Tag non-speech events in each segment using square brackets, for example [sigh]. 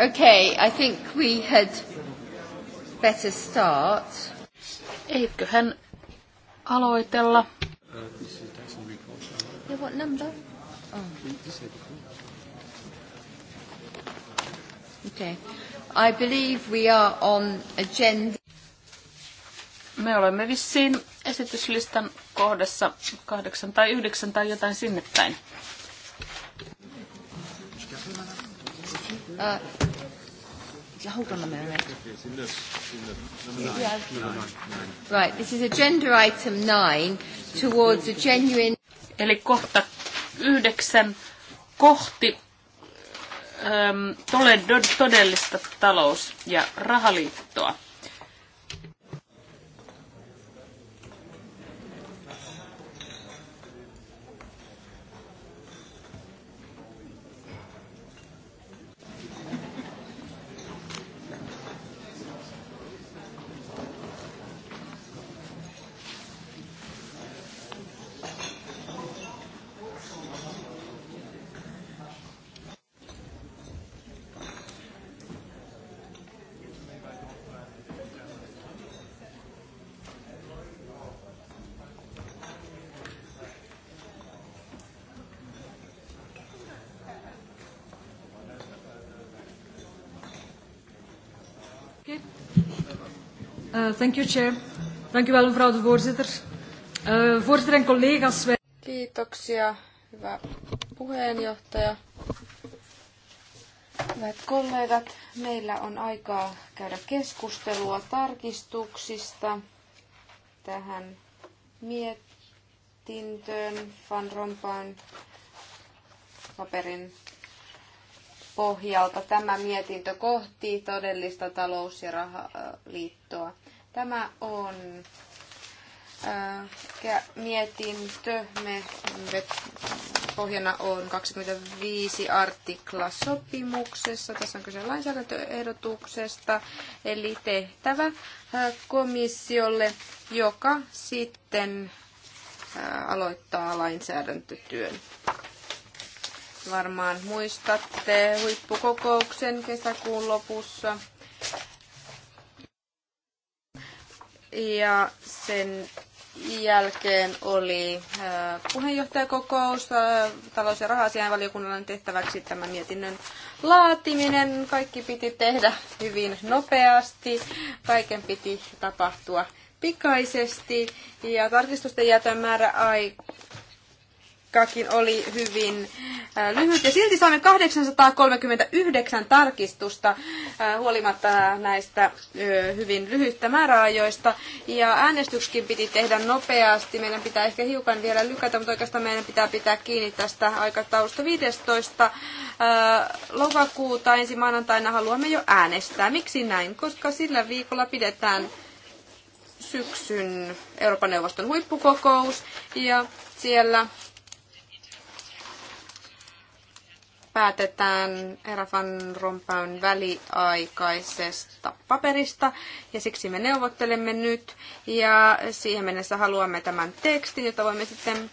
Okay, I think we had better start. Eiköhän aloitella. yeah, what number? Oh. Okay. I believe we are on agenda. Me olemme vissiin esityslistan kohdassa kahdeksan tai yhdeksän tai jotain sinne päin. Uh, you hold on a minute. Right, this is agenda item nine towards a genuine... Eli kohta yhdeksän kohti ähm, tole todellista talous- ja rahaliittoa. Eh, thank you, Chair. Dank u wel, mevrouw de voorzitter. Uh, voorzitter en collega's, wij... Kiitoksia, hyvä puheenjohtaja. Hyvät kollegat, meillä on aikaa käydä keskustelua tarkistuksista tähän mietintöön Van Rompuyn paperin pohjalta tämä mietintö kohti todellista talous- ja rahaliittoa. Tämä on äh, mietintö. Me, pohjana on 25 artikla sopimuksessa. Tässä on kyse lainsäädäntöehdotuksesta, eli tehtävä äh, komissiolle, joka sitten äh, aloittaa lainsäädäntötyön. Varmaan muistatte huippukokouksen kesäkuun lopussa. Ja sen jälkeen oli äh, puheenjohtajakokous äh, talous- ja rahasiainvaliokunnan tehtäväksi tämän mietinnön laatiminen. Kaikki piti tehdä hyvin nopeasti, kaiken piti tapahtua pikaisesti ja tarkistusten jätön määrä Kakin oli hyvin äh, lyhyt. Ja silti saimme 839 tarkistusta äh, huolimatta näistä hyvin lyhyistä määräajoista. Ja äänestyksikin piti tehdä nopeasti. Meidän pitää ehkä hiukan vielä lykätä, mutta oikeastaan meidän pitää pitää kiinni tästä aikataulusta 15. Äh, lokakuuta ensi maanantaina haluamme jo äänestää. Miksi näin? Koska sillä viikolla pidetään syksyn Euroopan neuvoston huippukokous ja siellä päätetään Erafan Rompäyn väliaikaisesta paperista ja siksi me neuvottelemme nyt ja siihen mennessä haluamme tämän tekstin, jota voimme sitten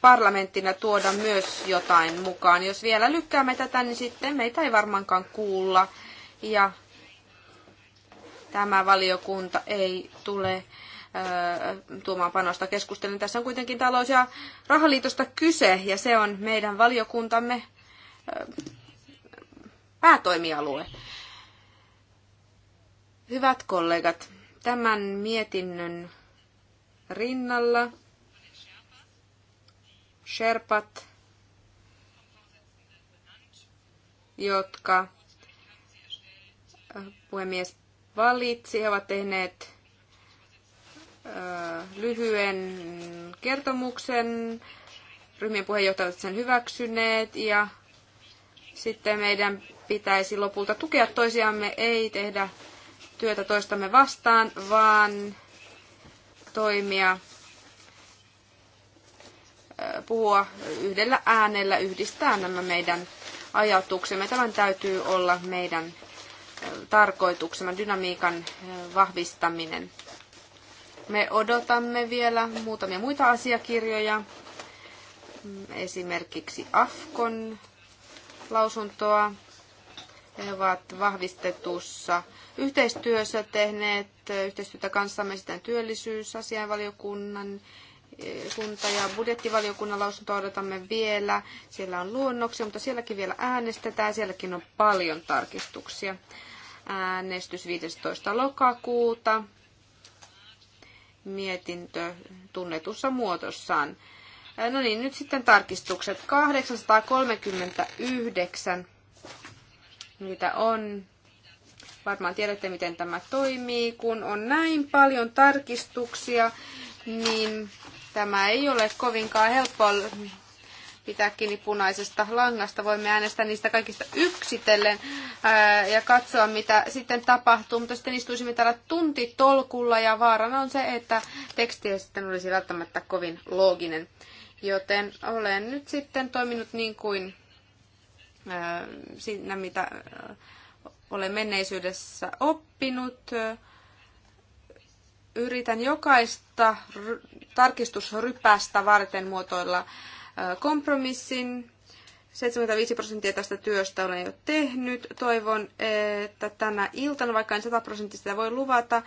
parlamenttina tuoda myös jotain mukaan. Jos vielä lykkäämme tätä, niin sitten meitä ei varmaankaan kuulla ja tämä valiokunta ei tule tuomaan panosta keskustelun. Tässä on kuitenkin talous- ja rahaliitosta kyse, ja se on meidän valiokuntamme päätoimialue. Hyvät kollegat, tämän mietinnön rinnalla Sherpat, jotka puhemies valitsi, he ovat tehneet lyhyen kertomuksen. Ryhmien puheenjohtajat sen hyväksyneet ja sitten meidän pitäisi lopulta tukea toisiamme, ei tehdä työtä toistamme vastaan, vaan toimia, puhua yhdellä äänellä, yhdistää nämä meidän ajatuksemme. Tämän täytyy olla meidän tarkoituksemme, dynamiikan vahvistaminen. Me odotamme vielä muutamia muita asiakirjoja, esimerkiksi AFKON lausuntoa. He ovat vahvistetussa yhteistyössä tehneet yhteistyötä kanssamme sitten työllisyysasianvaliokunnan eh, kunta- ja budjettivaliokunnan lausuntoa odotamme vielä. Siellä on luonnoksia, mutta sielläkin vielä äänestetään. Sielläkin on paljon tarkistuksia. Äänestys 15. lokakuuta mietintö tunnetussa muodossaan. No niin, nyt sitten tarkistukset. 839 niitä on. Varmaan tiedätte, miten tämä toimii. Kun on näin paljon tarkistuksia, niin tämä ei ole kovinkaan helppoa pitää kiinni punaisesta langasta. Voimme äänestää niistä kaikista yksitellen ja katsoa, mitä sitten tapahtuu. Mutta sitten istuisimme täällä tuntitolkulla ja vaarana on se, että teksti ei sitten olisi välttämättä kovin looginen. Joten olen nyt sitten toiminut niin kuin siinä, mitä olen menneisyydessä oppinut. Yritän jokaista tarkistusrypästä varten muotoilla kompromissin. 75 prosenttia tästä työstä olen jo tehnyt. Toivon, että tänä iltana, vaikka en 100 prosenttista voi luvata,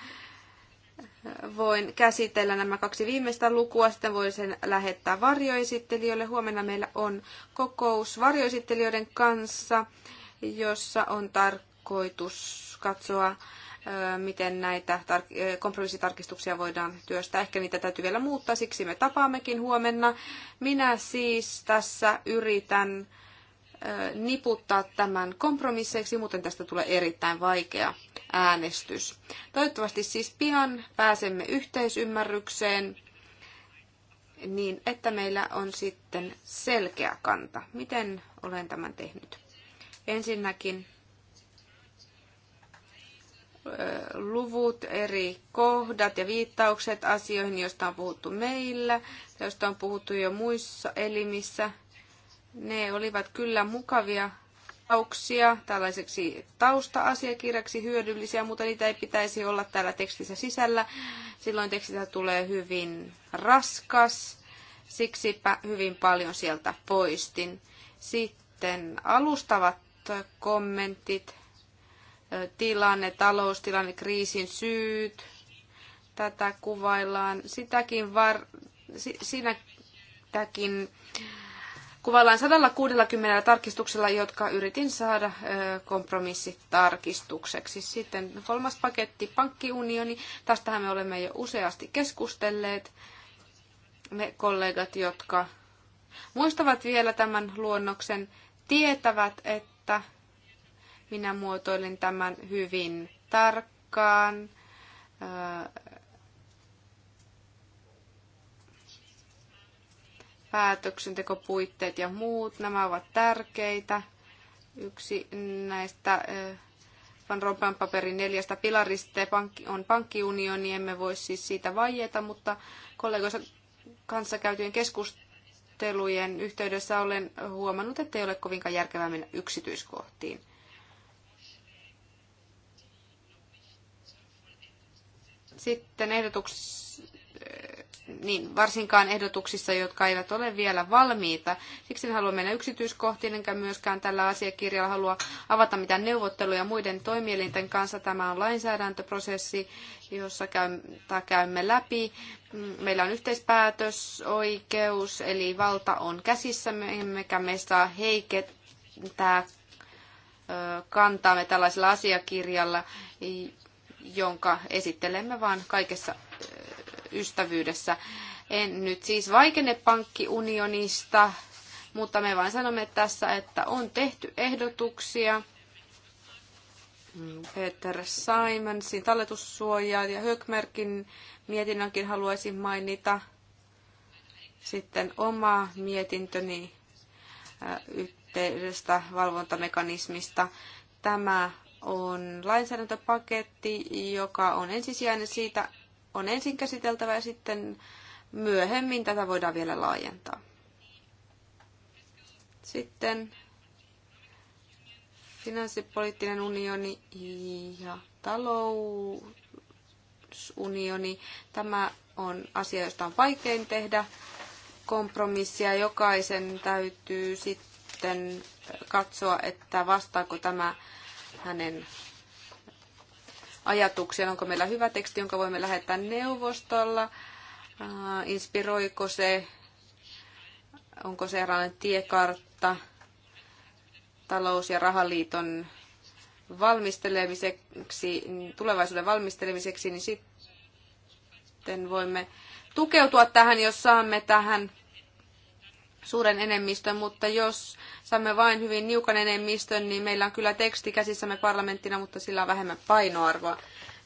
voin käsitellä nämä kaksi viimeistä lukua, sitten voin sen lähettää varjoesittelijöille. Huomenna meillä on kokous varjoesittelijöiden kanssa, jossa on tarkoitus katsoa miten näitä kompromissitarkistuksia voidaan työstää. Ehkä niitä täytyy vielä muuttaa, siksi me tapaammekin huomenna. Minä siis tässä yritän niputtaa tämän kompromisseiksi, muuten tästä tulee erittäin vaikea äänestys. Toivottavasti siis pian pääsemme yhteisymmärrykseen niin, että meillä on sitten selkeä kanta. Miten olen tämän tehnyt? Ensinnäkin luvut, eri kohdat ja viittaukset asioihin, joista on puhuttu meillä, joista on puhuttu jo muissa elimissä. Ne olivat kyllä mukavia tauksia tällaiseksi tausta-asiakirjaksi hyödyllisiä, mutta niitä ei pitäisi olla täällä tekstissä sisällä. Silloin tekstistä tulee hyvin raskas, siksipä hyvin paljon sieltä poistin. Sitten alustavat kommentit tilanne, taloustilanne, kriisin syyt. Tätä kuvaillaan. Sitäkin var, si, siinäkin kuvaillaan 160 tarkistuksella, jotka yritin saada kompromissitarkistukseksi. Sitten kolmas paketti, pankkiunioni. Tästähän me olemme jo useasti keskustelleet. Me kollegat, jotka muistavat vielä tämän luonnoksen, tietävät, että minä muotoilin tämän hyvin tarkkaan. Päätöksentekopuitteet ja muut, nämä ovat tärkeitä. Yksi näistä Van Rompuyn paperin neljästä pilarista on pankkiunioni, emme voi siis siitä vaieta, mutta kollegoissa kanssa käytyjen keskustelujen yhteydessä olen huomannut, että ei ole kovinkaan järkevää mennä yksityiskohtiin. Sitten ehdotuksissa, niin varsinkaan ehdotuksissa, jotka eivät ole vielä valmiita. Siksi en halua mennä yksityiskohtiin, enkä myöskään tällä asiakirjalla halua avata mitään neuvotteluja muiden toimielinten kanssa. Tämä on lainsäädäntöprosessi, jossa käymme läpi. Meillä on yhteispäätösoikeus, eli valta on käsissämme, emmekä me saa heikentää kantaamme tällaisella asiakirjalla, jonka esittelemme vain kaikessa ystävyydessä. En nyt siis vaikene pankkiunionista, mutta me vain sanomme tässä, että on tehty ehdotuksia. Peter Simonsin talletussuojaa ja Hökmerkin mietinnönkin haluaisin mainita. Sitten oma mietintöni yhteydestä valvontamekanismista. Tämä on lainsäädäntöpaketti, joka on ensisijainen. Siitä on ensin käsiteltävä ja sitten myöhemmin tätä voidaan vielä laajentaa. Sitten finanssipoliittinen unioni ja talousunioni. Tämä on asia, josta on vaikein tehdä kompromissia. Jokaisen täytyy sitten katsoa, että vastaako tämä hänen ajatuksiaan. Onko meillä hyvä teksti, jonka voimme lähettää neuvostolla? Inspiroiko se? Onko se eräänlainen tiekartta talous- ja rahaliiton valmistelemiseksi, tulevaisuuden valmistelemiseksi, niin sitten voimme tukeutua tähän, jos saamme tähän suuren enemmistön, mutta jos saamme vain hyvin niukan enemmistön, niin meillä on kyllä teksti käsissämme parlamenttina, mutta sillä on vähemmän painoarvoa.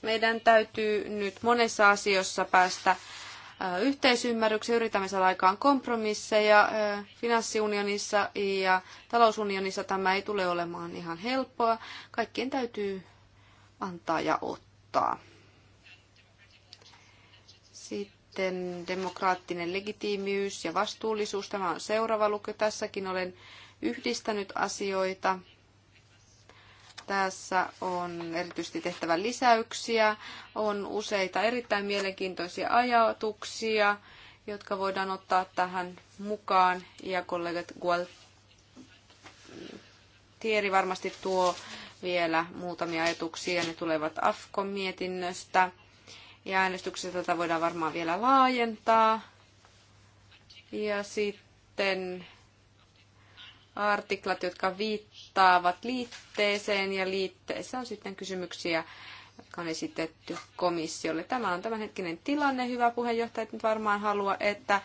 Meidän täytyy nyt monessa asiassa päästä yhteisymmärryksen, yritämme saada aikaan kompromisseja finanssiunionissa ja talousunionissa tämä ei tule olemaan ihan helppoa. Kaikkien täytyy antaa ja ottaa. Sitten sitten demokraattinen legitiimiys ja vastuullisuus. Tämä on seuraava luku. Tässäkin olen yhdistänyt asioita. Tässä on erityisesti tehtävä lisäyksiä. On useita erittäin mielenkiintoisia ajatuksia, jotka voidaan ottaa tähän mukaan. Ja kollegat Gualtieri varmasti tuo vielä muutamia ajatuksia. Ne tulevat AFKon mietinnöstä ja äänestyksessä tätä voidaan varmaan vielä laajentaa. Ja sitten artiklat, jotka viittaavat liitteeseen ja liitteessä on sitten kysymyksiä, jotka on esitetty komissiolle. Tämä on tämänhetkinen tilanne, hyvä puheenjohtaja, että nyt varmaan halua, että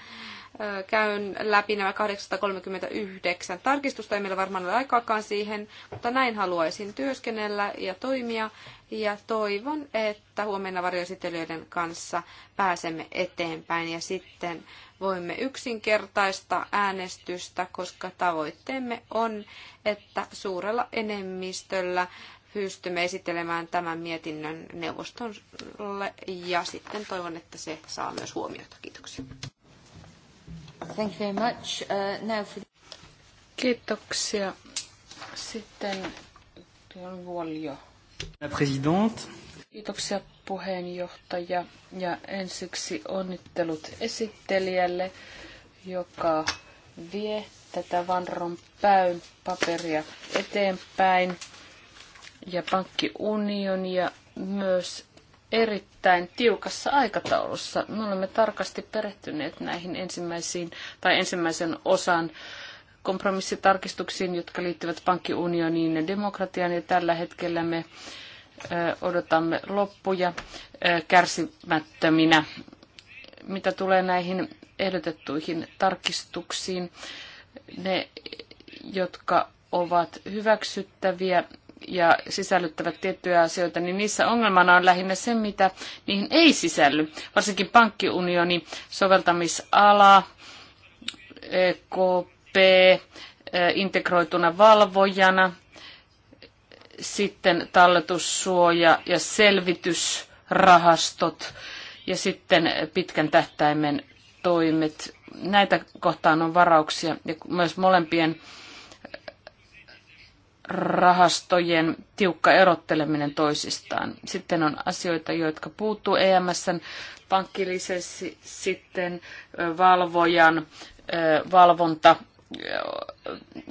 käyn läpi nämä 839 tarkistusta. Ei meillä varmaan ole aikaakaan siihen, mutta näin haluaisin työskennellä ja toimia. Ja toivon, että huomenna varjoesittelijöiden kanssa pääsemme eteenpäin ja sitten voimme yksinkertaista äänestystä, koska tavoitteemme on, että suurella enemmistöllä pystymme esittelemään tämän mietinnön neuvostolle ja sitten toivon, että se saa myös huomiota. Kiitoksia. Thank you very much. Uh, now for... Kiitoksia. Sitten Vuolio. Kiitoksia puheenjohtaja ja ensiksi onnittelut esittelijälle, joka vie tätä Vanron päyn paperia eteenpäin ja pankkiunionia myös erittäin tiukassa aikataulussa. Me olemme tarkasti perehtyneet näihin ensimmäisiin tai ensimmäisen osan kompromissitarkistuksiin, jotka liittyvät pankkiunioniin ja demokratiaan, ja tällä hetkellä me odotamme loppuja kärsimättöminä. Mitä tulee näihin ehdotettuihin tarkistuksiin, ne, jotka ovat hyväksyttäviä, ja sisällyttävät tiettyjä asioita, niin niissä ongelmana on lähinnä se, mitä niihin ei sisälly. Varsinkin pankkiunioni, soveltamisala, EKP, eh, integroituna valvojana, sitten talletussuoja ja selvitysrahastot ja sitten pitkän tähtäimen toimet. Näitä kohtaan on varauksia ja myös molempien rahastojen tiukka erotteleminen toisistaan. Sitten on asioita, jotka puuttuu EMSn pankkilisenssi, sitten valvojan valvonta,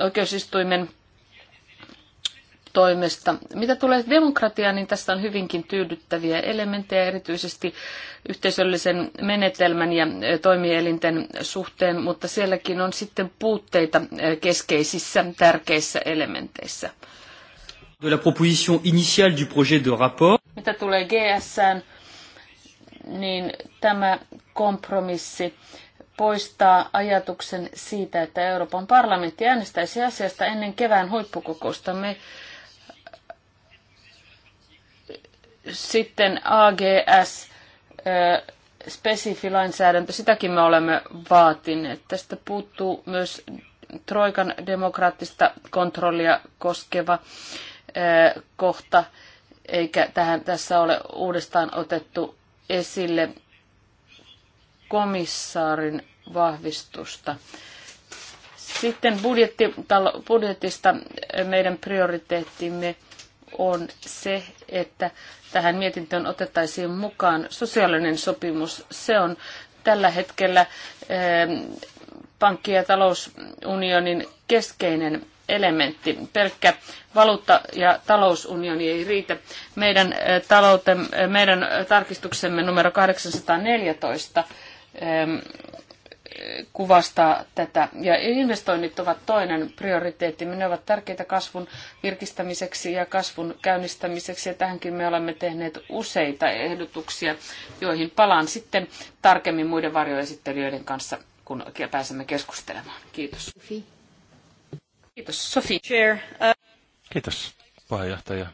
oikeusistuimen toimesta. Mitä tulee demokratiaan, niin tässä on hyvinkin tyydyttäviä elementtejä, erityisesti yhteisöllisen menetelmän ja e, toimielinten suhteen, mutta sielläkin on sitten puutteita e, keskeisissä tärkeissä elementeissä. De la proposition initiale du projet de rapport. Mitä tulee GSään, niin tämä kompromissi poistaa ajatuksen siitä, että Euroopan parlamentti äänestäisi asiasta ennen kevään huippukokousta. Me Sitten AGS, spesifilainsäädäntö, sitäkin me olemme vaatineet. Tästä puuttuu myös Troikan demokraattista kontrollia koskeva kohta, eikä tähän tässä ole uudestaan otettu esille komissaarin vahvistusta. Sitten budjetti, budjetista meidän prioriteettimme on se, että tähän mietintöön otettaisiin mukaan sosiaalinen sopimus. Se on tällä hetkellä ehm, pankki- ja talousunionin keskeinen elementti. Pelkkä valuutta- ja talousunioni ei riitä. Meidän, eh, taloutem, meidän tarkistuksemme numero 814 kuvastaa tätä. Ja investoinnit ovat toinen prioriteetti. Ne ovat tärkeitä kasvun virkistämiseksi ja kasvun käynnistämiseksi. Ja tähänkin me olemme tehneet useita ehdotuksia, joihin palaan sitten tarkemmin muiden varjoesittelijöiden kanssa, kun pääsemme keskustelemaan. Kiitos. Sophie. Kiitos, Sofi. Chair. Uh, Kiitos, puheenjohtaja.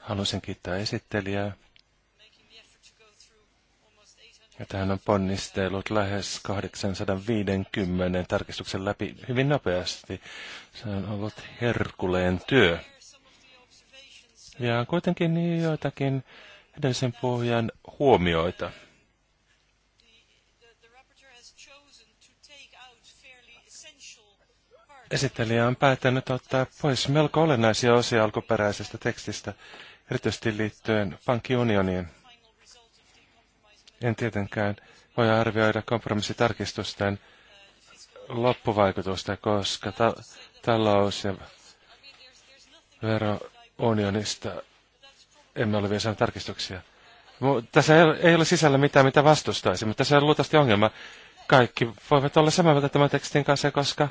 Haluaisin kiittää esittelijää että hän on ponnistellut lähes 850 tarkistuksen läpi hyvin nopeasti. Se on ollut herkuleen työ. Ja kuitenkin niin joitakin edellisen pohjan huomioita. Esittelijä on päättänyt ottaa pois melko olennaisia osia alkuperäisestä tekstistä, erityisesti liittyen pankkiunioniin. En tietenkään voi arvioida kompromissitarkistusten loppuvaikutusta, koska ta- talous- ja verounionista emme ole vielä saaneet tarkistuksia. Tässä ei ole sisällä mitään, mitä vastustaisi, mutta tässä on luultavasti ongelma. Kaikki voivat olla samaa mieltä tämän tekstin kanssa, koska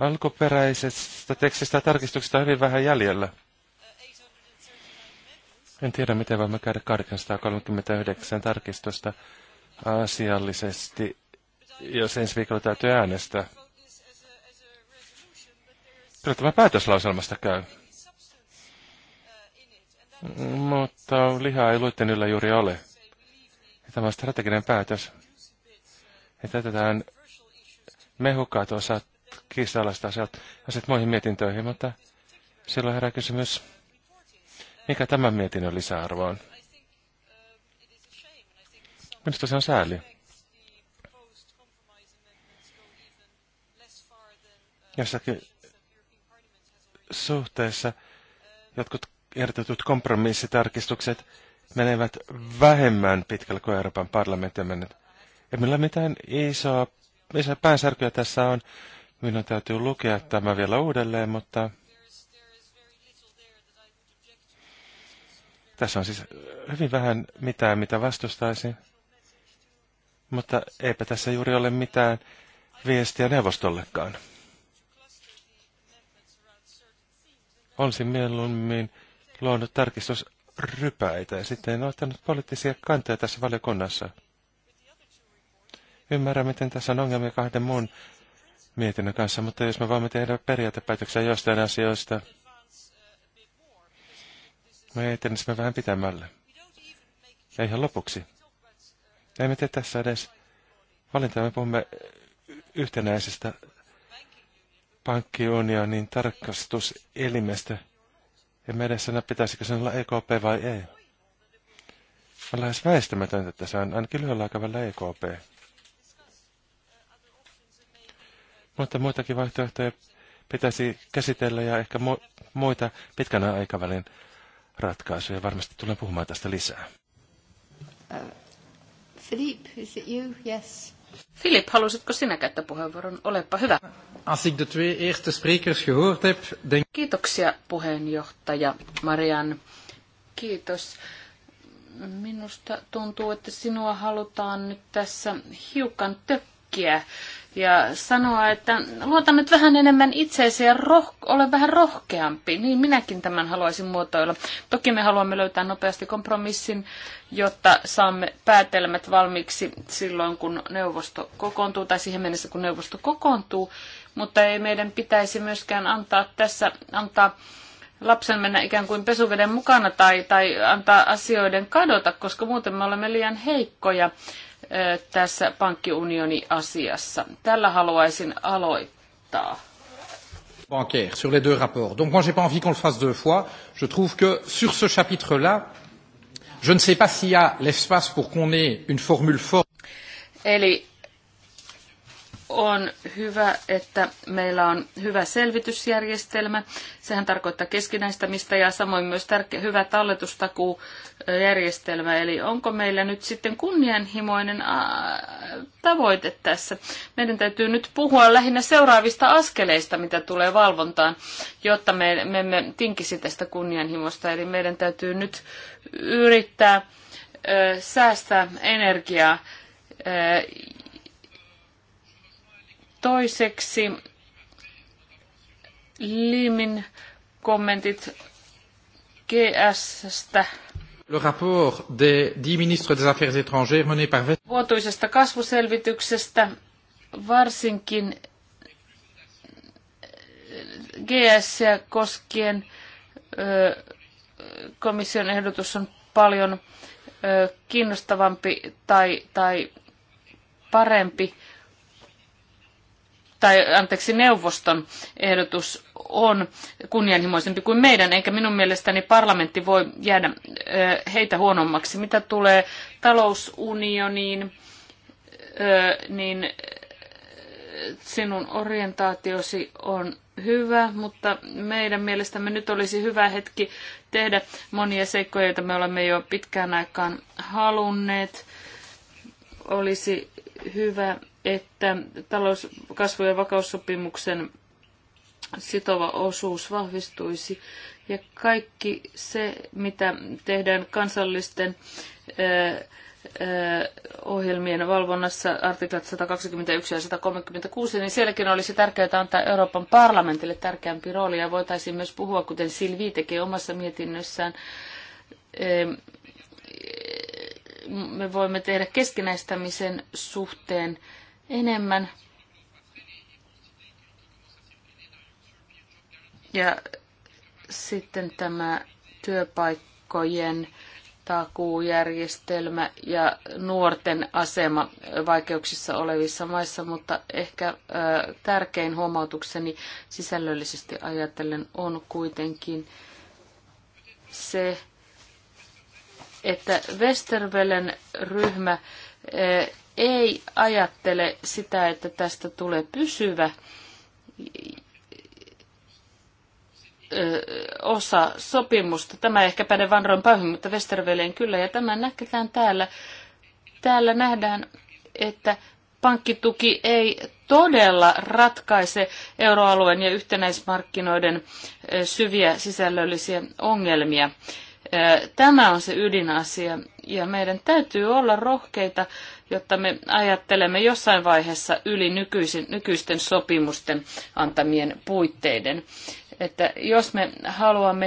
alkuperäisestä tekstistä ja tarkistuksesta on hyvin vähän jäljellä. En tiedä, miten voimme käydä 839 tarkistusta asiallisesti, jos ensi viikolla täytyy äänestää. Kyllä tämä päätöslauselmasta käy. Mutta lihaa ei luitten yllä juuri ole. Ja tämä on strateginen päätös. Että jätetään mehukat osat kiistalaista asiat muihin mietintöihin, mutta silloin herää kysymys, mikä tämän mietinnön lisäarvo on? Minusta se on sääli. Jossakin suhteessa jotkut ehdotetut kompromissitarkistukset menevät vähemmän pitkälle kuin Euroopan parlamentti on mennyt. Ei meillä mitään isoa, isoa päänsärkyä tässä on. Minun täytyy lukea tämä vielä uudelleen, mutta Tässä on siis hyvin vähän mitään, mitä vastustaisin, mutta eipä tässä juuri ole mitään viestiä neuvostollekaan. Olisin mieluummin luonut tarkistusrypäitä ja sitten en ottanut poliittisia kantoja tässä valiokunnassa. Ymmärrän, miten tässä on ongelmia kahden muun mietinnön kanssa, mutta jos me voimme tehdä periaatepäätöksiä jostain asioista, me etenisimme vähän pitämällä. Ja ihan lopuksi. Ja emme tee tässä edes valintaa. Me puhumme yhtenäisestä pankkiunionin tarkastuselimestä. Emme edes sanoa, pitäisikö sen olla EKP vai ei. On lähes väistämätöntä, että se on ainakin lyhyellä aikavälillä EKP. Mutta muitakin vaihtoehtoja pitäisi käsitellä ja ehkä mu- muita pitkän aikavälin ratkaisu ja varmasti tulen puhumaan tästä lisää. Uh, Philippe, is it you? Yes. Filip, halusitko sinä käyttää puheenvuoron? Olepa hyvä. Als ik de twee eerste sprekers gehoord heb, denk... Kiitoksia puheenjohtaja Marian. Kiitos. Minusta tuntuu, että sinua halutaan nyt tässä hiukan töppää äkkiä ja sanoa, että luota nyt vähän enemmän itseesi ja roh- ole vähän rohkeampi. Niin minäkin tämän haluaisin muotoilla. Toki me haluamme löytää nopeasti kompromissin, jotta saamme päätelmät valmiiksi silloin, kun neuvosto kokoontuu tai siihen mennessä, kun neuvosto kokoontuu. Mutta ei meidän pitäisi myöskään antaa tässä antaa lapsen mennä ikään kuin pesuveden mukana tai, tai antaa asioiden kadota, koska muuten me olemme liian heikkoja tässä pankkiunioni-asiassa. Tällä haluaisin aloittaa. Bancaire, sur les deux rapports. Donc moi, j'ai pas envie qu'on le fasse deux fois. Je trouve que sur ce chapitre-là, je ne sais pas s'il y a l'espace pour qu'on ait une formule forte. Eli on hyvä, että meillä on hyvä selvitysjärjestelmä. Sehän tarkoittaa keskinäistämistä ja samoin myös tärkeä, hyvä talletustakujärjestelmä. Eli onko meillä nyt sitten kunnianhimoinen tavoite tässä? Meidän täytyy nyt puhua lähinnä seuraavista askeleista, mitä tulee valvontaan, jotta me, me emme tinkisi tästä kunnianhimosta. Eli meidän täytyy nyt yrittää ö, säästää energiaa Toiseksi limin kommentit GSstä. Le rapport des dix ministres des Affaires étrangères mené par... Vuotuisesta kasvuselvityksestä, varsinkin GS koskien komission ehdotus on paljon kiinnostavampi tai, tai parempi tai anteeksi, neuvoston ehdotus on kunnianhimoisempi kuin meidän, eikä minun mielestäni parlamentti voi jäädä heitä huonommaksi. Mitä tulee talousunioniin, niin sinun orientaatiosi on hyvä, mutta meidän mielestämme nyt olisi hyvä hetki tehdä monia seikkoja, joita me olemme jo pitkään aikaan halunneet. Olisi hyvä että talouskasvu- ja vakaussopimuksen sitova osuus vahvistuisi ja kaikki se, mitä tehdään kansallisten ohjelmien valvonnassa, artiklat 121 ja 136, niin sielläkin olisi tärkeää antaa Euroopan parlamentille tärkeämpi rooli ja voitaisiin myös puhua, kuten Silvi tekee omassa mietinnössään, me voimme tehdä keskinäistämisen suhteen enemmän. Ja sitten tämä työpaikkojen takuujärjestelmä ja nuorten asema vaikeuksissa olevissa maissa, mutta ehkä tärkein huomautukseni sisällöllisesti ajatellen on kuitenkin se, että Westervelen ryhmä ei ajattele sitä, että tästä tulee pysyvä osa sopimusta. Tämä ehkä päde Van Rompuyhin, mutta Westerveleen kyllä. Ja tämä näkytään täällä. Täällä nähdään, että pankkituki ei todella ratkaise euroalueen ja yhtenäismarkkinoiden syviä sisällöllisiä ongelmia. Tämä on se ydinasia ja meidän täytyy olla rohkeita, jotta me ajattelemme jossain vaiheessa yli nykyisen, nykyisten sopimusten antamien puitteiden. Että jos me haluamme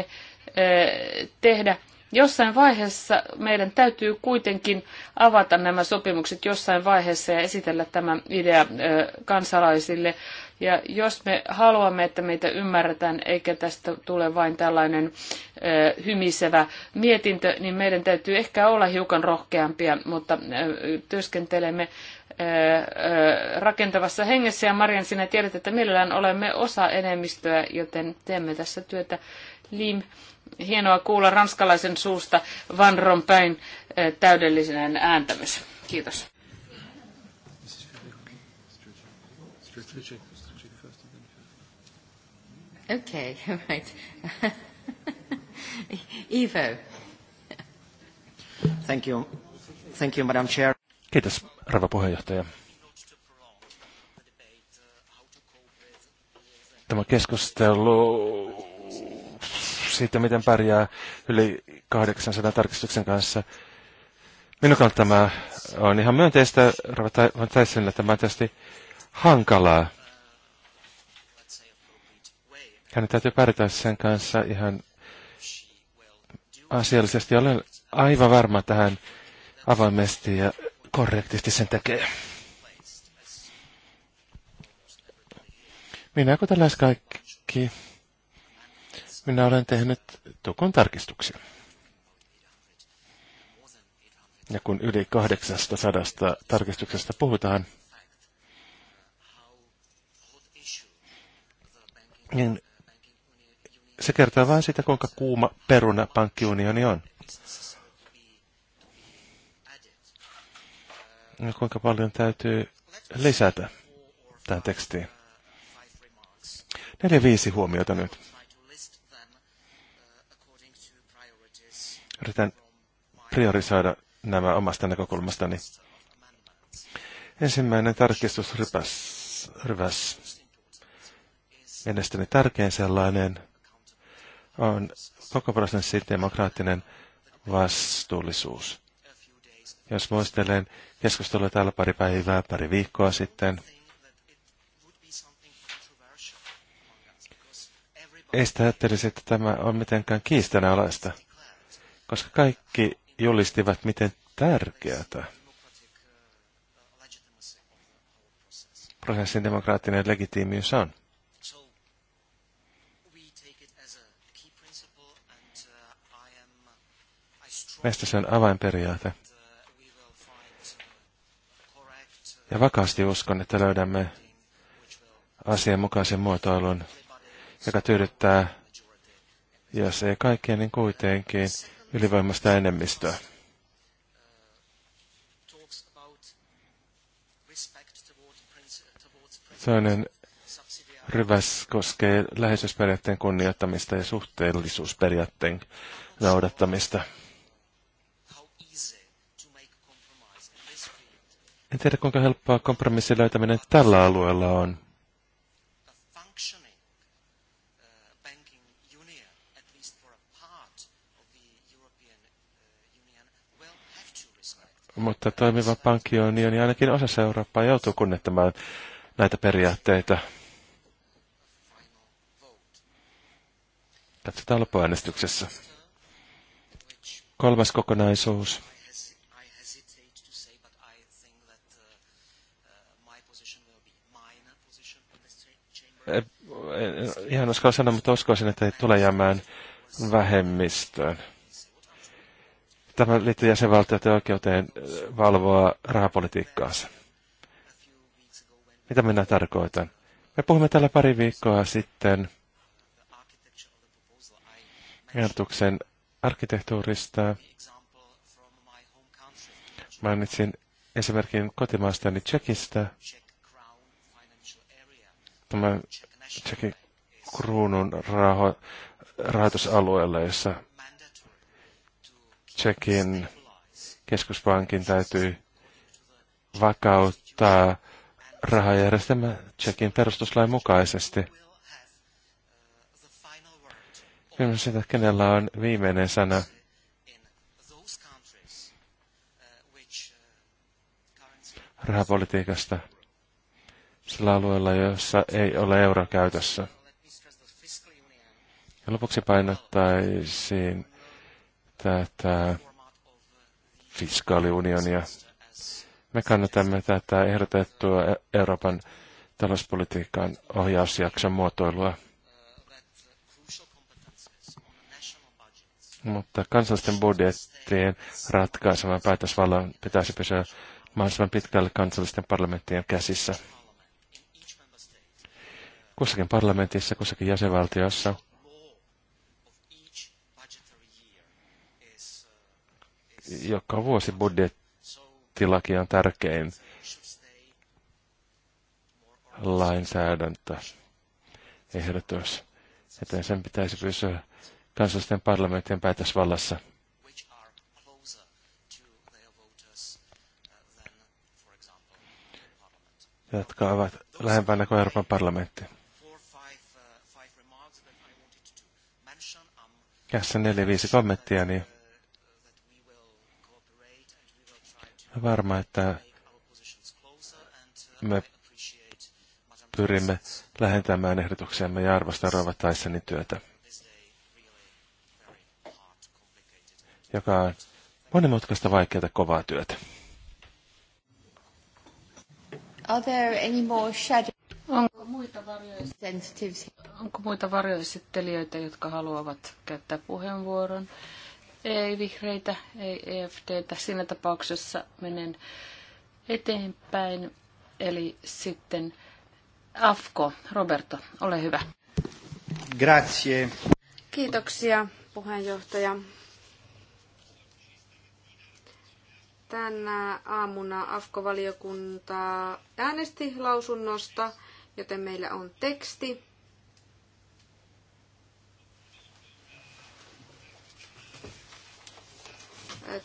eh, tehdä jossain vaiheessa meidän täytyy kuitenkin avata nämä sopimukset jossain vaiheessa ja esitellä tämä idea eh, kansalaisille ja jos me haluamme, että meitä ymmärretään, eikä tästä tule vain tällainen ö, hymisevä mietintö, niin meidän täytyy ehkä olla hiukan rohkeampia, mutta ö, työskentelemme rakentavassa hengessä. Ja Marian, sinä tiedät, että mielellään olemme osa enemmistöä, joten teemme tässä työtä Lim. Hienoa kuulla ranskalaisen suusta Van Rompuyn täydellinen ääntämys. Kiitos. Okay, [laughs] right. [laughs] Ivo. Thank you. Thank you, Madam Chair. Kiitos, rouva puheenjohtaja. Tämä keskustelu siitä, miten pärjää yli 800 tarkistuksen kanssa. Minun kannalta tämä on ihan myönteistä, rouva että Tämä on tietysti hankalaa hänen täytyy pärjätä sen kanssa ihan asiallisesti. Olen aivan varma tähän avoimesti ja korrektisti sen tekee. Minä kuten lähes kaikki, minä olen tehnyt tukon tarkistuksia. Ja kun yli 800 tarkistuksesta puhutaan, niin se kertoo vain sitä, kuinka kuuma peruna pankkiunioni on. Ja kuinka paljon täytyy lisätä tämän tekstiin. Neljä viisi huomiota nyt. Yritän priorisoida nämä omasta näkökulmastani. Ensimmäinen tarkistusrypäs. rypäs, Mielestäni tärkein sellainen – on koko prosessin demokraattinen vastuullisuus. Jos muistelen keskustelua täällä pari päivää, pari viikkoa sitten, ei sitä ajattelisi, että tämä on mitenkään kiistanalaista, koska kaikki julistivat, miten tärkeätä prosessin demokraattinen legitiimiys on. Meistä se on avainperiaate. Ja vakaasti uskon, että löydämme asianmukaisen muotoilun, joka tyydyttää, jos ei kaikkien, niin kuitenkin ylivoimasta enemmistöä. Toinen ryväs koskee läheisyysperiaatteen kunnioittamista ja suhteellisuusperiaatteen noudattamista. En tiedä, kuinka helppoa kompromissin löytäminen tällä alueella on. Mutta toimiva pankkiunioni ainakin osassa Eurooppaa joutuu kunnettamaan näitä periaatteita. Katsotaan loppuäänestyksessä. Kolmas kokonaisuus. Eh, eh, ihan uskalla sanoa, mutta uskoisin, että tulee jäämään vähemmistöön. Tämä liittyy jäsenvaltioiden oikeuteen eh, valvoa rahapolitiikkaansa. Mitä minä tarkoitan? Me puhumme täällä pari viikkoa sitten ehdotuksen arkkitehtuurista. Mainitsin esimerkin kotimaastani Tsekistä tämä Tsekin kruunun raho, rahoitusalueelle, jossa Tsekin keskuspankin täytyy vakauttaa rahajärjestelmä Tsekin perustuslain mukaisesti. Kysymys sitä, kenellä on viimeinen sana. rahapolitiikasta sillä alueella, jossa ei ole euro käytössä. Ja lopuksi painottaisin tätä fiskaaliunionia. Me kannatamme tätä ehdotettua e- Euroopan talouspolitiikan ohjausjakson muotoilua. Mutta kansallisten budjettien ratkaisemaan päätösvallan pitäisi pysyä mahdollisimman pitkälle kansallisten parlamenttien käsissä kussakin parlamentissa, kussakin jäsenvaltiossa. Joka vuosi budjettilaki on tärkein lainsäädäntö ehdotus, että sen pitäisi pysyä kansallisten parlamenttien päätösvallassa. jotka ovat lähempänä kuin Euroopan parlamentti. tässä neljä viisi kommenttia, niin varma, että me pyrimme lähentämään ehdotuksiamme ja arvostaa Rova Tysonin työtä, joka on monimutkaista vaikeaa kovaa työtä. Are there any more shadow... Onko muita, Onko muita varjoesittelijöitä, jotka haluavat käyttää puheenvuoron? Ei vihreitä, ei EFDtä. Siinä tapauksessa menen eteenpäin. Eli sitten AFKO. Roberto, ole hyvä. Grazie. Kiitoksia, puheenjohtaja. tänä aamuna AFKO-valiokunta äänesti lausunnosta, Joten meillä on teksti.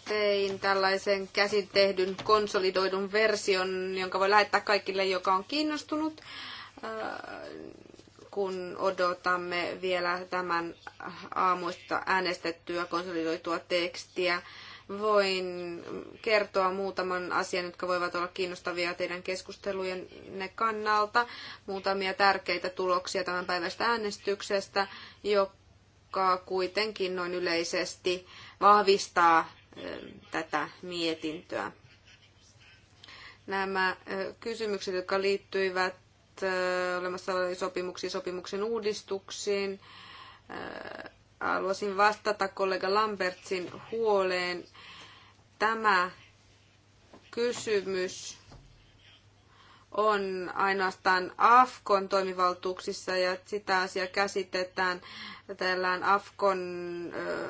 Tein tällaisen käsin tehdyn konsolidoidun version, jonka voi lähettää kaikille, joka on kiinnostunut äh, kun odotamme vielä tämän aamuista äänestettyä konsolidoitua tekstiä voin kertoa muutaman asian, jotka voivat olla kiinnostavia teidän keskustelujenne kannalta. Muutamia tärkeitä tuloksia tämän päivästä äänestyksestä, joka kuitenkin noin yleisesti vahvistaa eh, tätä mietintöä. Nämä eh, kysymykset, jotka liittyivät eh, olemassa oleviin sopimuksiin, sopimuksen uudistuksiin, haluaisin vastata kollega Lambertsin huoleen tämä kysymys on ainoastaan AFKon toimivaltuuksissa ja sitä asiaa käsitetään täällä AFKon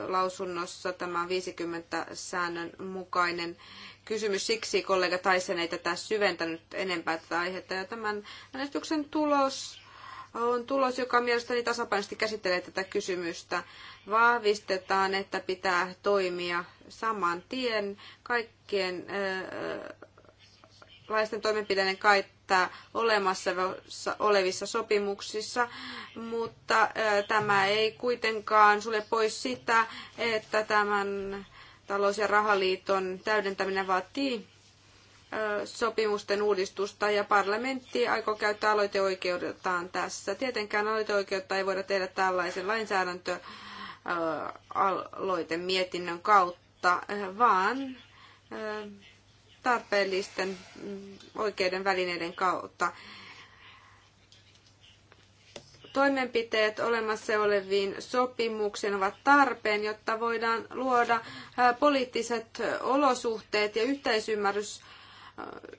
lausunnossa tämä 50 säännön mukainen kysymys. Siksi kollega Taisen ei tätä syventänyt enempää tätä aihetta ja tämän äänestyksen tulos on tulos, joka mielestäni tasapainoisesti käsittelee tätä kysymystä. Vahvistetaan, että pitää toimia saman tien kaikkien laisten toimenpiteiden kaittaa olemassa olevissa sopimuksissa, mutta tämä ei kuitenkaan sulle pois sitä, että tämän talous- ja rahaliiton täydentäminen vaatii sopimusten uudistusta ja parlamentti aikoo käyttää aloiteoikeuttaan tässä. Tietenkään aloiteoikeutta ei voida tehdä tällaisen lainsäädäntöaloitemietinnön kautta, vaan tarpeellisten oikeiden välineiden kautta. Toimenpiteet olemassa oleviin sopimuksiin ovat tarpeen, jotta voidaan luoda poliittiset olosuhteet ja yhteisymmärrys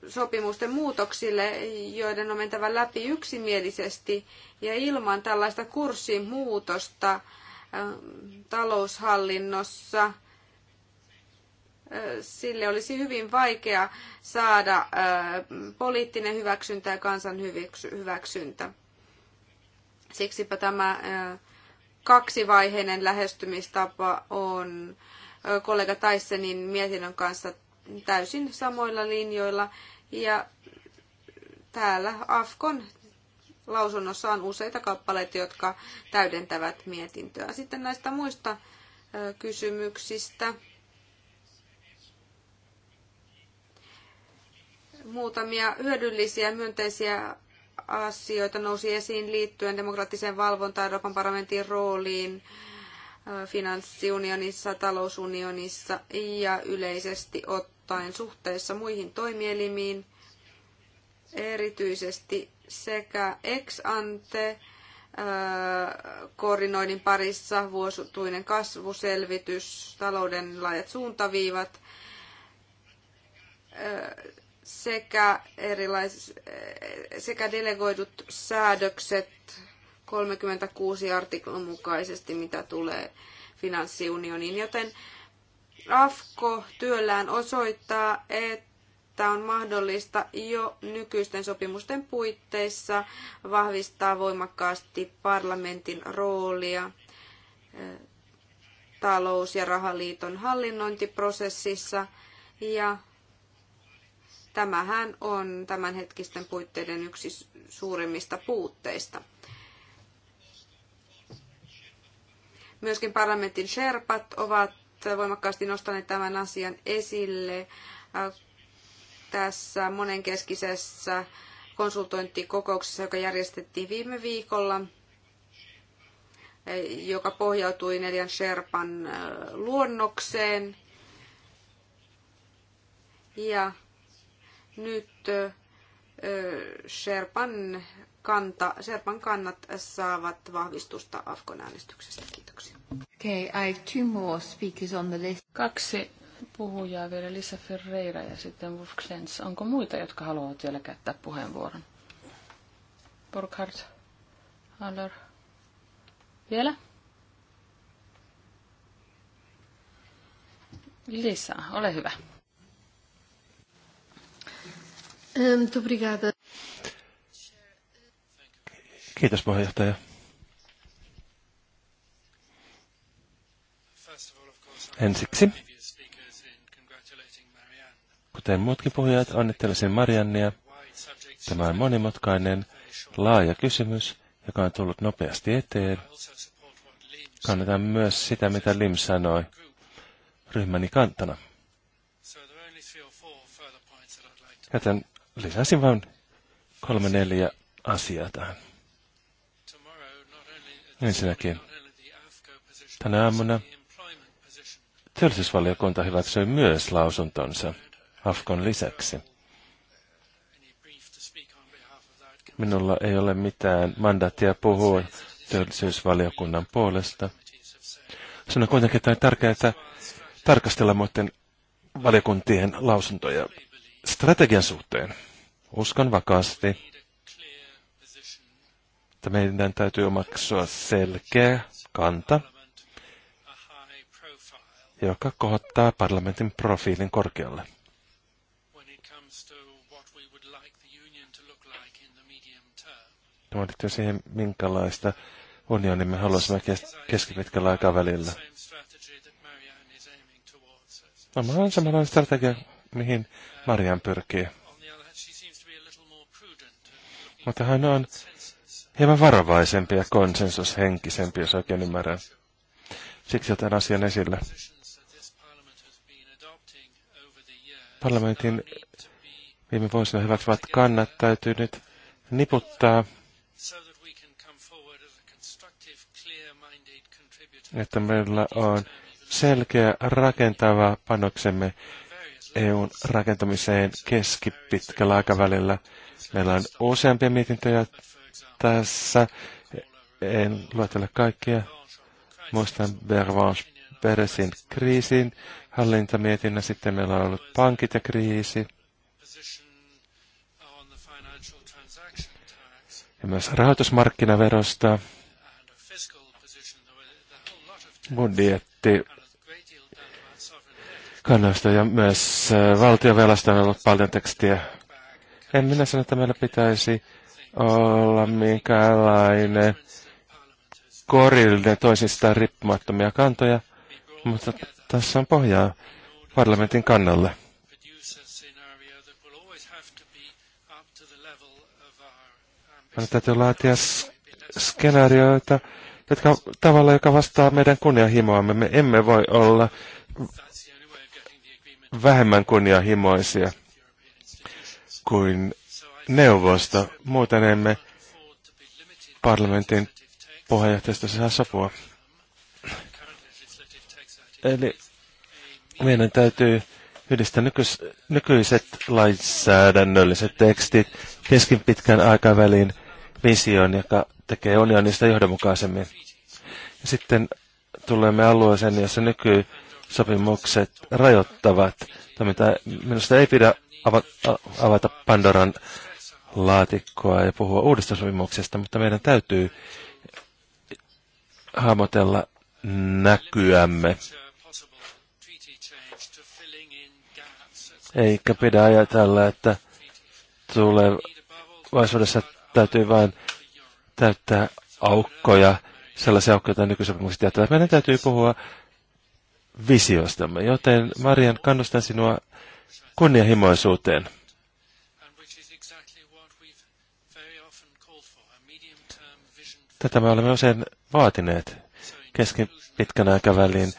sopimusten muutoksille, joiden on mentävä läpi yksimielisesti ja ilman tällaista kurssin muutosta taloushallinnossa. Sille olisi hyvin vaikea saada poliittinen hyväksyntä ja kansan hyväksyntä. Siksipä tämä kaksivaiheinen lähestymistapa on kollega Taisenin mietinnön kanssa täysin samoilla linjoilla. Ja täällä Afkon lausunnossa on useita kappaleita, jotka täydentävät mietintöä. Sitten näistä muista kysymyksistä. Muutamia hyödyllisiä myönteisiä asioita nousi esiin liittyen demokraattiseen valvontaan, Euroopan parlamentin rooliin, finanssiunionissa, talousunionissa ja yleisesti ottaen suhteessa muihin toimielimiin, erityisesti sekä ex ante koordinoinnin parissa vuosituinen kasvuselvitys, talouden laajat suuntaviivat sekä, erilais, sekä delegoidut säädökset 36 artiklan mukaisesti, mitä tulee finanssiunioniin, joten AFKO työllään osoittaa, että on mahdollista jo nykyisten sopimusten puitteissa vahvistaa voimakkaasti parlamentin roolia talous- ja rahaliiton hallinnointiprosessissa ja tämähän on tämänhetkisten puitteiden yksi suurimmista puutteista. Myöskin parlamentin sherpat ovat voimakkaasti nostaneet tämän asian esille äh, tässä monenkeskisessä konsultointikokouksessa, joka järjestettiin viime viikolla, äh, joka pohjautui neljän Sherpan äh, luonnokseen. Ja nyt Sherpan kanta, Serpan kannat saavat vahvistusta Afkon äänestyksestä. Kiitoksia. Okay, I have two more speakers on the list. Kaksi puhujaa vielä, Lisa Ferreira ja sitten Wolf Klens. Onko muita, jotka haluavat vielä käyttää puheenvuoron? Burkhardt, Haller, Vielä? Lisa, ole hyvä. Um, Kiitos puheenjohtaja. Ensiksi, kuten muutkin puhujat, onnittelisin Mariannia. Tämä on monimutkainen, laaja kysymys, joka on tullut nopeasti eteen. Kannatan myös sitä, mitä Lim sanoi ryhmäni kantana. Joten lisäsin vain kolme neljä asiaa tähän. Ensinnäkin tänä aamuna teollisuusvaliokunta hyväksyi myös lausuntonsa Afkon lisäksi. Minulla ei ole mitään mandaattia puhua teollisuusvaliokunnan puolesta. on kuitenkin, että on tärkeää tarkastella muiden valiokuntien lausuntoja strategian suhteen. Uskon vakaasti, että meidän täytyy omaksua selkeä kanta, joka kohottaa parlamentin profiilin korkealle. Tämä liittyy siihen, minkälaista unionia me haluaisimme keskipitkällä aikavälillä. Tämä no, on samanlainen strategia, mihin Marian pyrkii. Mutta hän on hieman varovaisempi ja konsensushenkisempi, jos oikein ymmärrän. Siksi otan asian esille. Parlamentin viime vuosina hyväksyvät kannat täytyy nyt niputtaa, että meillä on selkeä rakentava panoksemme EUn rakentamiseen keskipitkällä aikavälillä. Meillä on useampia mietintöjä tässä. En luetella kaikkia. Muistan Bervange Peresin kriisin hallintamietinnä. Sitten meillä on ollut pankit ja kriisi. Ja myös rahoitusmarkkinaverosta. Budjetti kannasta ja myös äh, valtiovelasta on ollut paljon tekstiä. En minä sano, että meillä pitäisi olla minkäänlainen korille toisistaan riippumattomia kantoja, mutta tässä on pohjaa parlamentin kannalle. Meidän täytyy laatia skenaarioita, jotka tavalla, joka vastaa meidän kunnianhimoamme. Me emme voi olla vähemmän kunnianhimoisia kuin neuvosta. Muuten emme parlamentin puheenjohtajasta saa sopua. Eli meidän täytyy yhdistää nykys, nykyiset lainsäädännölliset tekstit pitkän aikavälin vision, joka tekee unionista johdonmukaisemmin. Ja sitten tulemme alueeseen, jossa nykysopimukset rajoittavat toimintaa. Minusta ei pidä avata Pandoran laatikkoa ja puhua uudesta sopimuksesta, mutta meidän täytyy hahmotella näkyämme. Eikä pidä ajatella, että tulevaisuudessa täytyy vain täyttää aukkoja, sellaisia aukkoja, joita nykysopimukset jättävät. Meidän täytyy puhua visiostamme, joten Marian, kannustan sinua kunnianhimoisuuteen. Tätä me olemme usein vaatineet kesken pitkän aikavälin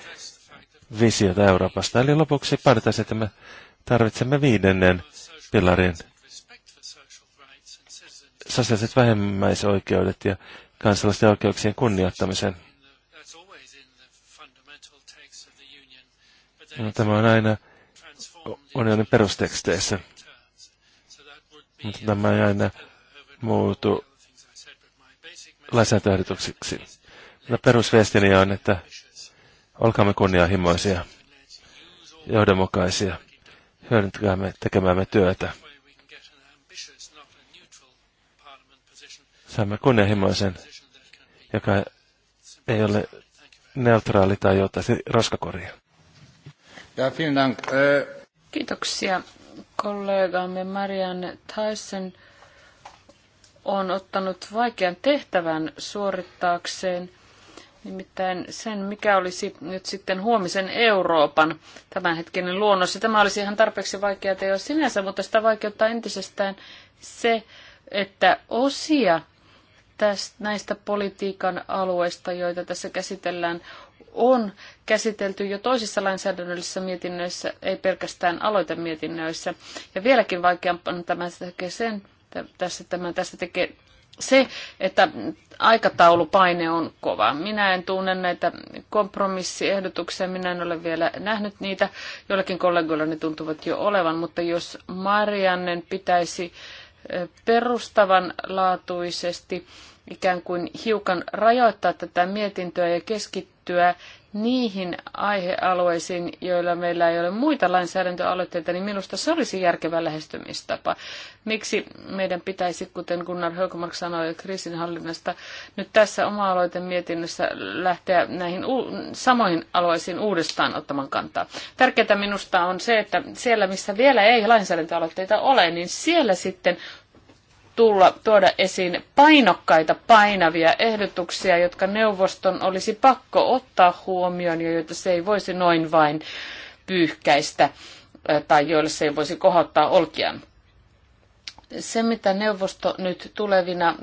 visiota Euroopasta. Eli lopuksi päätetään, että me tarvitsemme viidennen pilarin sosiaaliset vähemmäisoikeudet ja kansallisten oikeuksien kunnioittamisen. No, tämä on aina unionin perusteksteissä. Mutta tämä ei aina muutu lainsäädäntöehdotuksiksi. No perusviestini on, että olkaamme kunnianhimoisia, johdonmukaisia, hyödyntäkäämme tekemäämme työtä. Saamme kunnianhimoisen, joka ei ole neutraali tai jotain roskakoria. Kiitoksia kollegamme Marianne Tyson on ottanut vaikean tehtävän suorittaakseen, nimittäin sen, mikä olisi nyt sitten huomisen Euroopan tämänhetkinen luonnos. Ja tämä olisi ihan tarpeeksi vaikeaa teo sinänsä, mutta sitä vaikeuttaa entisestään se, että osia tästä, näistä politiikan alueista, joita tässä käsitellään, on käsitelty jo toisissa lainsäädännöllisissä mietinnöissä, ei pelkästään aloitemietinnöissä. Ja vieläkin vaikeampana tämä sen tässä, tämän, tästä tekee se, että aikataulupaine on kova. Minä en tunne näitä kompromissiehdotuksia, minä en ole vielä nähnyt niitä. Joillakin kollegoilla ne tuntuvat jo olevan, mutta jos Mariannen pitäisi perustavanlaatuisesti ikään kuin hiukan rajoittaa tätä mietintöä ja keskittyä niihin aihealueisiin, joilla meillä ei ole muita lainsäädäntöaloitteita, niin minusta se olisi järkevä lähestymistapa. Miksi meidän pitäisi, kuten Gunnar Högmark sanoi kriisinhallinnasta, nyt tässä oma mietinnössä lähteä näihin samoihin alueisiin uudestaan ottamaan kantaa. Tärkeää minusta on se, että siellä missä vielä ei lainsäädäntöaloitteita ole, niin siellä sitten tulla, tuoda esiin painokkaita, painavia ehdotuksia, jotka neuvoston olisi pakko ottaa huomioon ja joita se ei voisi noin vain pyyhkäistä tai joille se ei voisi kohottaa olkiaan. Se, mitä neuvosto nyt tulevina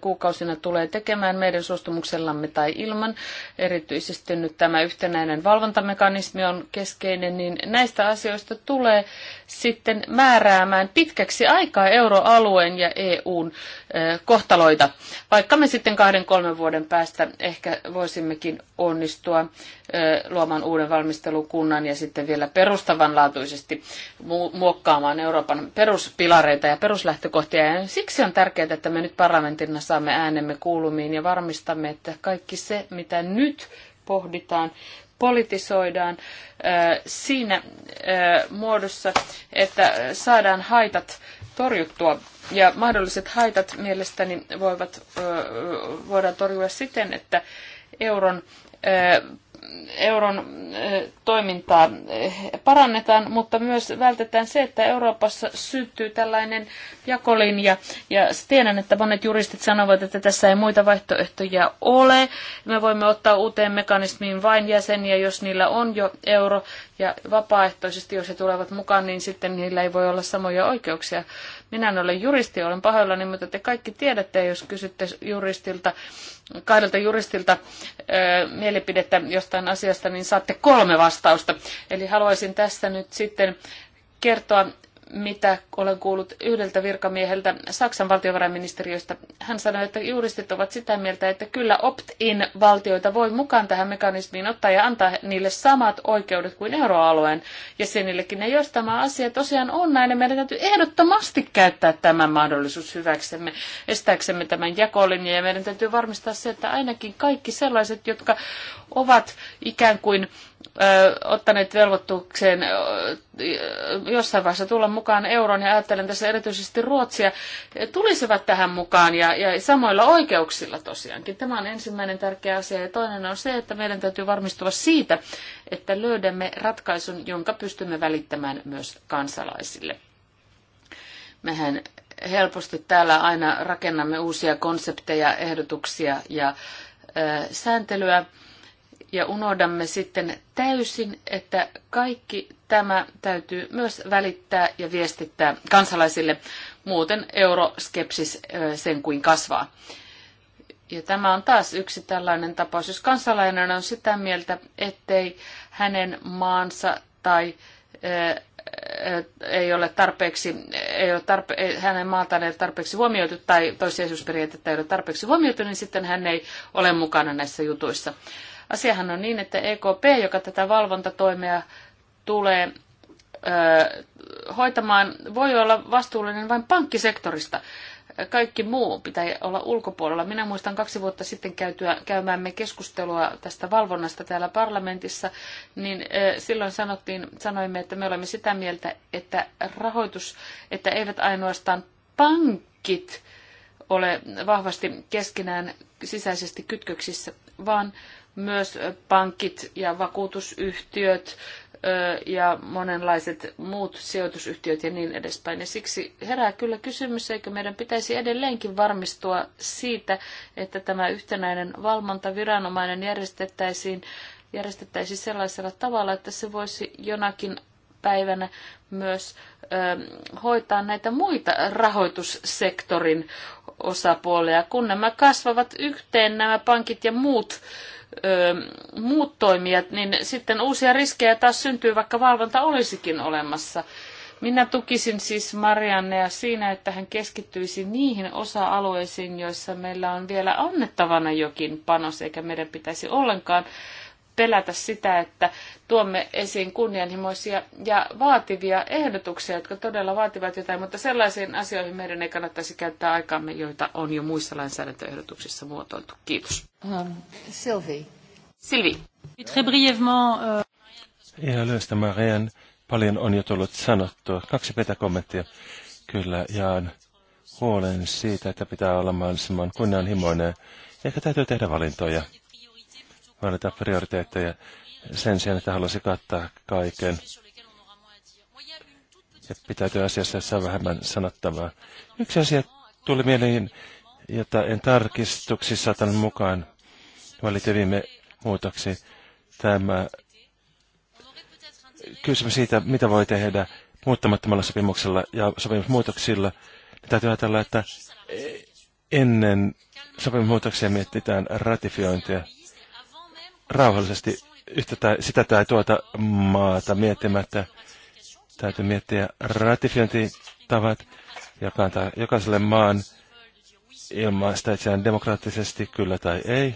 kuukausina tulee tekemään meidän suostumuksellamme tai ilman, erityisesti nyt tämä yhtenäinen valvontamekanismi on keskeinen, niin näistä asioista tulee sitten määräämään pitkäksi aikaa euroalueen ja EUn kohtaloita. Vaikka me sitten kahden kolmen vuoden päästä ehkä voisimmekin onnistua luomaan uuden valmistelukunnan ja sitten vielä perustavanlaatuisesti muokkaamaan Euroopan peruspilareita ja peruslähtökohtia lähtökohtia. Ja siksi on tärkeää, että me nyt parlamentina saamme äänemme kuulumiin ja varmistamme, että kaikki se, mitä nyt pohditaan, politisoidaan siinä muodossa, että saadaan haitat torjuttua. Ja mahdolliset haitat mielestäni voivat, voidaan torjua siten, että euron euron eh, toimintaa eh, parannetaan, mutta myös vältetään se, että Euroopassa syttyy tällainen jakolinja. Ja tiedän, että monet juristit sanovat, että tässä ei muita vaihtoehtoja ole. Me voimme ottaa uuteen mekanismiin vain jäseniä, jos niillä on jo euro. Ja vapaaehtoisesti, jos he tulevat mukaan, niin sitten niillä ei voi olla samoja oikeuksia. Minä en ole juristi, olen pahoillani, mutta te kaikki tiedätte, jos kysytte juristilta, kahdelta juristilta ö, mielipidettä jostain asiasta, niin saatte kolme vastausta. Eli haluaisin tässä nyt sitten kertoa mitä olen kuullut yhdeltä virkamieheltä Saksan valtiovarainministeriöstä. Hän sanoi, että juristit ovat sitä mieltä, että kyllä opt-in valtioita voi mukaan tähän mekanismiin ottaa ja antaa niille samat oikeudet kuin euroalueen jäsenillekin. Ja jos tämä asia tosiaan on näin, niin meidän täytyy ehdottomasti käyttää tämä mahdollisuus hyväksemme, estääksemme tämän jakolinjan ja meidän täytyy varmistaa se, että ainakin kaikki sellaiset, jotka ovat ikään kuin ottaneet velvoittuukseen jossain vaiheessa tulla mukaan euroon, ja ajattelen tässä erityisesti Ruotsia, tulisivat tähän mukaan ja, ja samoilla oikeuksilla tosiaankin. Tämä on ensimmäinen tärkeä asia, ja toinen on se, että meidän täytyy varmistua siitä, että löydämme ratkaisun, jonka pystymme välittämään myös kansalaisille. Mehän helposti täällä aina rakennamme uusia konsepteja, ehdotuksia ja sääntelyä ja unohdamme sitten täysin, että kaikki tämä täytyy myös välittää ja viestittää kansalaisille. Muuten euroskepsis sen kuin kasvaa. Ja tämä on taas yksi tällainen tapaus, jos kansalainen on sitä mieltä, ettei hänen maansa tai ei ole tarpeeksi, ei ole tarpe, hänen maataan ei ole tarpeeksi huomioitu tai toisiaisuusperiaatetta ei ole tarpeeksi huomioitu, niin sitten hän ei ole mukana näissä jutuissa. Asiahan on niin, että EKP, joka tätä valvontatoimea tulee hoitamaan, voi olla vastuullinen vain pankkisektorista. Kaikki muu pitää olla ulkopuolella. Minä muistan kaksi vuotta sitten käytyä, käymäämme keskustelua tästä valvonnasta täällä parlamentissa, niin silloin sanottiin, sanoimme, että me olemme sitä mieltä, että rahoitus, että eivät ainoastaan pankit ole vahvasti keskenään sisäisesti kytköksissä, vaan myös pankit ja vakuutusyhtiöt ja monenlaiset muut sijoitusyhtiöt ja niin edespäin. Ja siksi herää kyllä kysymys, eikö meidän pitäisi edelleenkin varmistua siitä, että tämä yhtenäinen valvontaviranomainen järjestettäisiin, järjestettäisiin sellaisella tavalla, että se voisi jonakin päivänä myös hoitaa näitä muita rahoitussektorin osapuolia, kun nämä kasvavat yhteen nämä pankit ja muut ö, muut toimijat, niin sitten uusia riskejä taas syntyy, vaikka valvonta olisikin olemassa. Minä tukisin siis Mariannea siinä, että hän keskittyisi niihin osa-alueisiin, joissa meillä on vielä annettavana jokin panos, eikä meidän pitäisi ollenkaan pelätä sitä, että tuomme esiin kunnianhimoisia ja vaativia ehdotuksia, jotka todella vaativat jotain, mutta sellaisiin asioihin meidän ei kannattaisi käyttää aikaamme, joita on jo muissa lainsäädäntöehdotuksissa muotoiltu. Kiitos. Um, Sylvie. Silvi. Euh, Ihan lyhyesti Marian, paljon on jo tullut sanottua. Kaksi petäkommenttia. Kyllä, jaan huolen siitä, että pitää olla mahdollisimman kunnianhimoinen. Ehkä täytyy tehdä valintoja valita prioriteetteja sen sijaan, että haluaisi kattaa kaiken. Ja pitäytyy asiassa, jossa vähemmän sanottavaa. Yksi asia tuli mieleen, jota en tarkistuksissa otan mukaan, valitti viime muutoksi. Tämä kysymys siitä, mitä voi tehdä muuttamattomalla sopimuksella ja sopimusmuutoksilla, niin täytyy ajatella, että ennen sopimusmuutoksia mietitään ratifiointia rauhallisesti yhtä tai, sitä tai tuota maata miettimättä. Täytyy miettiä ratifiointitavat, joka antaa jokaiselle maan sitä itseään demokraattisesti, kyllä tai ei.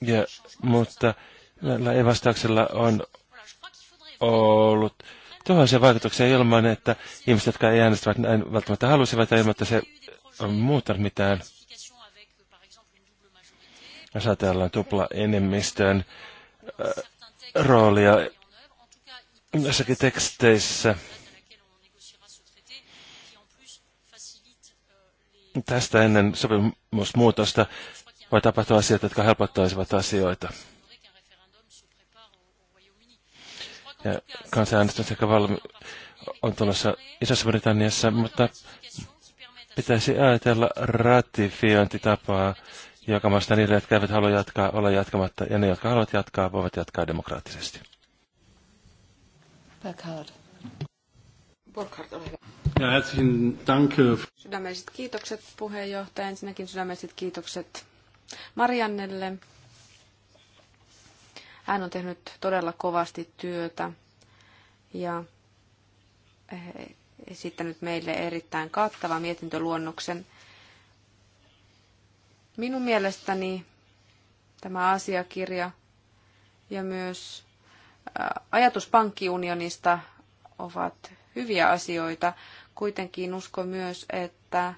Ja, mutta näillä evästauksilla on ollut tuhansia vaikutuksia ilman, että ihmiset, jotka ei äänestävät näin välttämättä halusivat, ja ilman, että se muuta mitään. Jos ajatellaan tupla enemmistön äh, roolia jossakin teksteissä, tästä ennen sopimusmuutosta voi tapahtua asioita, jotka helpottaisivat asioita. Ja kansanäänestys ehkä valmi on tulossa Isossa Britanniassa, mutta pitäisi ajatella ratifiointitapaa, joka maasta niille, jotka eivät halua jatkaa, olla jatkamatta, ja ne, jotka haluavat jatkaa, voivat jatkaa demokraattisesti. Burkhard. Ja herzlichen Dank. Äh, sydämelliset kiitokset puheenjohtaja. Ensinnäkin sydämelliset kiitokset Mariannelle. Hän on tehnyt todella kovasti työtä ja eh, esittänyt meille erittäin kattavan mietintöluonnoksen. Minun mielestäni tämä asiakirja ja myös ajatus pankkiunionista ovat hyviä asioita. Kuitenkin uskon myös, että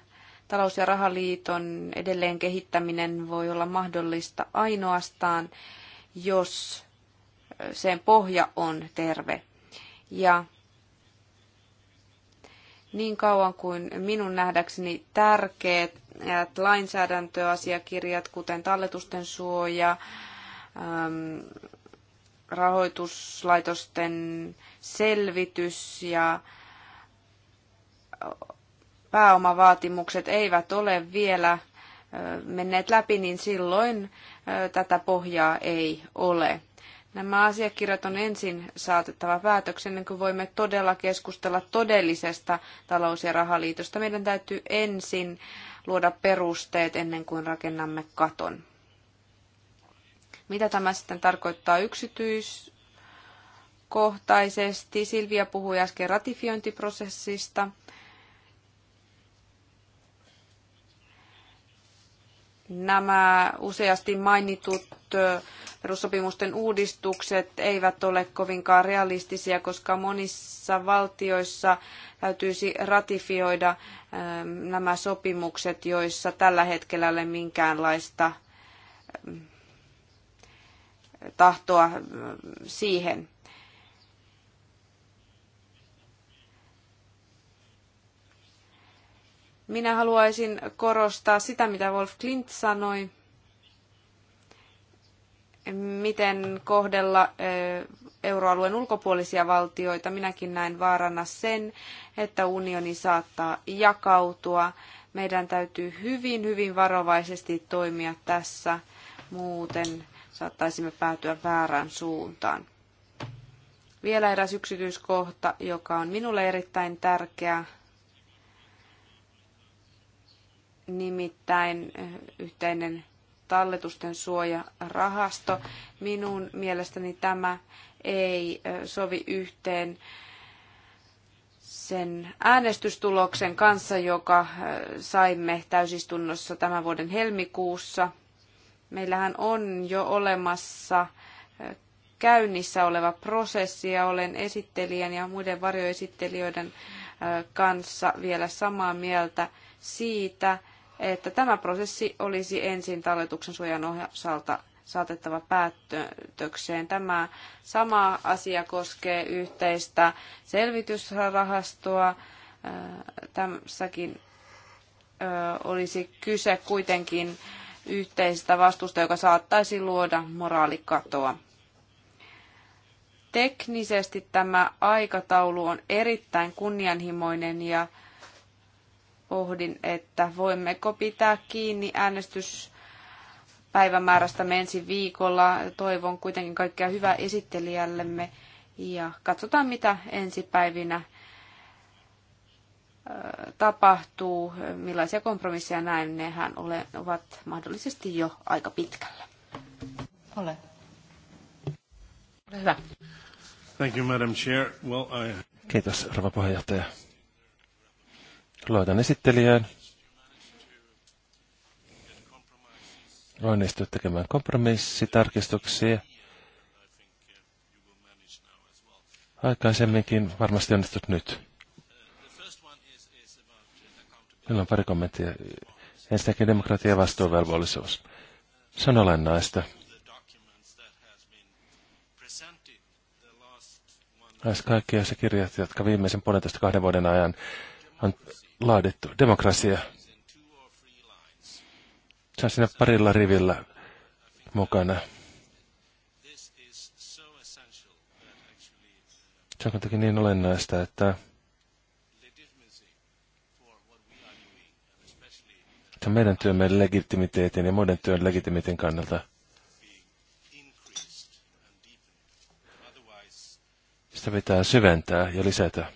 talous- ja rahaliiton edelleen kehittäminen voi olla mahdollista ainoastaan, jos sen pohja on terve. Ja niin kauan kuin minun nähdäkseni tärkeät lainsäädäntöasiakirjat, kuten talletusten suoja, rahoituslaitosten selvitys ja pääomavaatimukset eivät ole vielä menneet läpi, niin silloin tätä pohjaa ei ole. Nämä asiakirjat on ensin saatettava päätöksen, ennen kuin voimme todella keskustella todellisesta talous- ja rahaliitosta. Meidän täytyy ensin luoda perusteet ennen kuin rakennamme katon. Mitä tämä sitten tarkoittaa yksityiskohtaisesti? Silvia puhui äsken ratifiointiprosessista. nämä useasti mainitut perussopimusten uudistukset eivät ole kovinkaan realistisia, koska monissa valtioissa täytyisi ratifioida nämä sopimukset, joissa tällä hetkellä ei ole minkäänlaista tahtoa siihen. Minä haluaisin korostaa sitä, mitä Wolf Klint sanoi, miten kohdella euroalueen ulkopuolisia valtioita. Minäkin näen vaarana sen, että unioni saattaa jakautua. Meidän täytyy hyvin, hyvin varovaisesti toimia tässä, muuten saattaisimme päätyä väärään suuntaan. Vielä eräs yksityiskohta, joka on minulle erittäin tärkeä, nimittäin eh, yhteinen talletusten suojarahasto. Minun mielestäni tämä ei eh, sovi yhteen sen äänestystuloksen kanssa, joka eh, saimme täysistunnossa tämän vuoden helmikuussa. Meillähän on jo olemassa käynnissä oleva prosessi ja olen esittelijän ja muiden varjoesittelijöiden kanssa vielä samaa mieltä siitä, että tämä prosessi olisi ensin talletuksen suojan osalta saatettava päätökseen. Tämä sama asia koskee yhteistä selvitysrahastoa. Äh, tässäkin äh, olisi kyse kuitenkin yhteisestä vastuusta, joka saattaisi luoda moraalikatoa. Teknisesti tämä aikataulu on erittäin kunnianhimoinen ja pohdin, että voimmeko pitää kiinni äänestys ensi viikolla. Toivon kuitenkin kaikkea hyvää esittelijällemme ja katsotaan mitä ensi päivinä tapahtuu, millaisia kompromisseja näin, nehän ole, ovat mahdollisesti jo aika pitkällä. Ole. Ole hyvä. Thank you, Madam Chair. Well, I... Kiitos, rouva puheenjohtaja. Luotan esittelijään. Onnistua tekemään kompromissitarkistuksia. Aikaisemminkin varmasti onnistut nyt. Minulla on pari kommenttia. Ensinnäkin demokratia ja vastuuvelvollisuus. Se on olennaista. kaikki se kirjat, jotka viimeisen puolentoista kahden vuoden ajan on laadittu demokratia. Se on siinä parilla rivillä mukana. Se on kuitenkin niin olennaista, että meidän työmme legitimiteetin ja muiden työn legitimiteetin kannalta. Sitä pitää syventää ja lisätä.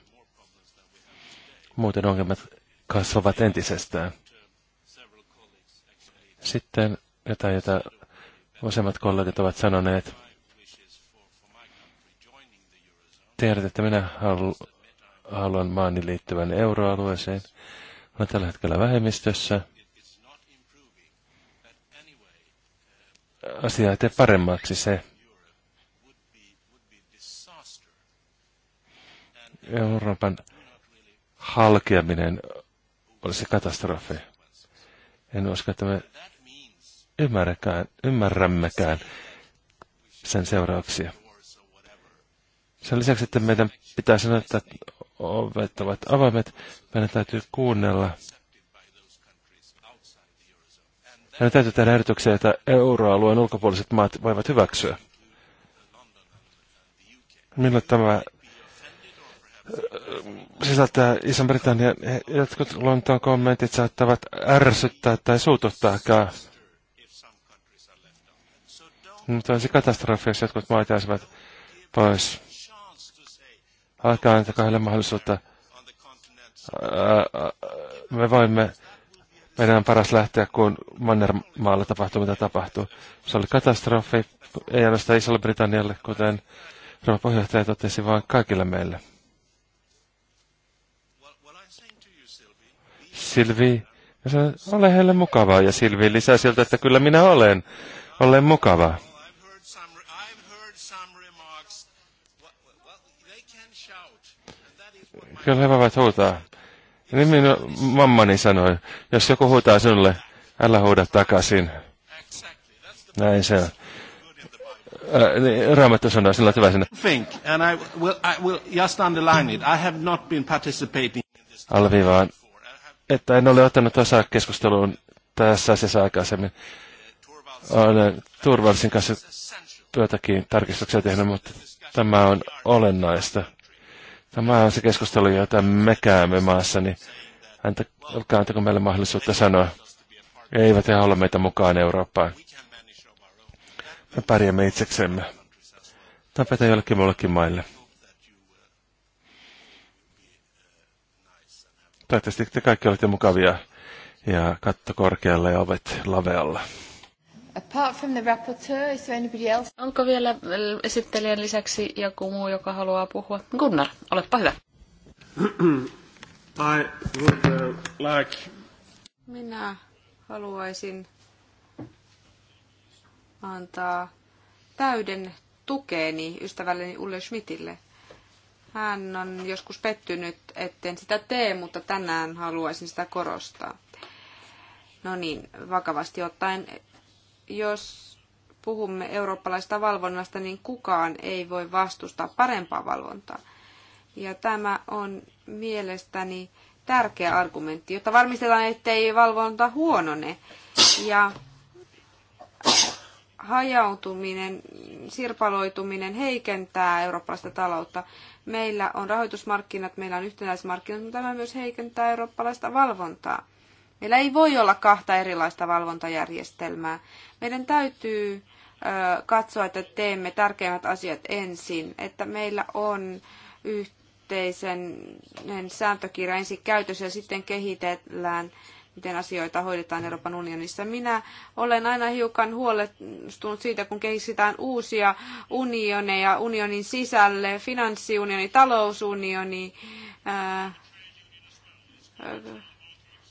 Muuten ongelmat kasvavat entisestään. Sitten jotain, jota useimmat kollegat ovat sanoneet. Tiedät, että minä haluan maani liittyvän euroalueeseen. Olen tällä hetkellä vähemmistössä. Asia ei tee paremmaksi se. Euroopan halkeaminen olisi katastrofi. En usko, että me ymmärrämmekään sen seurauksia. Sen lisäksi, että meidän pitää sanoa, että ovet ovat avaimet, meidän täytyy kuunnella. Meidän täytyy tehdä ehdotuksia, että euroalueen ulkopuoliset maat voivat hyväksyä. Milloin tämä sisältää Iso-Britannian jotkut Lontoon kommentit saattavat ärsyttää tai suututtaakaan. Mutta olisi katastrofi, jos jotkut maat jäisivät pois. Alkaa antaa kahdelle mahdollisuutta. Me voimme, meidän on paras lähteä, kun Mannermaalla tapahtuu, mitä tapahtuu. Se oli katastrofi, ei ainoastaan Iso-Britannialle, kuten rouva puheenjohtaja totesi, vaan kaikille meille. Silvi, ole no heille mukavaa. Ja Silvi lisää sieltä, että kyllä minä olen. Olen mukava. Kyllä he voivat huutaa. Niin minun mammani sanoi, jos joku huutaa sinulle, älä huuda takaisin. Näin se on. Niin Raamattu sanoo sillä hyvä sinne. Alviivaan että en ole ottanut osaa keskusteluun tässä asiassa aikaisemmin. Olen turvallisin kanssa joitakin tarkistuksia tehnyt, mutta tämä on olennaista. Tämä on se keskustelu, jota me käymme maassa, niin anta, olkaa antako meille mahdollisuutta sanoa. Eivät he halua meitä mukaan Eurooppaan. Me pärjäämme itseksemme. Tämä jollekin muullekin maille. Toivottavasti te kaikki olette mukavia ja katto korkealla ja ovet lavealla. Apart from the rapporteur, is there anybody else? Onko vielä äh, esittelijän lisäksi joku muu, joka haluaa puhua? Gunnar, olepa hyvä. I would uh, like... Minä haluaisin antaa täyden tukeni ystävälleni Ulle Schmidtille. Hän on joskus pettynyt, etten sitä tee, mutta tänään haluaisin sitä korostaa. No niin, vakavasti ottaen, jos puhumme eurooppalaista valvonnasta, niin kukaan ei voi vastustaa parempaa valvontaa. Ja tämä on mielestäni tärkeä argumentti, jotta varmistetaan, ettei valvonta huonone. Ja hajautuminen, sirpaloituminen heikentää eurooppalaista taloutta. Meillä on rahoitusmarkkinat, meillä on yhtenäismarkkinat, mutta tämä myös heikentää eurooppalaista valvontaa. Meillä ei voi olla kahta erilaista valvontajärjestelmää. Meidän täytyy katsoa, että teemme tärkeimmät asiat ensin, että meillä on yhteisen sääntökirja ensin käytössä ja sitten kehitellään miten asioita hoidetaan Euroopan unionissa. Minä olen aina hiukan huolestunut siitä, kun kehitetään uusia unioneja unionin sisälle, finanssiunioni, talousunioni, ää,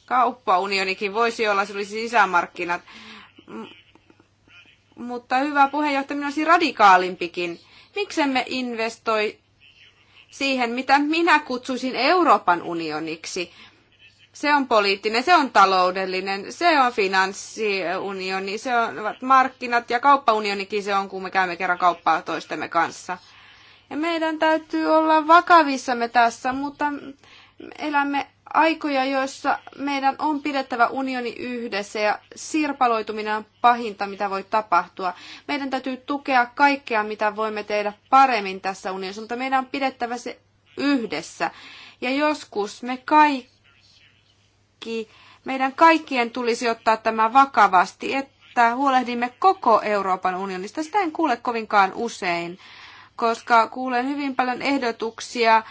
kauppaunionikin voisi olla, se olisi sisämarkkinat. mutta hyvä puheenjohtaja, minä olisin radikaalimpikin. Miksemme investoi siihen, mitä minä kutsuisin Euroopan unioniksi? Se on poliittinen, se on taloudellinen, se on finanssiunioni, se on markkinat ja kauppaunionikin se on, kun me käymme kerran kauppaa toistemme kanssa. Ja meidän täytyy olla vakavissamme tässä, mutta elämme aikoja, joissa meidän on pidettävä unioni yhdessä ja sirpaloituminen on pahinta, mitä voi tapahtua. Meidän täytyy tukea kaikkea, mitä voimme tehdä paremmin tässä unionissa, mutta meidän on pidettävä se yhdessä. Ja joskus me kaikki teki, meidän kaikkien tulisi ottaa tämä vakavasti, että huolehdimme koko Euroopan unionista. Sitä en kuule kovinkaan usein koska kuulen hyvin paljon ehdotuksia,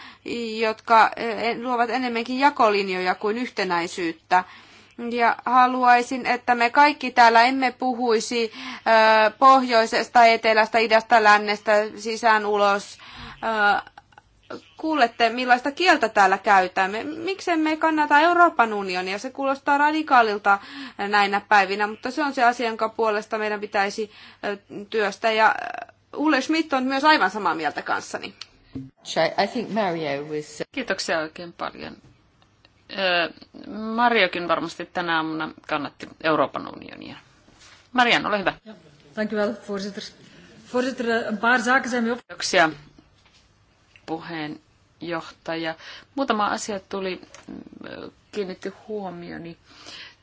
jotka eh, luovat enemmänkin jakolinjoja kuin yhtenäisyyttä. Ja haluaisin, että me kaikki täällä emme puhuisi eh, pohjoisesta, etelästä, idästä, lännestä, sisään, ulos, eh, kuulette, millaista kieltä täällä käytämme. me kannata Euroopan unionia? Se kuulostaa radikaalilta näinä päivinä, mutta se on se asia, jonka puolesta meidän pitäisi työstä. Ja Ulle Schmidt on myös aivan samaa mieltä kanssani. I think Mario was... Uh, Kiitoksia oikein paljon. Mariokin varmasti tänä aamuna kannatti Euroopan unionia. Marian, ole hyvä. voorzitter. Voorzitter, eh, een paar zaken zijn me op... Kiitoksia, puheenjohtaja. Muutama asia tuli, mm, kiinnitty huomioni.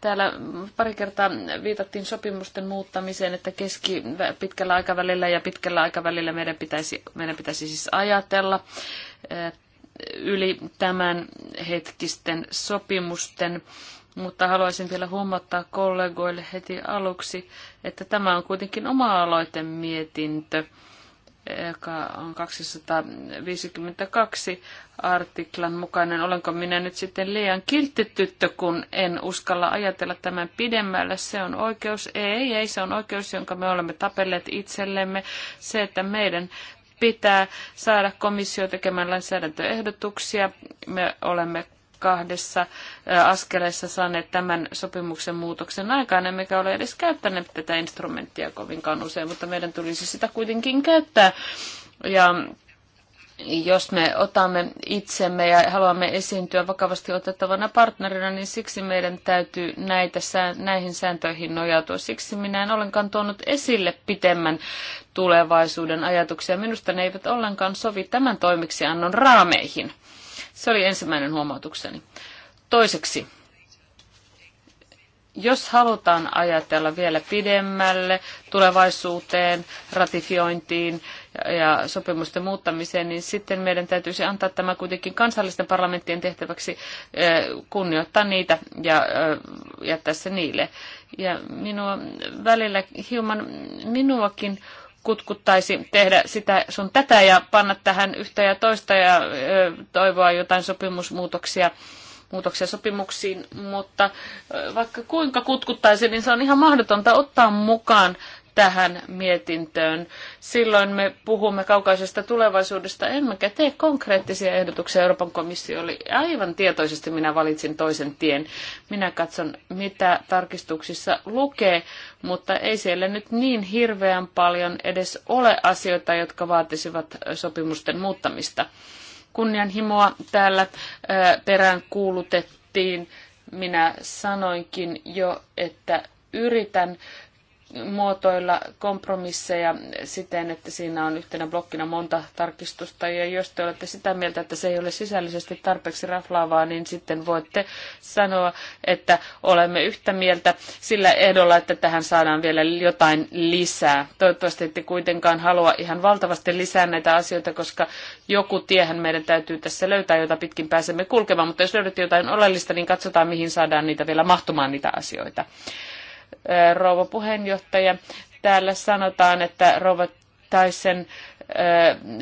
Täällä pari kertaa viitattiin sopimusten muuttamiseen, että keski pitkällä aikavälillä ja pitkällä aikavälillä meidän pitäisi, meidän pitäisi siis ajatella eh, yli tämän hetkisten sopimusten. Mutta haluaisin vielä huomauttaa kollegoille heti aluksi, että tämä on kuitenkin oma-aloitemietintö. mietintö joka on 252 artiklan mukainen. Olenko minä nyt sitten liian kiltti tyttö, kun en uskalla ajatella tämän pidemmälle? Se on oikeus. Ei, ei, se on oikeus, jonka me olemme tapelleet itsellemme. Se, että meidän pitää saada komissio tekemään lainsäädäntöehdotuksia. Me olemme kahdessa askeleessa saaneet tämän sopimuksen muutoksen aikaan, emmekä ole edes käyttäneet tätä instrumenttia kovinkaan usein, mutta meidän tulisi sitä kuitenkin käyttää. Ja jos me otamme itsemme ja haluamme esiintyä vakavasti otettavana partnerina, niin siksi meidän täytyy näitä, näihin sääntöihin nojautua. Siksi minä en ollenkaan tuonut esille pitemmän tulevaisuuden ajatuksia. Minusta ne eivät ollenkaan sovi tämän toimiksiannon raameihin. Se oli ensimmäinen huomautukseni. Toiseksi, jos halutaan ajatella vielä pidemmälle tulevaisuuteen, ratifiointiin ja sopimusten muuttamiseen, niin sitten meidän täytyisi antaa tämä kuitenkin kansallisten parlamenttien tehtäväksi eh, kunnioittaa niitä ja eh, jättää se niille. Ja minua välillä hieman minuakin kutkuttaisi tehdä sitä sun tätä ja panna tähän yhtä ja toista ja toivoa jotain sopimusmuutoksia muutoksia sopimuksiin, mutta vaikka kuinka kutkuttaisi, niin se on ihan mahdotonta ottaa mukaan tähän mietintöön. Silloin me puhumme kaukaisesta tulevaisuudesta, emmekä tee konkreettisia ehdotuksia Euroopan komissiolle. Aivan tietoisesti minä valitsin toisen tien. Minä katson, mitä tarkistuksissa lukee, mutta ei siellä nyt niin hirveän paljon edes ole asioita, jotka vaatisivat sopimusten muuttamista. Kunnianhimoa täällä perään kuulutettiin. Minä sanoinkin jo, että yritän muotoilla kompromisseja siten, että siinä on yhtenä blokkina monta tarkistusta. Ja jos te olette sitä mieltä, että se ei ole sisällisesti tarpeeksi raflaavaa, niin sitten voitte sanoa, että olemme yhtä mieltä sillä ehdolla, että tähän saadaan vielä jotain lisää. Toivottavasti ette kuitenkaan halua ihan valtavasti lisää näitä asioita, koska joku tiehän meidän täytyy tässä löytää, jota pitkin pääsemme kulkemaan. Mutta jos löydät jotain oleellista, niin katsotaan, mihin saadaan niitä vielä mahtumaan niitä asioita rouva puheenjohtaja. Täällä sanotaan, että rouva Tyson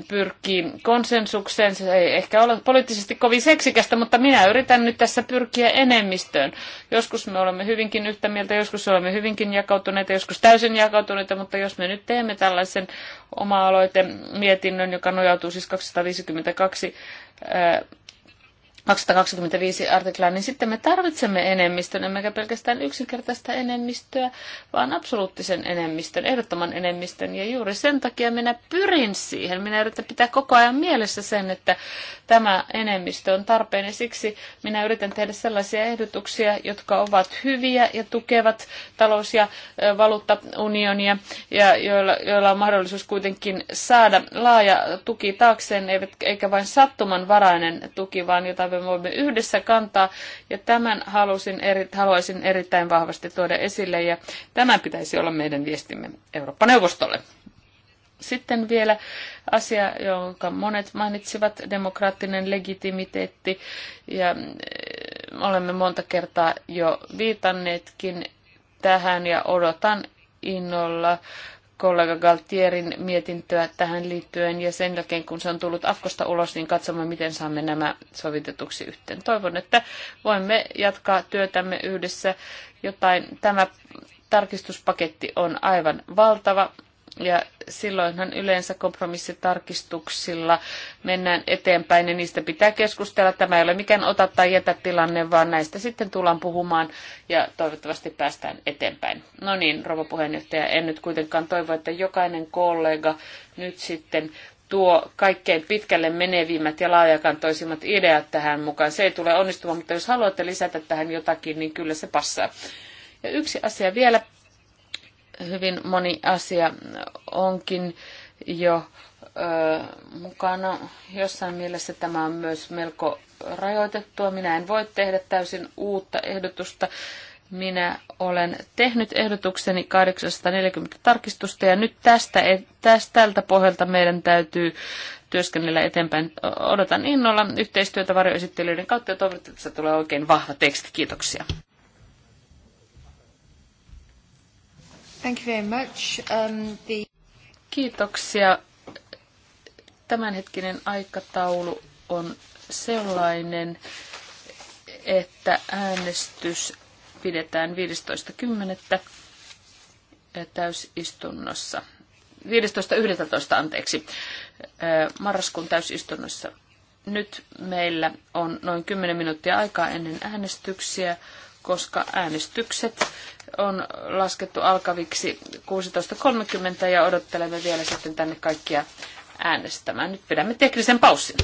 pyrkii konsensukseen. Se ei ehkä ole poliittisesti kovin seksikästä, mutta minä yritän nyt tässä pyrkiä enemmistöön. Joskus me olemme hyvinkin yhtä mieltä, joskus olemme hyvinkin jakautuneita, joskus täysin jakautuneita, mutta jos me nyt teemme tällaisen oma-aloite mietinnön, joka nojautuu siis 252 225 artiklaa, niin sitten me tarvitsemme enemmistön, emmekä pelkästään yksinkertaista enemmistöä, vaan absoluuttisen enemmistön, ehdottoman enemmistön. Ja juuri sen takia minä pyrin siihen. Minä yritän pitää koko ajan mielessä sen, että tämä enemmistö on tarpeen. Ja siksi minä yritän tehdä sellaisia ehdotuksia, jotka ovat hyviä ja tukevat talous- ja valuuttaunionia, ja joilla, joilla on mahdollisuus kuitenkin saada laaja tuki taakseen, eikä vain sattumanvarainen tuki, vaan jotain me voimme yhdessä kantaa. Ja tämän halusin eri, haluaisin erittäin vahvasti tuoda esille ja tämän pitäisi olla meidän viestimme Eurooppa-neuvostolle. Sitten vielä asia, jonka monet mainitsivat, demokraattinen legitimiteetti. Ja eh, olemme monta kertaa jo viitanneetkin tähän ja odotan innolla kollega Galtierin mietintöä tähän liittyen ja sen jälkeen kun se on tullut Afkosta ulos, niin katsomme miten saamme nämä sovitetuksi yhteen. Toivon, että voimme jatkaa työtämme yhdessä jotain. Tämä tarkistuspaketti on aivan valtava ja silloinhan yleensä kompromissitarkistuksilla mennään eteenpäin ja niistä pitää keskustella. Tämä ei ole mikään ota tai jätä tilanne, vaan näistä sitten tullaan puhumaan ja toivottavasti päästään eteenpäin. No niin, rouva puheenjohtaja, en nyt kuitenkaan toivo, että jokainen kollega nyt sitten tuo kaikkein pitkälle menevimmät ja laajakantoisimmat ideat tähän mukaan. Se ei tule onnistumaan, mutta jos haluatte lisätä tähän jotakin, niin kyllä se passaa. Ja yksi asia vielä hyvin moni asia onkin jo mukana. Jossain mielessä tämä on myös melko rajoitettua. Minä en voi tehdä täysin uutta ehdotusta. Minä olen tehnyt ehdotukseni 840 tarkistusta ja nyt tästä, e-, tästä tältä pohjalta meidän täytyy työskennellä eteenpäin. Odotan innolla yhteistyötä varjoesittelyiden kautta ja toivottavasti tulee oikein vahva teksti. Kiitoksia. Thank you very much. Um, the... Kiitoksia. Tämänhetkinen aikataulu on sellainen, että äänestys pidetään 15.10. täysistunnossa. 15.11. anteeksi, marraskuun täysistunnossa. Nyt meillä on noin 10 minuuttia aikaa ennen äänestyksiä koska äänestykset on laskettu alkaviksi 16.30 ja odottelemme vielä sitten tänne kaikkia äänestämään. Nyt pidämme teknisen paussin.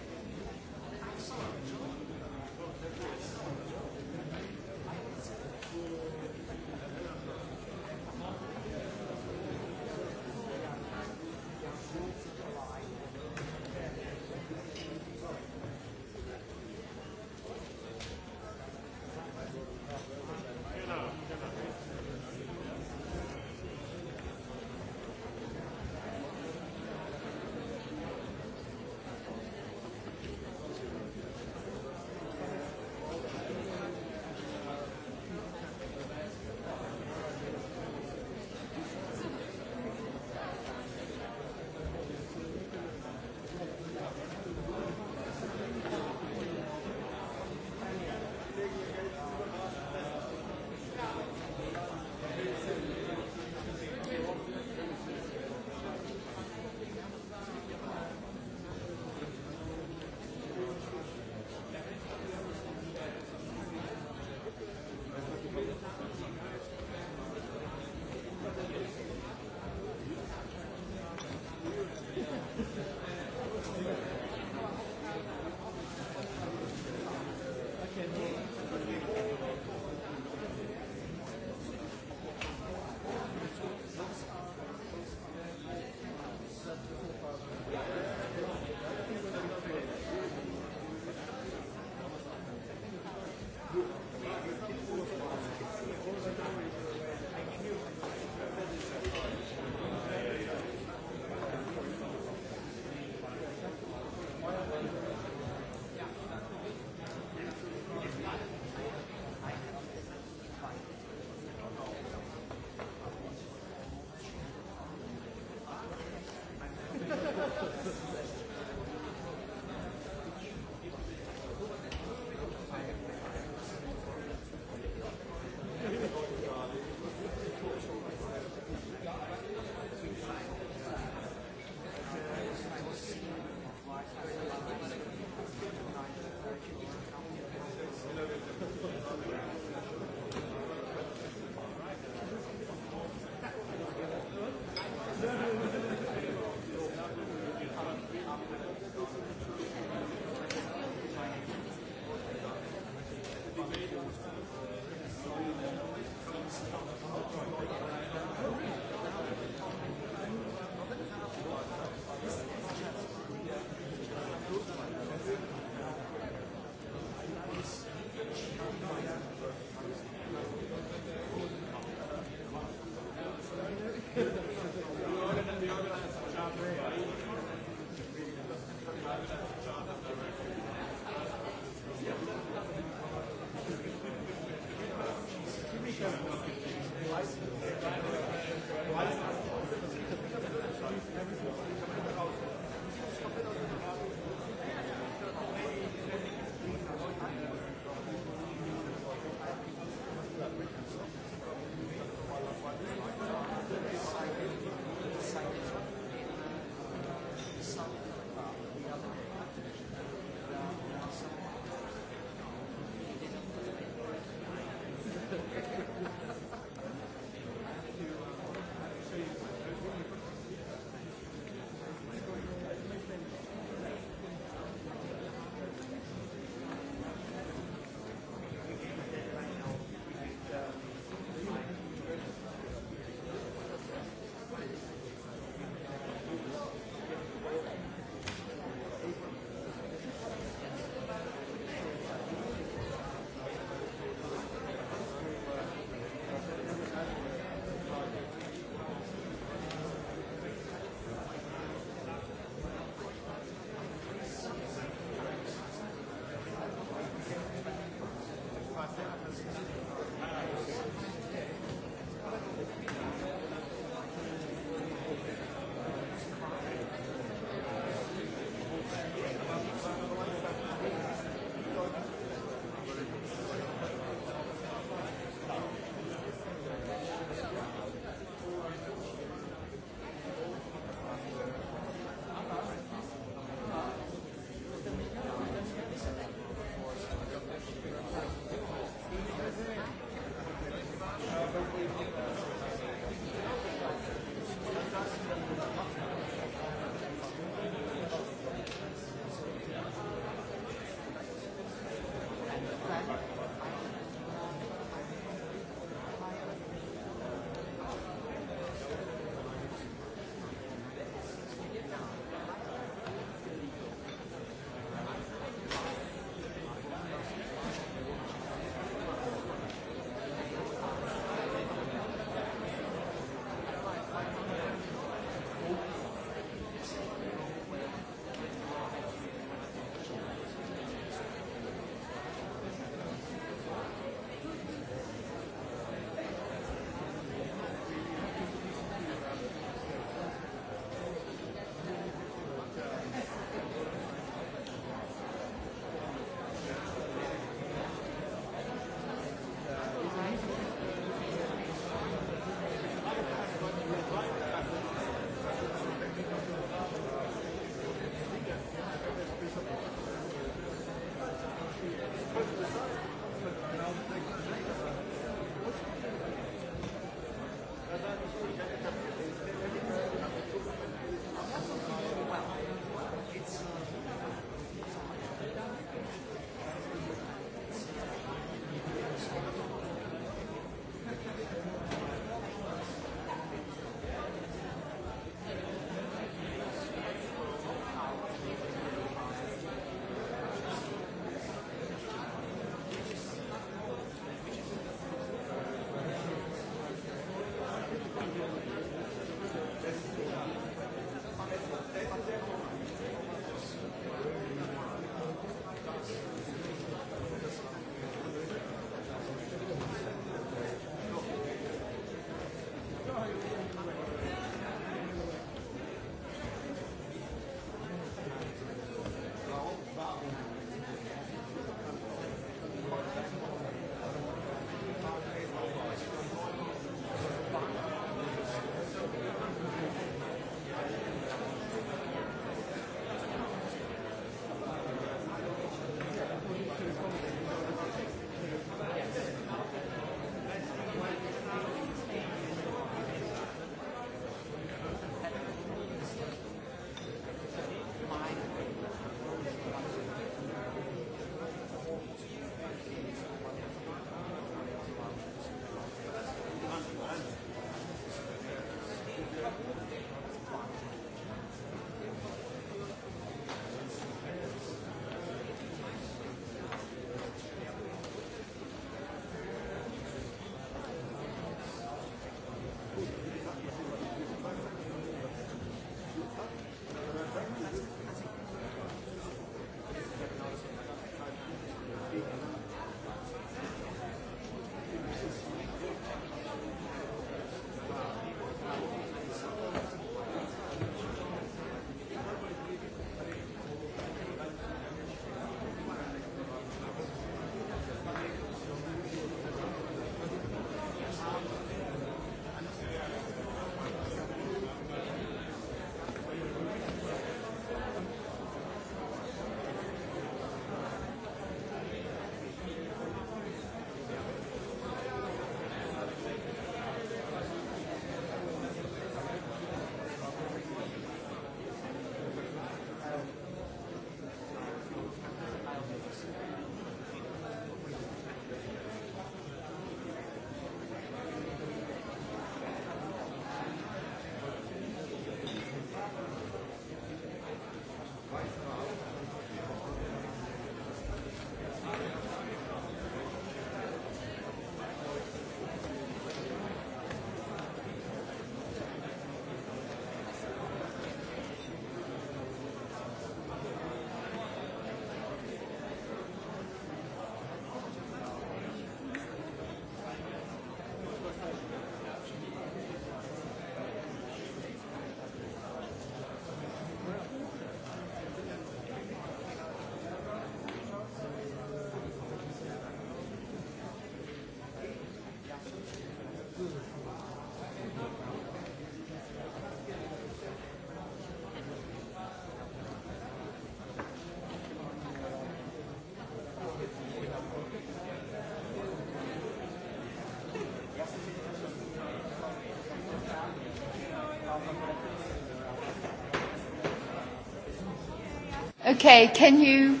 Okay, can you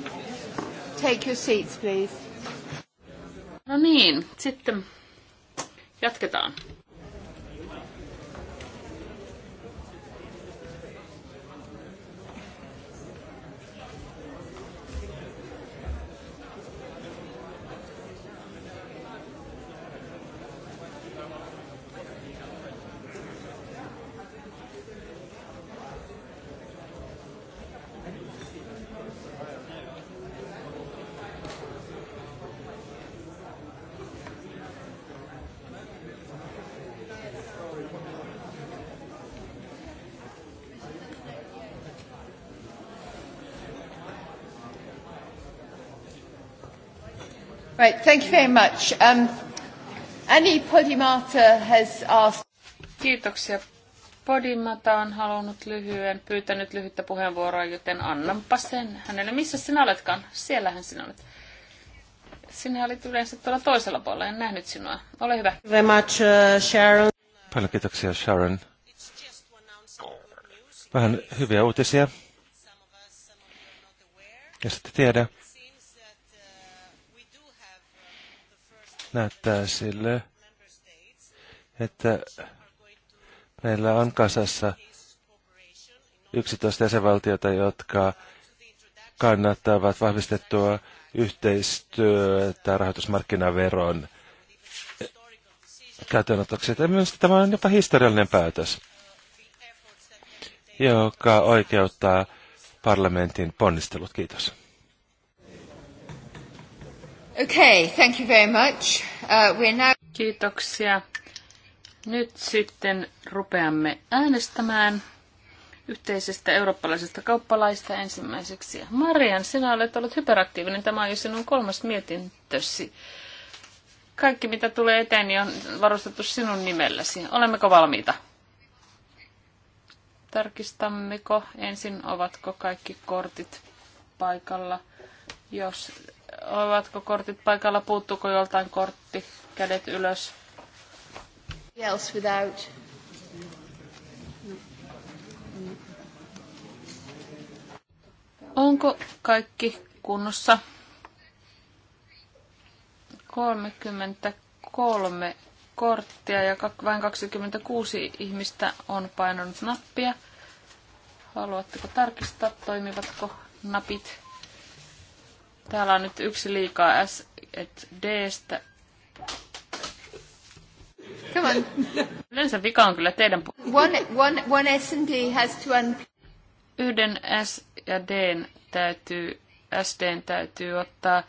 take your seats, please? No niin, sitten Right, thank you very much. Um, Annie Podimata has asked... Kiitoksia. Podimata on halunnut lyhyen, pyytänyt lyhyttä puheenvuoroa, joten annanpa sen hänelle. Missä sinä oletkaan? Siellähän sinä olet. Sinä olit yleensä tuolla toisella puolella, en nähnyt sinua. Ole hyvä. Very much, uh, Sharon. Paljon kiitoksia, Sharon. Vähän hyviä uutisia. Ja sitten tiedä, näyttää sille, että meillä on kasassa 11 jäsenvaltiota, jotka kannattavat vahvistettua yhteistyötä rahoitusmarkkinaveron käytönotoksi. Mielestäni tämä on jopa historiallinen päätös, joka oikeuttaa parlamentin ponnistelut. Kiitos. Okay, thank you very much. Uh, we're now... Kiitoksia. Nyt sitten rupeamme äänestämään yhteisestä eurooppalaisesta kauppalaista ensimmäiseksi. Marian, sinä olet ollut hyperaktiivinen. Tämä on jo sinun kolmas mietintösi. Kaikki, mitä tulee niin on varustettu sinun nimelläsi. Olemmeko valmiita? Tarkistammeko ensin, ovatko kaikki kortit paikalla. Jos Ovatko kortit paikalla? Puuttuuko joltain kortti? Kädet ylös. Else without. Onko kaikki kunnossa? 33 korttia ja vain 26 ihmistä on painanut nappia. Haluatteko tarkistaa, toimivatko napit? Täällä on nyt yksi liikaa S, et D-stä. Come on. Yleensä vika on kyllä teidän puolella. One, one, one S and D has to un... Yhden S ja D täytyy, SDn täytyy ottaa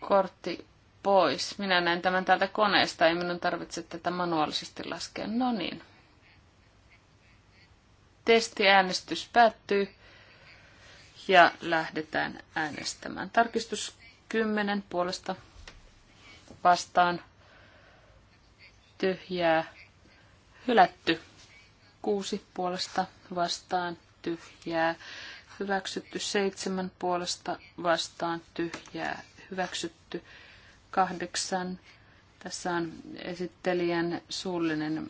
kortti pois. Minä näen tämän täältä koneesta, ei minun tarvitse tätä manuaalisesti laskea. No niin. Testiäänestys päättyy ja lähdetään äänestämään. Tarkistus 10 puolesta vastaan tyhjää hylätty. 6 puolesta vastaan tyhjää hyväksytty. 7 puolesta vastaan tyhjää hyväksytty. 8 tässä on esittelijän suullinen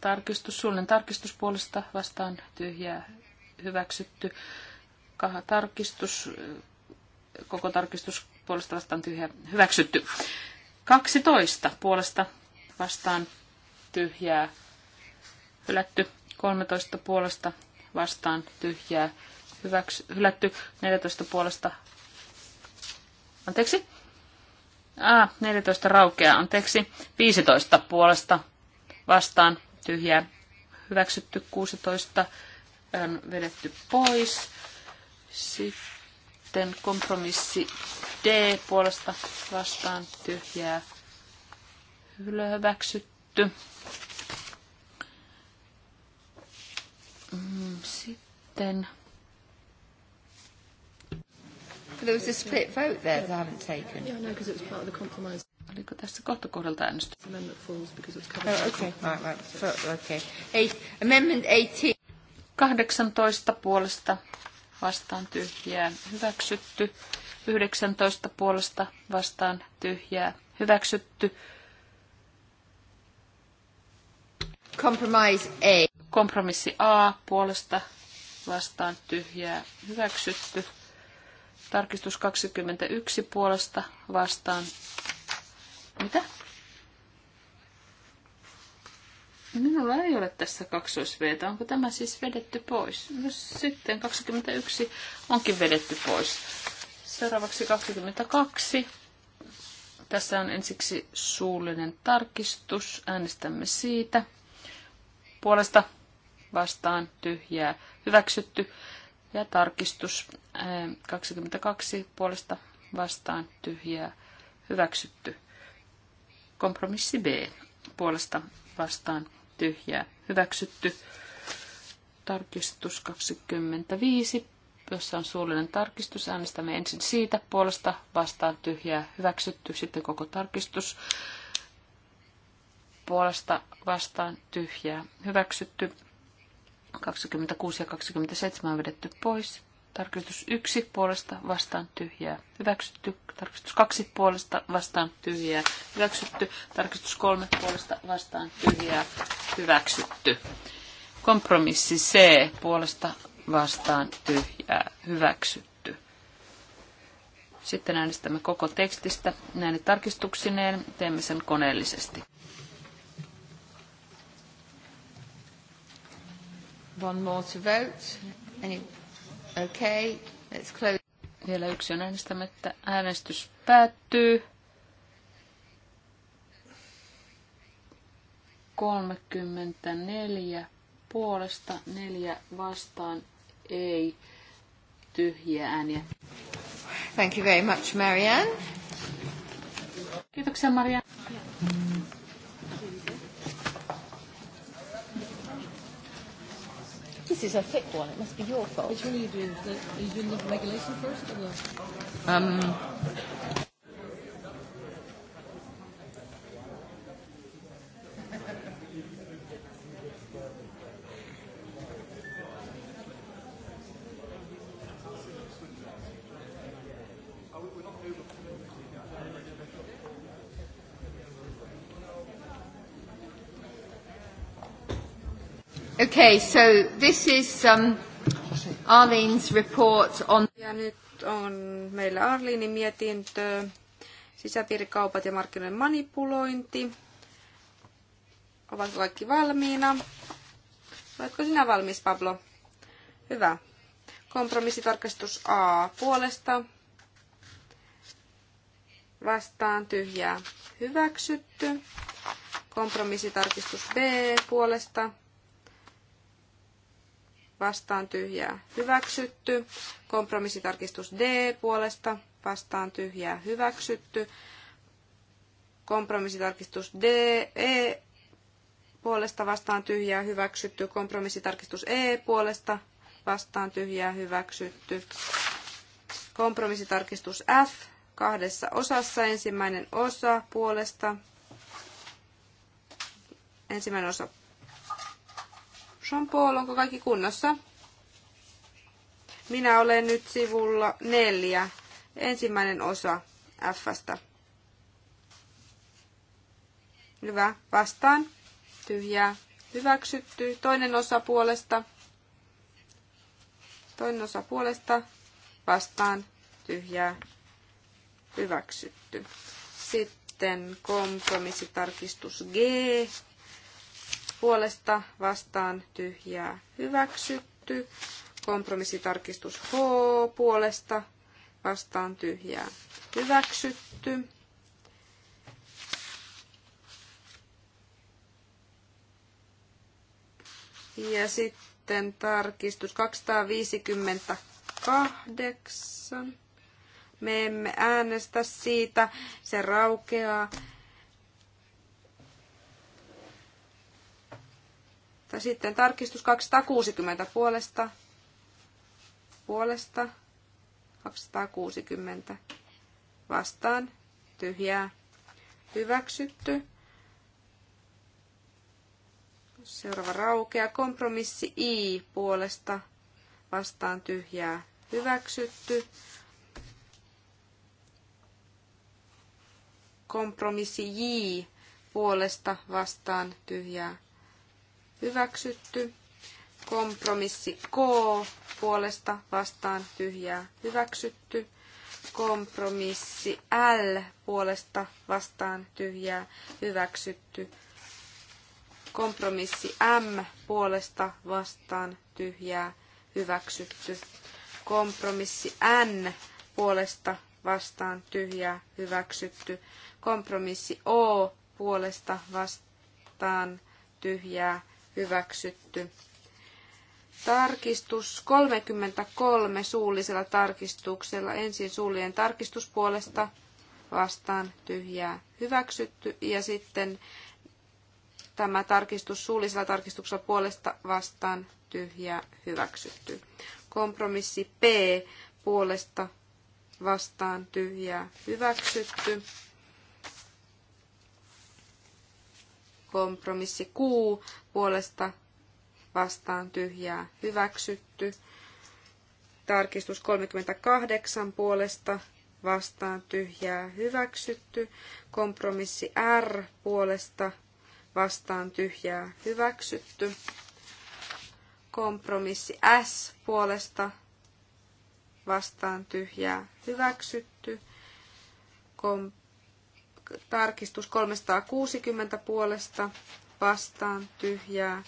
tarkistus. Suullinen tarkistus puolesta vastaan tyhjää hyväksytty kaha tarkistus, koko tarkistus puolesta vastaan tyhjä hyväksytty. 12 puolesta vastaan tyhjää hylätty. 13 puolesta vastaan tyhjää hyväks, hylätty. 14 puolesta anteeksi. Ah, 14 raukeaa, anteeksi. 15 puolesta vastaan tyhjää hyväksytty. 16 on vedetty pois. Sitten kompromissi D puolesta vastaan tyhjää hyväksytty. Mm, sitten There was a split vote there I haven't taken. Yeah, because no, it was part of the compromise. Oliko tässä kohta kohdalta äänestys? Amendment falls because it's covered. Oh, okay. Right, right. okay. Eight, amendment 18 puolesta vastaan tyhjää hyväksytty. 19 puolesta vastaan tyhjää hyväksytty. Compromise A. Kompromissi A puolesta vastaan tyhjää hyväksytty. Tarkistus 21 puolesta vastaan. Mitä? Minulla ei ole tässä kaksoisveetä. Onko tämä siis vedetty pois? No sitten 21 onkin vedetty pois. Seuraavaksi 22. Tässä on ensiksi suullinen tarkistus. Äänestämme siitä. Puolesta vastaan tyhjää hyväksytty. Ja tarkistus 22 puolesta vastaan tyhjää hyväksytty. Kompromissi B puolesta vastaan tyhjää hyväksytty. Tarkistus 25, jossa on suullinen tarkistus. Äänestämme ensin siitä puolesta vastaan tyhjää hyväksytty, sitten koko tarkistus puolesta vastaan tyhjää hyväksytty. 26 ja 27 on vedetty pois. Tarkistus 1 puolesta vastaan tyhjää hyväksytty. Tarkistus 2 puolesta vastaan tyhjää hyväksytty. Tarkistus 3 puolesta vastaan tyhjää hyväksytty. Kompromissi C puolesta vastaan tyhjää hyväksytty. Sitten äänestämme koko tekstistä näin tarkistuksineen. Teemme sen koneellisesti. One more to vote. Any... Okay, let's close. Vielä yksi on äänestämättä. Äänestys päättyy. 34 puolesta, neljä vastaan, ei tyhjiä ääniä. Thank you very much, Marianne. Kiitoksia, Marianne. This is a thick one. It must be your fault. Which one are you doing? are you doing the regulation first or the... Um, Okay, so this is um, Arlene's report on... Ja nyt on meillä Arlinin mietintö, sisäpiirikaupat ja markkinoiden manipulointi. Ovat kaikki valmiina. Oletko sinä valmis, Pablo? Hyvä. Kompromissitarkastus A puolesta. Vastaan tyhjää. Hyväksytty. Kompromissitarkistus B puolesta vastaan tyhjää hyväksytty. Kompromissitarkistus D puolesta vastaan tyhjää hyväksytty. Kompromissitarkistus D, E puolesta vastaan tyhjää hyväksytty. Kompromissitarkistus E puolesta vastaan tyhjää hyväksytty. Kompromissitarkistus F kahdessa osassa. Ensimmäinen osa puolesta. Ensimmäinen osa Jean-Paul, onko kaikki kunnossa? Minä olen nyt sivulla neljä, ensimmäinen osa F-stä. Hyvä, vastaan. Tyhjää, hyväksytty. Toinen osa puolesta. Toinen osa puolesta, vastaan. Tyhjää, hyväksytty. Sitten kompromissitarkistus G puolesta vastaan tyhjää hyväksytty. Kompromissitarkistus H puolesta vastaan tyhjää hyväksytty. Ja sitten tarkistus 258. Me emme äänestä siitä, se raukeaa. puolesta. Sitten tarkistus 260 puolesta. Puolesta. 260. Vastaan. Tyhjää. Hyväksytty. Seuraava raukea. Kompromissi I puolesta. Vastaan tyhjää. Hyväksytty. Kompromissi J puolesta vastaan tyhjää hyväksytty. Kompromissi K puolesta vastaan tyhjää hyväksytty. Kompromissi L puolesta vastaan tyhjää hyväksytty. Kompromissi M puolesta vastaan tyhjää hyväksytty. Kompromissi N puolesta vastaan tyhjää hyväksytty. Kompromissi O puolesta vastaan tyhjää hyväksytty. Tarkistus 33 suullisella tarkistuksella. Ensin suullinen tarkistus puolesta vastaan tyhjää hyväksytty ja sitten tämä tarkistus suullisella tarkistuksella puolesta vastaan tyhjää hyväksytty. Kompromissi P puolesta vastaan tyhjää hyväksytty. Kompromissi Q puolesta vastaan tyhjää hyväksytty. Tarkistus 38 puolesta vastaan tyhjää hyväksytty. Kompromissi R puolesta vastaan tyhjää hyväksytty. Kompromissi S puolesta vastaan tyhjää hyväksytty. Kompromissi tarkistus 360 puolesta vastaan tyhjää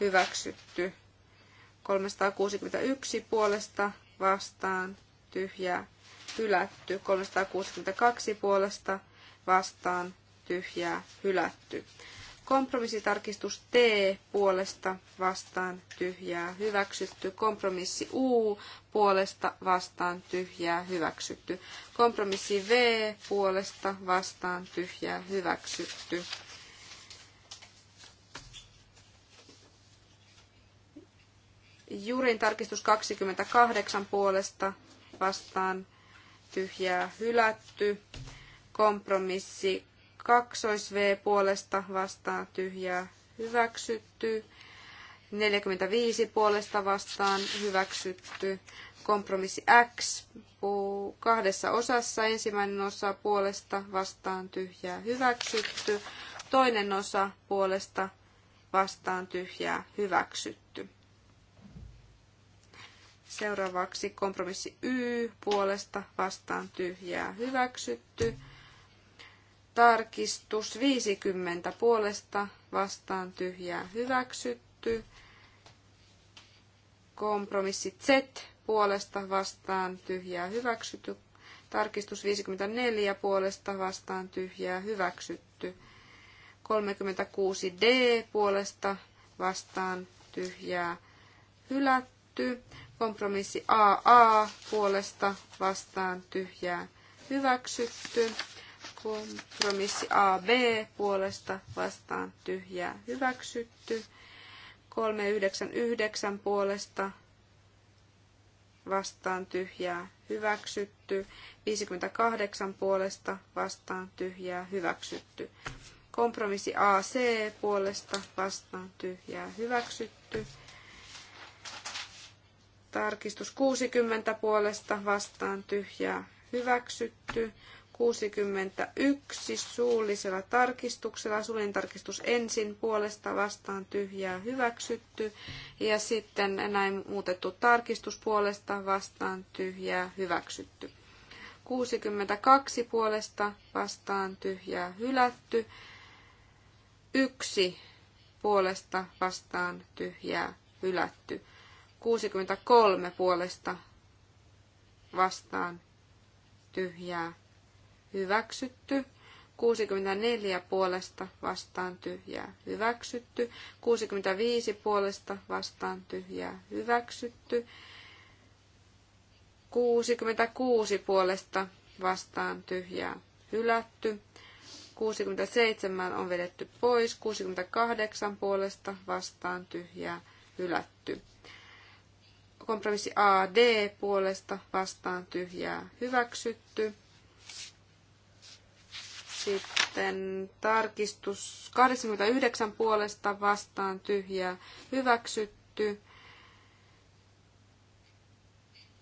hyväksytty. 361 puolesta vastaan tyhjää hylätty. 362 puolesta vastaan tyhjää hylätty. Kompromissitarkistus T puolesta vastaan tyhjää hyväksytty. Kompromissi U puolesta vastaan tyhjää hyväksytty. Kompromissi V puolesta vastaan tyhjää hyväksytty. Jurin tarkistus 28 puolesta vastaan tyhjää hylätty. Kompromissi Kaksois V puolesta vastaan tyhjää hyväksytty. 45 puolesta vastaan hyväksytty. Kompromissi X kahdessa osassa. Ensimmäinen osa puolesta vastaan tyhjää hyväksytty. Toinen osa puolesta vastaan tyhjää hyväksytty. Seuraavaksi kompromissi Y puolesta vastaan tyhjää hyväksytty. Tarkistus 50 puolesta vastaan tyhjää hyväksytty. Kompromissi Z puolesta vastaan tyhjää hyväksytty. Tarkistus 54 puolesta vastaan tyhjää hyväksytty. 36D puolesta vastaan tyhjää hylätty. Kompromissi AA puolesta vastaan tyhjää hyväksytty. Kompromissi AB puolesta vastaan tyhjää hyväksytty. 399 puolesta vastaan tyhjää hyväksytty. 58 puolesta vastaan tyhjää hyväksytty. Kompromissi AC puolesta vastaan tyhjää hyväksytty. Tarkistus 60 puolesta vastaan tyhjää hyväksytty. 61 suullisella tarkistuksella. Suullinen tarkistus ensin puolesta vastaan tyhjää hyväksytty. Ja sitten näin muutettu tarkistus puolesta vastaan tyhjää hyväksytty. 62 puolesta vastaan tyhjää hylätty. 1 puolesta vastaan tyhjää hylätty. 63 puolesta vastaan tyhjää hyväksytty. 64 puolesta vastaan tyhjää hyväksytty. 65 puolesta vastaan tyhjää hyväksytty. 66 puolesta vastaan tyhjää hylätty. 67 on vedetty pois. 68 puolesta vastaan tyhjää hylätty. Kompromissi AD puolesta vastaan tyhjää hyväksytty. Sitten tarkistus 89 puolesta vastaan tyhjää hyväksytty.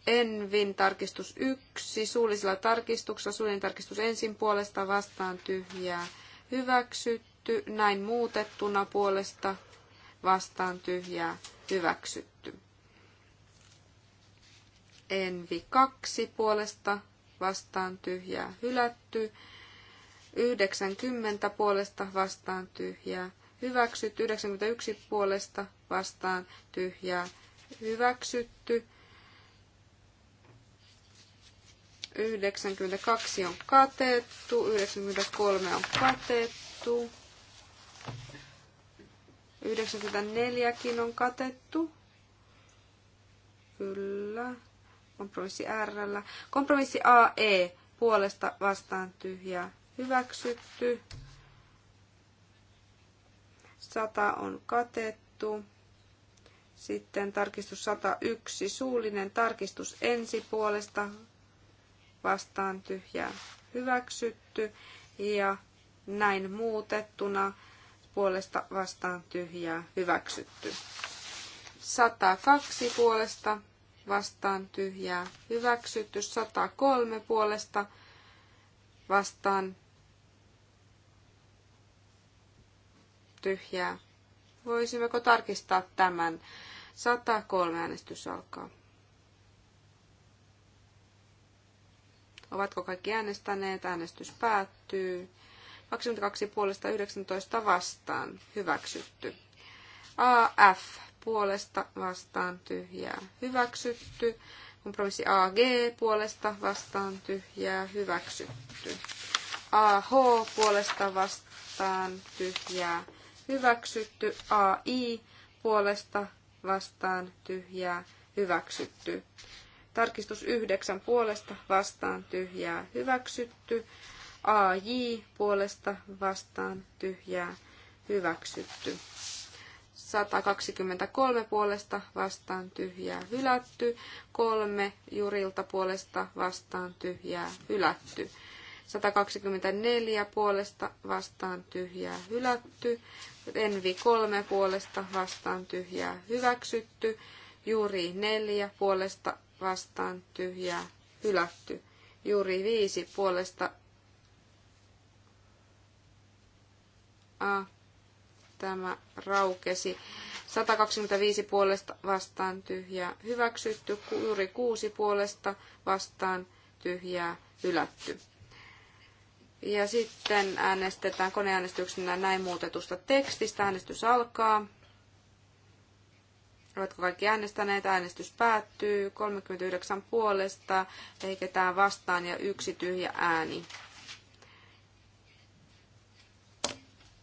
Envin tarkistus 1, suullisella tarkistuksella suullinen tarkistus ensin puolesta vastaan tyhjää hyväksytty, näin muutettuna puolesta vastaan tyhjää hyväksytty. Envi 2 puolesta vastaan tyhjää hylätty, 90 puolesta vastaan tyhjää. Hyväksytty 91 puolesta vastaan tyhjää. Hyväksytty 92 on katettu, 93 on katettu, 94kin on katettu. Kyllä. Kompromissi R. Kompromissi AE puolesta vastaan tyhjää hyväksytty. 100 on katettu. Sitten tarkistus 101, suullinen tarkistus ensi puolesta vastaan tyhjää hyväksytty ja näin muutettuna puolesta vastaan tyhjää hyväksytty. 102 puolesta vastaan tyhjää hyväksytty, 103 puolesta vastaan tyhjää. Voisimmeko tarkistaa tämän? 103 äänestys alkaa. Ovatko kaikki äänestäneet? Äänestys päättyy. 22 puolesta 19 vastaan. Hyväksytty. AF puolesta vastaan tyhjää. Hyväksytty. Kompromissi AG puolesta vastaan tyhjää. Hyväksytty. AH puolesta vastaan tyhjää hyväksytty. AI puolesta vastaan tyhjää hyväksytty. Tarkistus 9 puolesta vastaan tyhjää hyväksytty. AJ puolesta vastaan tyhjää hyväksytty. 123 puolesta vastaan tyhjää hylätty. 3 jurilta puolesta vastaan tyhjää hylätty. 124 puolesta vastaan tyhjää hylätty. Envi 3 puolesta vastaan tyhjää hyväksytty. Juuri 4 puolesta vastaan tyhjää hylätty. Juuri 5 puolesta A. Tämä raukesi. 125 puolesta vastaan tyhjää hyväksytty. Juuri 6 puolesta vastaan tyhjää hylätty. Ja sitten äänestetään koneäänestyksenä näin muutetusta tekstistä. Äänestys alkaa. Oletko kaikki äänestäneet? Äänestys päättyy. 39 puolesta, ei ketään vastaan ja yksi tyhjä ääni.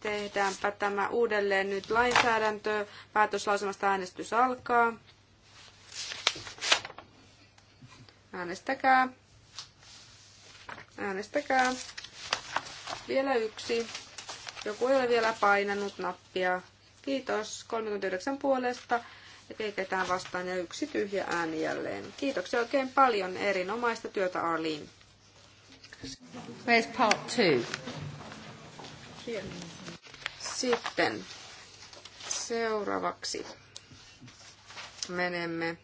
Tehdäänpä tämä uudelleen nyt lainsäädäntö. Päätöslausemasta äänestys alkaa. Äänestäkää. Äänestäkää. Vielä yksi. Joku ei ole vielä painanut nappia. Kiitos 39 puolesta ja ketään vastaan ja yksi tyhjä ääni jälleen. Kiitoksia oikein paljon. Erinomaista työtä Arlin. Where's part two? Here. Sitten seuraavaksi menemme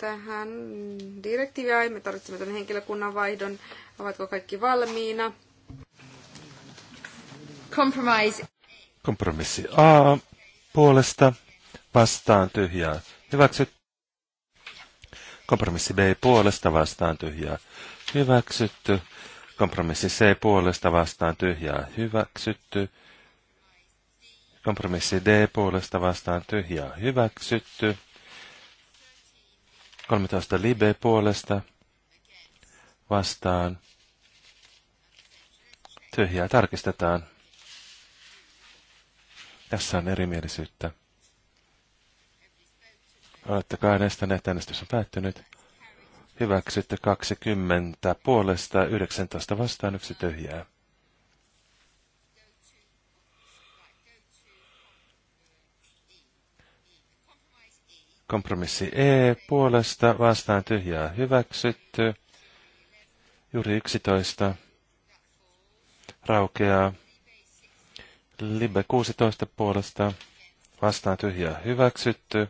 tähän direktiiviä. Me tarvitsemme tämän henkilökunnan vaihdon. Ovatko kaikki valmiina? Compromise. Kompromissi A puolesta vastaan tyhjää. Hyväksyt. Kompromissi B puolesta vastaan tyhjää. Hyväksytty. Kompromissi C puolesta vastaan tyhjää. Hyväksytty. Kompromissi D puolesta vastaan tyhjää. Hyväksytty. 13 Libe puolesta vastaan. Tyhjää tarkistetaan. Tässä on erimielisyyttä. Olettakaa äänestäneet, äänestys on päättynyt. Hyväksytte 20 puolesta, 19 vastaan, yksi tyhjää. Kompromissi E puolesta vastaan tyhjää hyväksytty. Juuri 11 raukeaa. Libe 16 puolesta vastaan tyhjää hyväksytty.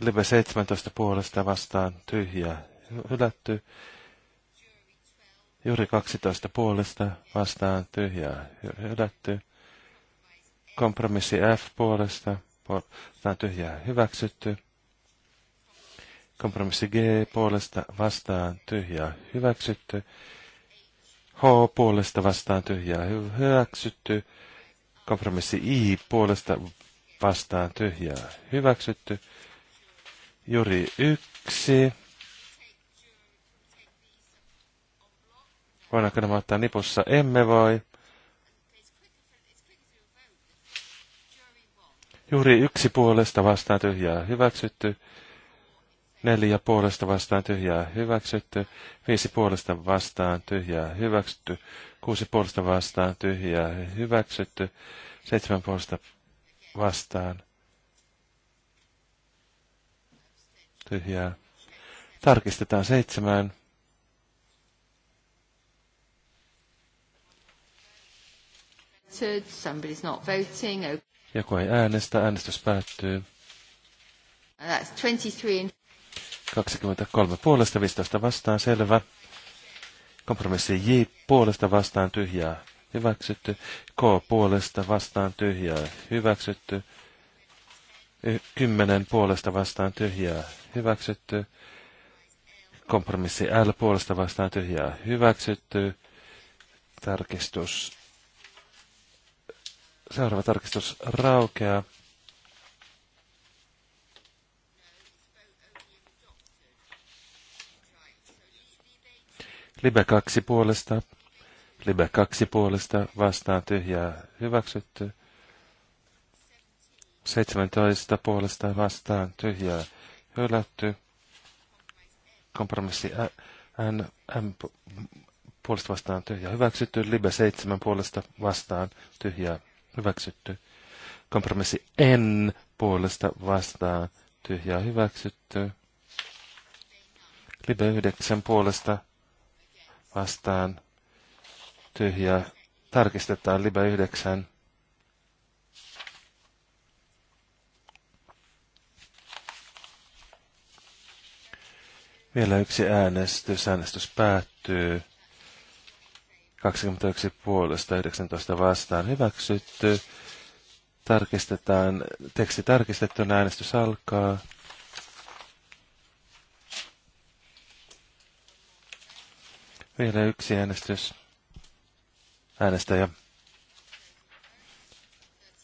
Libe 17 puolesta vastaan tyhjää hylätty. Juuri 12 puolesta vastaan tyhjää hylätty. Kompromissi F puolesta Tämä on tyhjää hyväksytty. Kompromissi G puolesta vastaan tyhjää hyväksytty. H puolesta vastaan tyhjää hyväksytty. Kompromissi I puolesta vastaan tyhjää hyväksytty. Juri 1. Voidaanko nämä ottaa nipussa? Emme voi. Juuri yksi puolesta vastaan tyhjää hyväksytty. Neljä puolesta vastaan tyhjää hyväksytty. Viisi puolesta vastaan tyhjää hyväksytty. Kuusi puolesta vastaan tyhjää hyväksytty. Seitsemän puolesta vastaan tyhjää. Tarkistetaan seitsemään. Somebody's not voting. Joku ei äänestä. Äänestys päättyy. 23. 23 puolesta, 15 vastaan, selvä. Kompromissi J puolesta vastaan tyhjää, hyväksytty. K puolesta vastaan tyhjää, hyväksytty. 10 puolesta vastaan tyhjää, hyväksytty. Kompromissi L puolesta vastaan tyhjää, hyväksytty. Tarkistus Seuraava tarkistus raukeaa. Libe 2 puolesta. Libe 2 puolesta vastaan tyhjää hyväksytty. 17 puolesta vastaan tyhjää hylätty. Kompromissi N, M puolesta vastaan tyhjää hyväksytty. Libe 7 puolesta vastaan tyhjää hyväksytty. Kompromissi en puolesta vastaa tyhjää hyväksytty. Libe 9 puolesta vastaan tyhjää. Tarkistetaan Libe 9. Vielä yksi äänestys. Äänestys päättyy. 21 puolesta 19 vastaan hyväksytty. Tarkistetaan, teksti tarkistettu äänestys alkaa. Vielä yksi äänestys. Äänestäjä.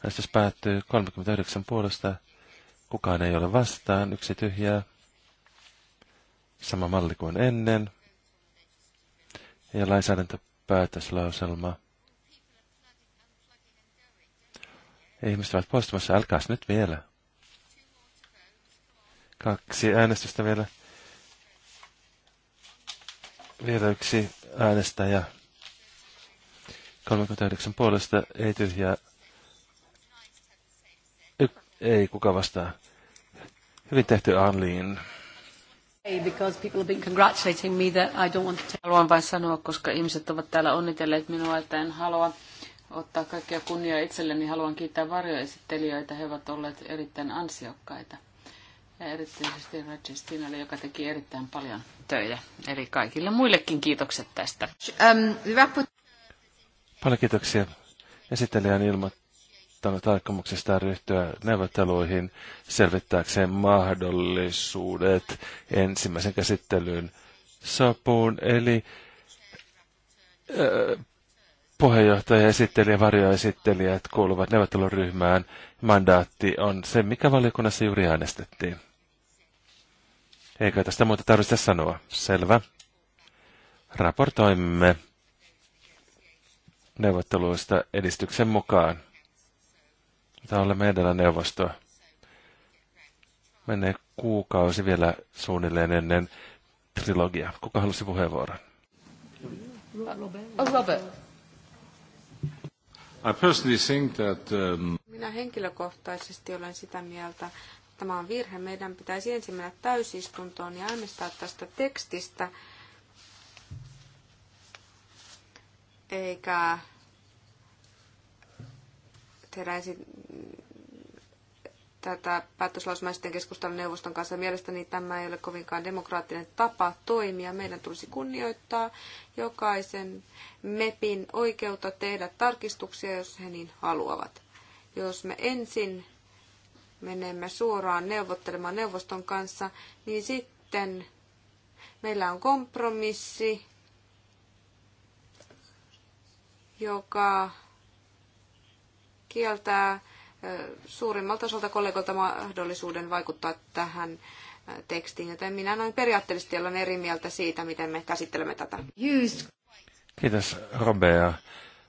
Äänestys päättyy 39 puolesta. Kukaan ei ole vastaan. Yksi tyhjää. Sama malli kuin ennen. Ja lainsäädäntö päätöslauselma. Ihmiset ovat poistumassa, älkääs nyt vielä. Kaksi äänestystä vielä. Vielä yksi äänestäjä. 39 puolesta ei tyhjää. Y- ei kuka vastaa. Hyvin tehty Anliin. Because people have been congratulating me that I don't want to... Haluan vain sanoa, koska ihmiset ovat täällä onnitelleet minua, että en halua ottaa kaikkia kunniaa itselleni. Haluan kiittää varjoesittelijöitä. He ovat olleet erittäin ansiokkaita. Ja erityisesti Rajastinalle, joka teki erittäin paljon töitä. Eli kaikille muillekin kiitokset tästä. Um, paljon kiitoksia. Esittelijä on ilmoittanut ilmoittanut aikomuksesta ryhtyä neuvotteluihin selvittääkseen mahdollisuudet ensimmäisen käsittelyn sopuun, eli puheenjohtaja esitteli ja varjoesittelijät kuuluvat neuvotteluryhmään. Mandaatti on se, mikä valiokunnassa juuri äänestettiin. Eikö tästä muuta tarvitse sanoa? Selvä. Raportoimme neuvotteluista edistyksen mukaan jota meidän edellä neuvostoa. Menee kuukausi vielä suunnilleen ennen trilogia. Kuka halusi puheenvuoron? Oh, Robert. I personally think that, um... Minä henkilökohtaisesti olen sitä mieltä, että tämä on virhe. Meidän pitäisi ensin mennä täysistuntoon ja äänestää tästä tekstistä, eikä heräisi tätä päätöslausumaisten keskustelun neuvoston kanssa. Mielestäni tämä ei ole kovinkaan demokraattinen tapa toimia. Meidän tulisi kunnioittaa jokaisen MEPin oikeutta tehdä tarkistuksia, jos he niin haluavat. Jos me ensin menemme suoraan neuvottelemaan neuvoston kanssa, niin sitten meillä on kompromissi, joka kieltää suurimmalta osalta kollegoilta mahdollisuuden vaikuttaa tähän tekstiin, joten minä noin periaatteellisesti olen eri mieltä siitä, miten me käsittelemme tätä. Kiitos, Robea.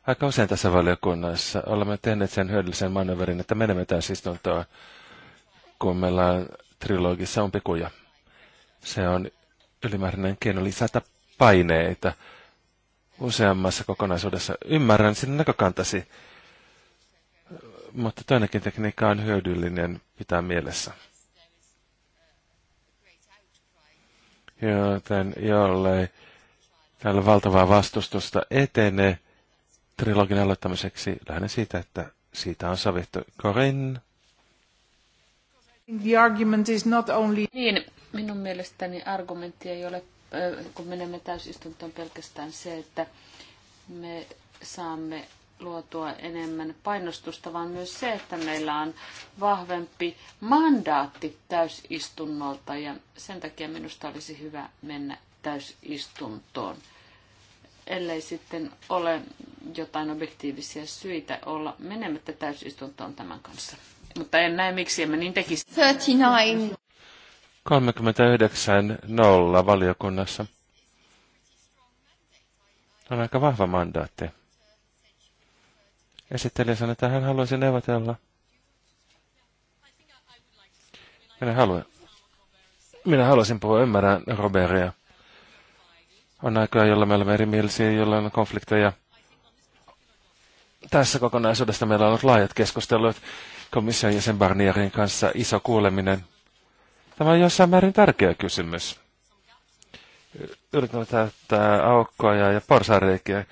Aika usein tässä valiokunnassa olemme tehneet sen hyödyllisen manöverin, että menemme istuntoa, kun meillä on trilogissa pikuja. Se on ylimääräinen keino lisätä paineita useammassa kokonaisuudessa. Ymmärrän sinun näkökantasi mutta toinenkin tekniikka on hyödyllinen pitää mielessä. Joten jollei täällä valtavaa vastustusta etene trilogin aloittamiseksi, lähden siitä, että siitä on sovittu. Korin. The argument is not only... Niin, minun mielestäni argumentti ei ole, kun menemme täysistuntoon pelkästään se, että me saamme luotua enemmän painostusta, vaan myös se, että meillä on vahvempi mandaatti täysistunnolta ja sen takia minusta olisi hyvä mennä täysistuntoon ellei sitten ole jotain objektiivisia syitä olla menemättä täysistuntoon tämän kanssa. Mutta en näe, miksi emme niin tekisi. 39. 39 nolla valiokunnassa. On aika vahva mandaatti. Esittelijä sanoi, että hän haluaisi neuvotella. Minä haluan. Minä haluaisin puhua ymmärrän Robertia. On aikaa, jolla me olemme erimielisiä, jolla on konflikteja. Tässä kokonaisuudesta meillä on ollut laajat keskustelut komission jäsen Barnierin kanssa, iso kuuleminen. Tämä on jossain määrin tärkeä kysymys. Yritämme täyttää aukkoja ja porsareikiä.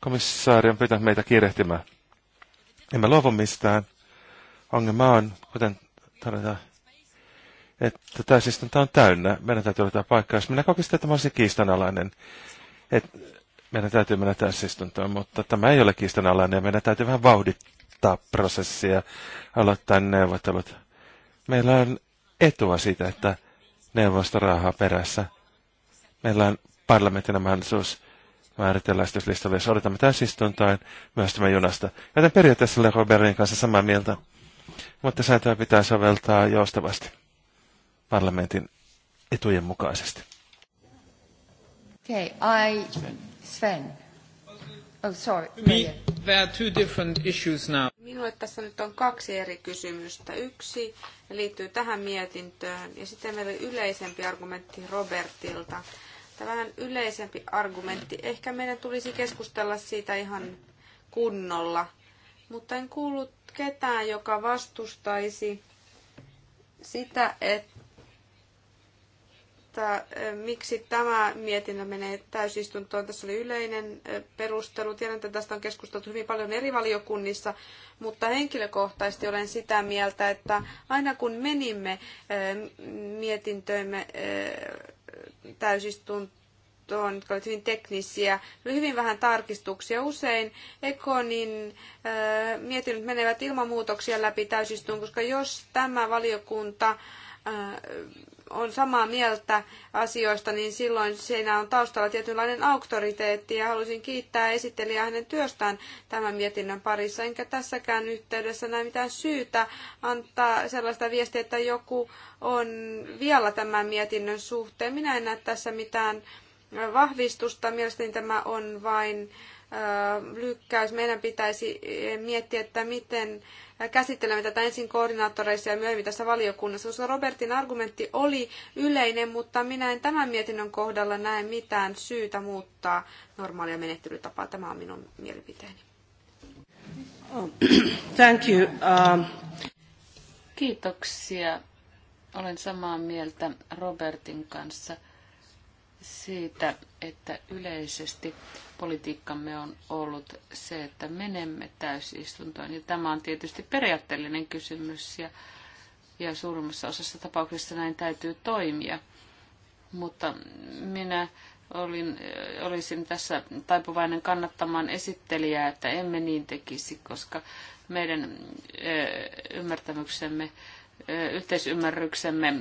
Komissaari on pitänyt meitä kiirehtimään. Emme niin luovu mistään. Ongelma on, kuten todetaan, että siis on täynnä. Meidän täytyy tämä paikka. Jos minä kokisin, että mä olisin kiistanalainen, että meidän täytyy mennä täysistuntoon, mutta tämä ei ole kiistanalainen ja meidän täytyy vähän vauhdittaa prosessia, aloittaa neuvottelut. Meillä on etua siitä, että neuvosto perässä. Meillä on parlamentin mahdollisuus määritellä esityslistalle, jos odotamme myös tämä junasta. Joten periaatteessa olen Robertin kanssa samaa mieltä, mutta sääntöä pitää soveltaa joustavasti parlamentin etujen mukaisesti. Okay, I... Sven. Oh, sorry. Me, there are two different issues now. Minulle tässä nyt on kaksi eri kysymystä. Yksi liittyy tähän mietintöön ja sitten meillä oli yleisempi argumentti Robertilta Tämä vähän yleisempi argumentti. Ehkä meidän tulisi keskustella siitä ihan kunnolla. Mutta en kuullut ketään, joka vastustaisi sitä, että miksi tämä mietintö menee täysistuntoon. Tässä oli yleinen perustelu. Tiedän, että tästä on keskusteltu hyvin paljon eri valiokunnissa, mutta henkilökohtaisesti olen sitä mieltä, että aina kun menimme mietintöimme täysistuntoon, jotka olivat hyvin teknisiä. Oli hyvin vähän tarkistuksia. Usein Ekonin äh, mietinnöt menevät ilman muutoksia läpi täysistuntoon, koska jos tämä valiokunta äh, on samaa mieltä asioista, niin silloin siinä on taustalla tietynlainen auktoriteetti ja halusin kiittää esittelijää hänen työstään tämän mietinnön parissa. Enkä tässäkään yhteydessä näe mitään syytä antaa sellaista viestiä, että joku on vielä tämän mietinnön suhteen. Minä en näe tässä mitään vahvistusta. Mielestäni tämä on vain lykkäys. Meidän pitäisi miettiä, että miten käsittelemme tätä ensin koordinaattoreissa ja myöhemmin tässä valiokunnassa, koska Robertin argumentti oli yleinen, mutta minä en tämän mietinnön kohdalla näe mitään syytä muuttaa normaalia menettelytapaa. Tämä on minun mielipiteeni. Oh. [clears throat] Thank you. Um, Kiitoksia. Olen samaa mieltä Robertin kanssa – siitä, että yleisesti politiikkamme on ollut se, että menemme täysistuntoon. Ja tämä on tietysti periaatteellinen kysymys ja, ja suurimmassa osassa tapauksessa näin täytyy toimia. Mutta minä olin, olisin tässä taipuvainen kannattamaan esittelijää, että emme niin tekisi, koska meidän ymmärtämyksemme yhteisymmärryksemme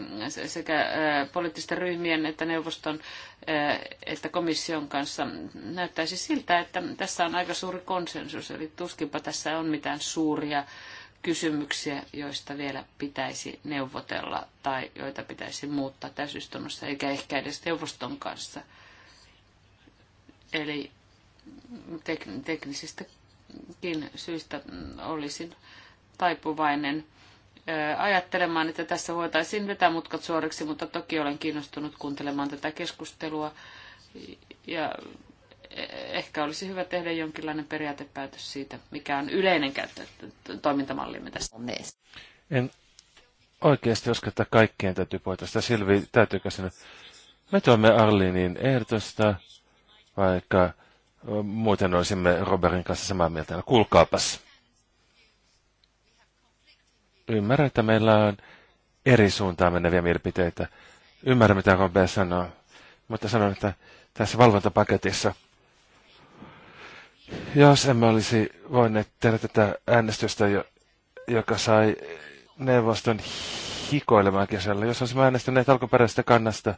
sekä poliittisten ryhmien että neuvoston että komission kanssa näyttäisi siltä, että tässä on aika suuri konsensus, eli tuskinpa tässä on mitään suuria kysymyksiä, joista vielä pitäisi neuvotella tai joita pitäisi muuttaa täysistunnossa, eikä ehkä edes neuvoston kanssa. Eli teknisistäkin syistä olisin taipuvainen ajattelemaan, että tässä voitaisiin vetää mutkat suoriksi, mutta toki olen kiinnostunut kuuntelemaan tätä keskustelua. Ja e, ehkä olisi hyvä tehdä jonkinlainen periaatepäätös siitä, mikä on yleinen käyttö, toimintamallimme tässä. En oikeasti usko, että kaikkien täytyy poita sitä Silvi, täytyykö sinä? Me tuomme Arlinin ehdotusta, vaikka muuten olisimme Robertin kanssa samaa mieltä. No, kuulkaapas ymmärrä, että meillä on eri suuntaan meneviä mielipiteitä. Ymmärrä, mitä KB sanoo, mutta sanon, että tässä valvontapaketissa, jos emme olisi voineet tehdä tätä äänestystä, joka sai neuvoston hikoilemaan kesällä, jos olisimme äänestäneet alkuperäisestä kannasta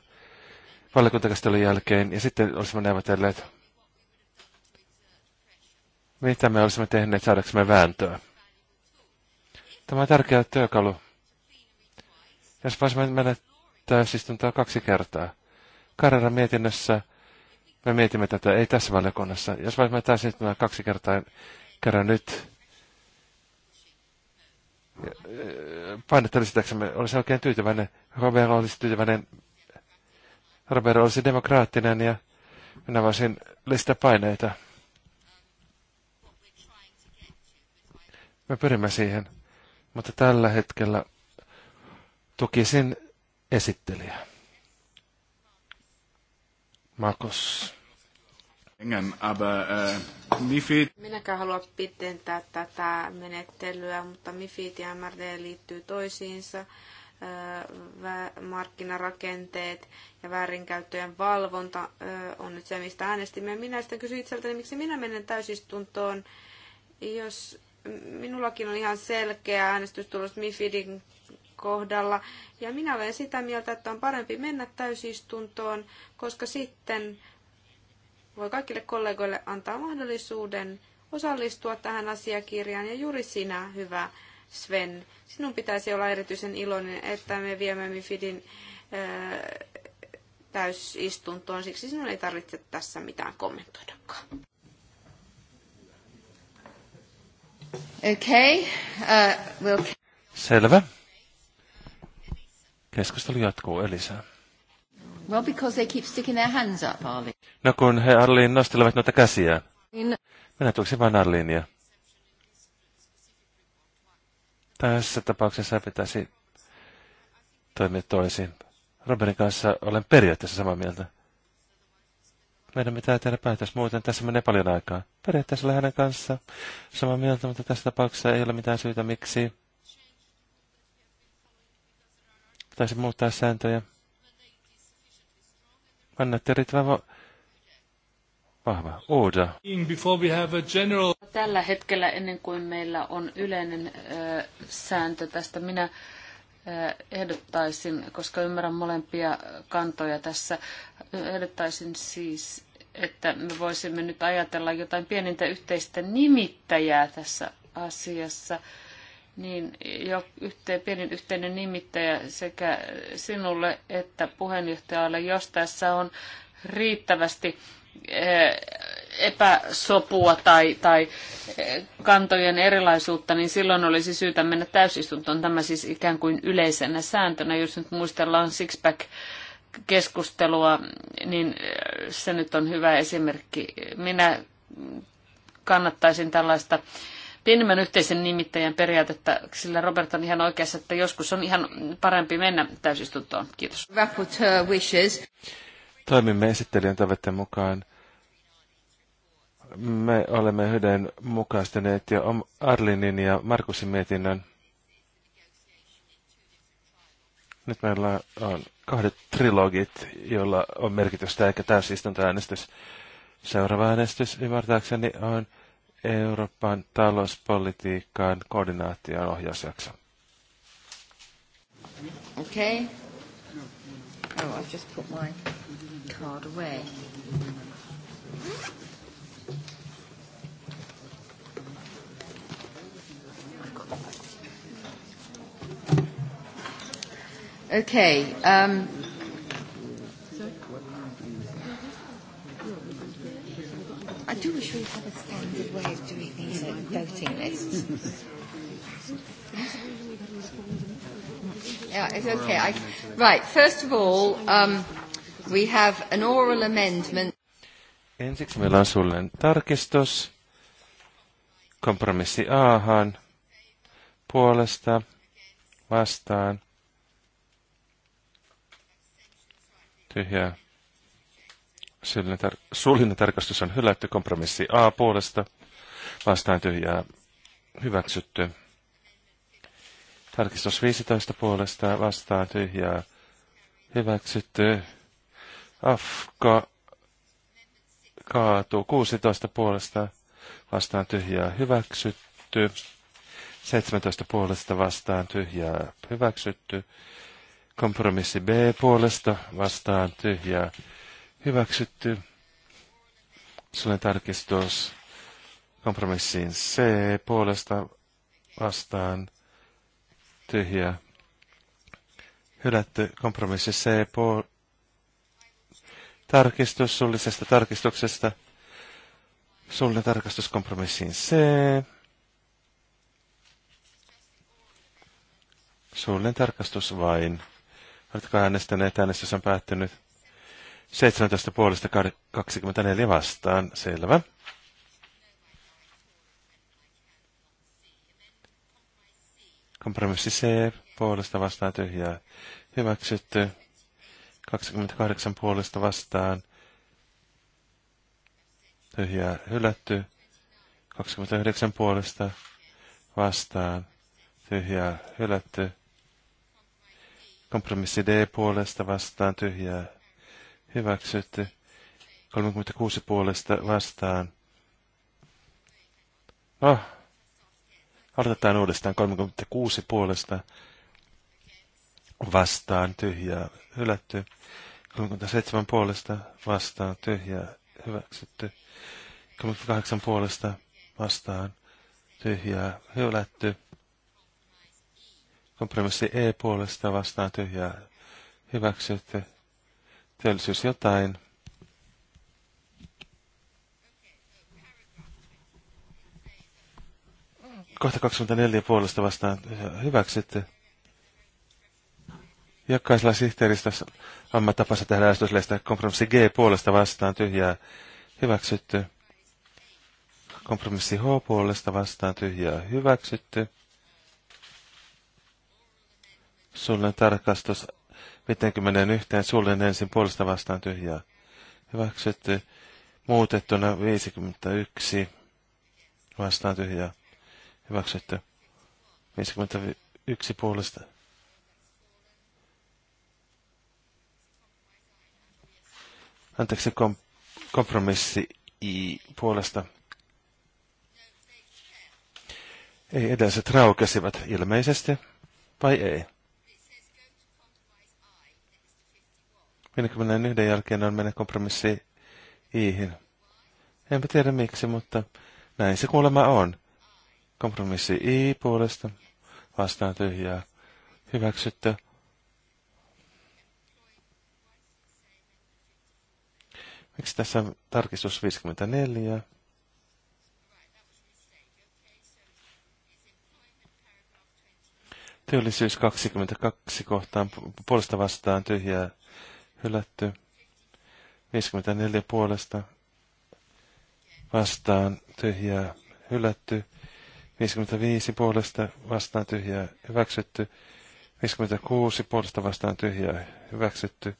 valiokuntakäsittelyn jälkeen ja sitten olisimme neuvotelleet, mitä me olisimme tehneet saadaksemme vääntöä. Tämä on tärkeä työkalu. Jos voisimme mennä täysistuntoa kaksi kertaa. Karjalan mietinnössä me mietimme tätä, ei tässä valiokunnassa. Jos voisimme täysistuntoa kaksi kertaa kerran nyt, äh, painetta lisätäksemme, olisi oikein tyytyväinen. Robert olisi tyytyväinen. Robert olisi demokraattinen ja minä voisin listaa paineita. Me pyrimme siihen. Mutta tällä hetkellä tukisin esittelijä. Markus. Äh, Minäkään halua pitentää tätä menettelyä, mutta MIFID ja MRD liittyy toisiinsa äh, markkinarakenteet ja väärinkäyttöjen valvonta äh, on nyt se, mistä äänestimme. Minä sitten kysyin itseltäni, miksi minä menen täysistuntoon, jos minullakin on ihan selkeä äänestystulos Mifidin kohdalla. Ja minä olen sitä mieltä, että on parempi mennä täysistuntoon, koska sitten voi kaikille kollegoille antaa mahdollisuuden osallistua tähän asiakirjaan. Ja juuri sinä, hyvä Sven, sinun pitäisi olla erityisen iloinen, että me viemme Mifidin täysistuntoon. Siksi sinun ei tarvitse tässä mitään kommentoidakaan. Okay. Uh, we'll... Selvä. Keskustelu jatkuu Elisa. Well, because they keep sticking their hands up, Arlene. No kun he Arlin nostelevat noita käsiä. In... Niin. Minä tuoksin vain Arlinia. Tässä tapauksessa pitäisi toimia toisin. Robertin kanssa olen periaatteessa samaa mieltä. Meidän pitää tehdä päätös, muuten tässä menee paljon aikaa. Periaatteessa olen hänen kanssa samaa mieltä, mutta tässä tapauksessa ei ole mitään syytä, miksi pitäisi muuttaa sääntöjä. Annette riittävän vo- vahva order. Tällä hetkellä ennen kuin meillä on yleinen ö, sääntö tästä, minä ehdottaisin, koska ymmärrän molempia kantoja tässä, ehdottaisin siis, että me voisimme nyt ajatella jotain pienintä yhteistä nimittäjää tässä asiassa. Niin jo yhteen, pienin yhteinen nimittäjä sekä sinulle että puheenjohtajalle, jos tässä on riittävästi epäsopua tai, tai eh, kantojen erilaisuutta, niin silloin olisi syytä mennä täysistuntoon. Tämä siis ikään kuin yleisenä sääntönä, jos nyt muistellaan sixpack keskustelua, niin eh, se nyt on hyvä esimerkki. Minä kannattaisin tällaista pienemmän yhteisen nimittäjän periaatetta, sillä Robert on ihan oikeassa, että joskus on ihan parempi mennä täysistuntoon. Kiitos. Toimimme esittelijän tavoitteen mukaan me olemme hyden mukaistaneet jo Arlinin ja Markusin mietinnön. Nyt meillä on kahdet trilogit, joilla on merkitystä eikä täysistuntoäänestys. Seuraava äänestys ymmärtääkseni on Euroopan talouspolitiikan koordinaation ohjausjakso. Okay. Oh, I've just put my card away. Okay. Um, I do wish we had a standard way of doing things like voting lists. yeah, it's okay. I, right, first of all, um, we have an oral amendment. Ensiksi meillä on sulle tarkistus. Kompromissi Ahan. Puolesta. Vastaan tyhjää. Tar- suullinen tarkastus on hylätty. Kompromissi A puolesta. Vastaan tyhjää. Hyväksytty. Tarkistus 15 puolesta. Vastaan tyhjää. Hyväksytty. Afka kaatuu 16 puolesta. Vastaan tyhjää. Hyväksytty. 17 puolesta vastaan tyhjää hyväksytty, Kompromissi B puolesta vastaan tyhjää hyväksytty. Sulle tarkistus kompromissiin C puolesta vastaan tyhjää hylätty. Kompromissi C puolesta tarkistus sullisesta tarkistuksesta. Sulle tarkastuskompromissiin C. Suullinen tarkastus vain. Oletteko äänestäneet? Äänestys on päättynyt. 17 puolesta 24 vastaan. Selvä. Kompromissi C puolesta vastaan tyhjää. Hyväksytty. 28 puolesta vastaan. Tyhjää hylätty. 29 puolesta vastaan. Tyhjää hylätty. Kompromissi D puolesta vastaan tyhjää hyväksytty. 36 puolesta vastaan. Oh. Aloitetaan uudestaan 36 puolesta vastaan tyhjää hylätty. 37 puolesta vastaan tyhjää hyväksytty. 38 puolesta vastaan tyhjää hylätty. Kompromissi E puolesta vastaan tyhjää hyväksytty. Työllisyys jotain. Kohta 24 puolesta vastaan hyväksytty. Jokaisella sihteeristä on tapassa tehdä kompromissi G puolesta vastaan tyhjää hyväksytty. Kompromissi H puolesta vastaan tyhjää hyväksytty. Suullinen tarkastus 51. Suullinen ensin puolesta vastaan tyhjää. Hyväksytty. Muutettuna 51. Vastaan tyhjää. Hyväksytty. 51 puolesta. Anteeksi, kom- kompromissi I puolesta. Ei edelliset raukesivat ilmeisesti, vai ei? 51 jälkeen on mennä kompromissi iihin. Enpä tiedä miksi, mutta näin se kuulemma on. Kompromissi i puolesta vastaan tyhjää. Hyväksyttö. Miksi tässä on tarkistus 54? Työllisyys 22 kohtaan puolesta vastaan tyhjää hylätty. 54 puolesta vastaan tyhjää hylätty. 55 puolesta vastaan tyhjää hyväksytty. 56 puolesta vastaan tyhjää hyväksytty.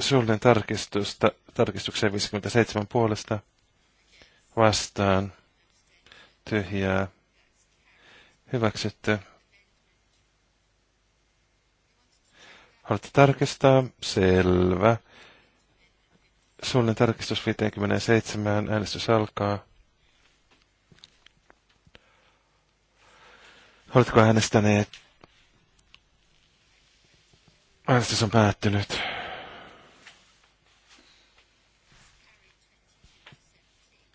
Suullinen tarkistusta, tarkistukseen 57 puolesta vastaan tyhjää hyväksytty. Haluatte tarkistaa? Selvä. Suullinen tarkistus 57. Äänestys alkaa. Oletko äänestäneet? Äänestys on päättynyt.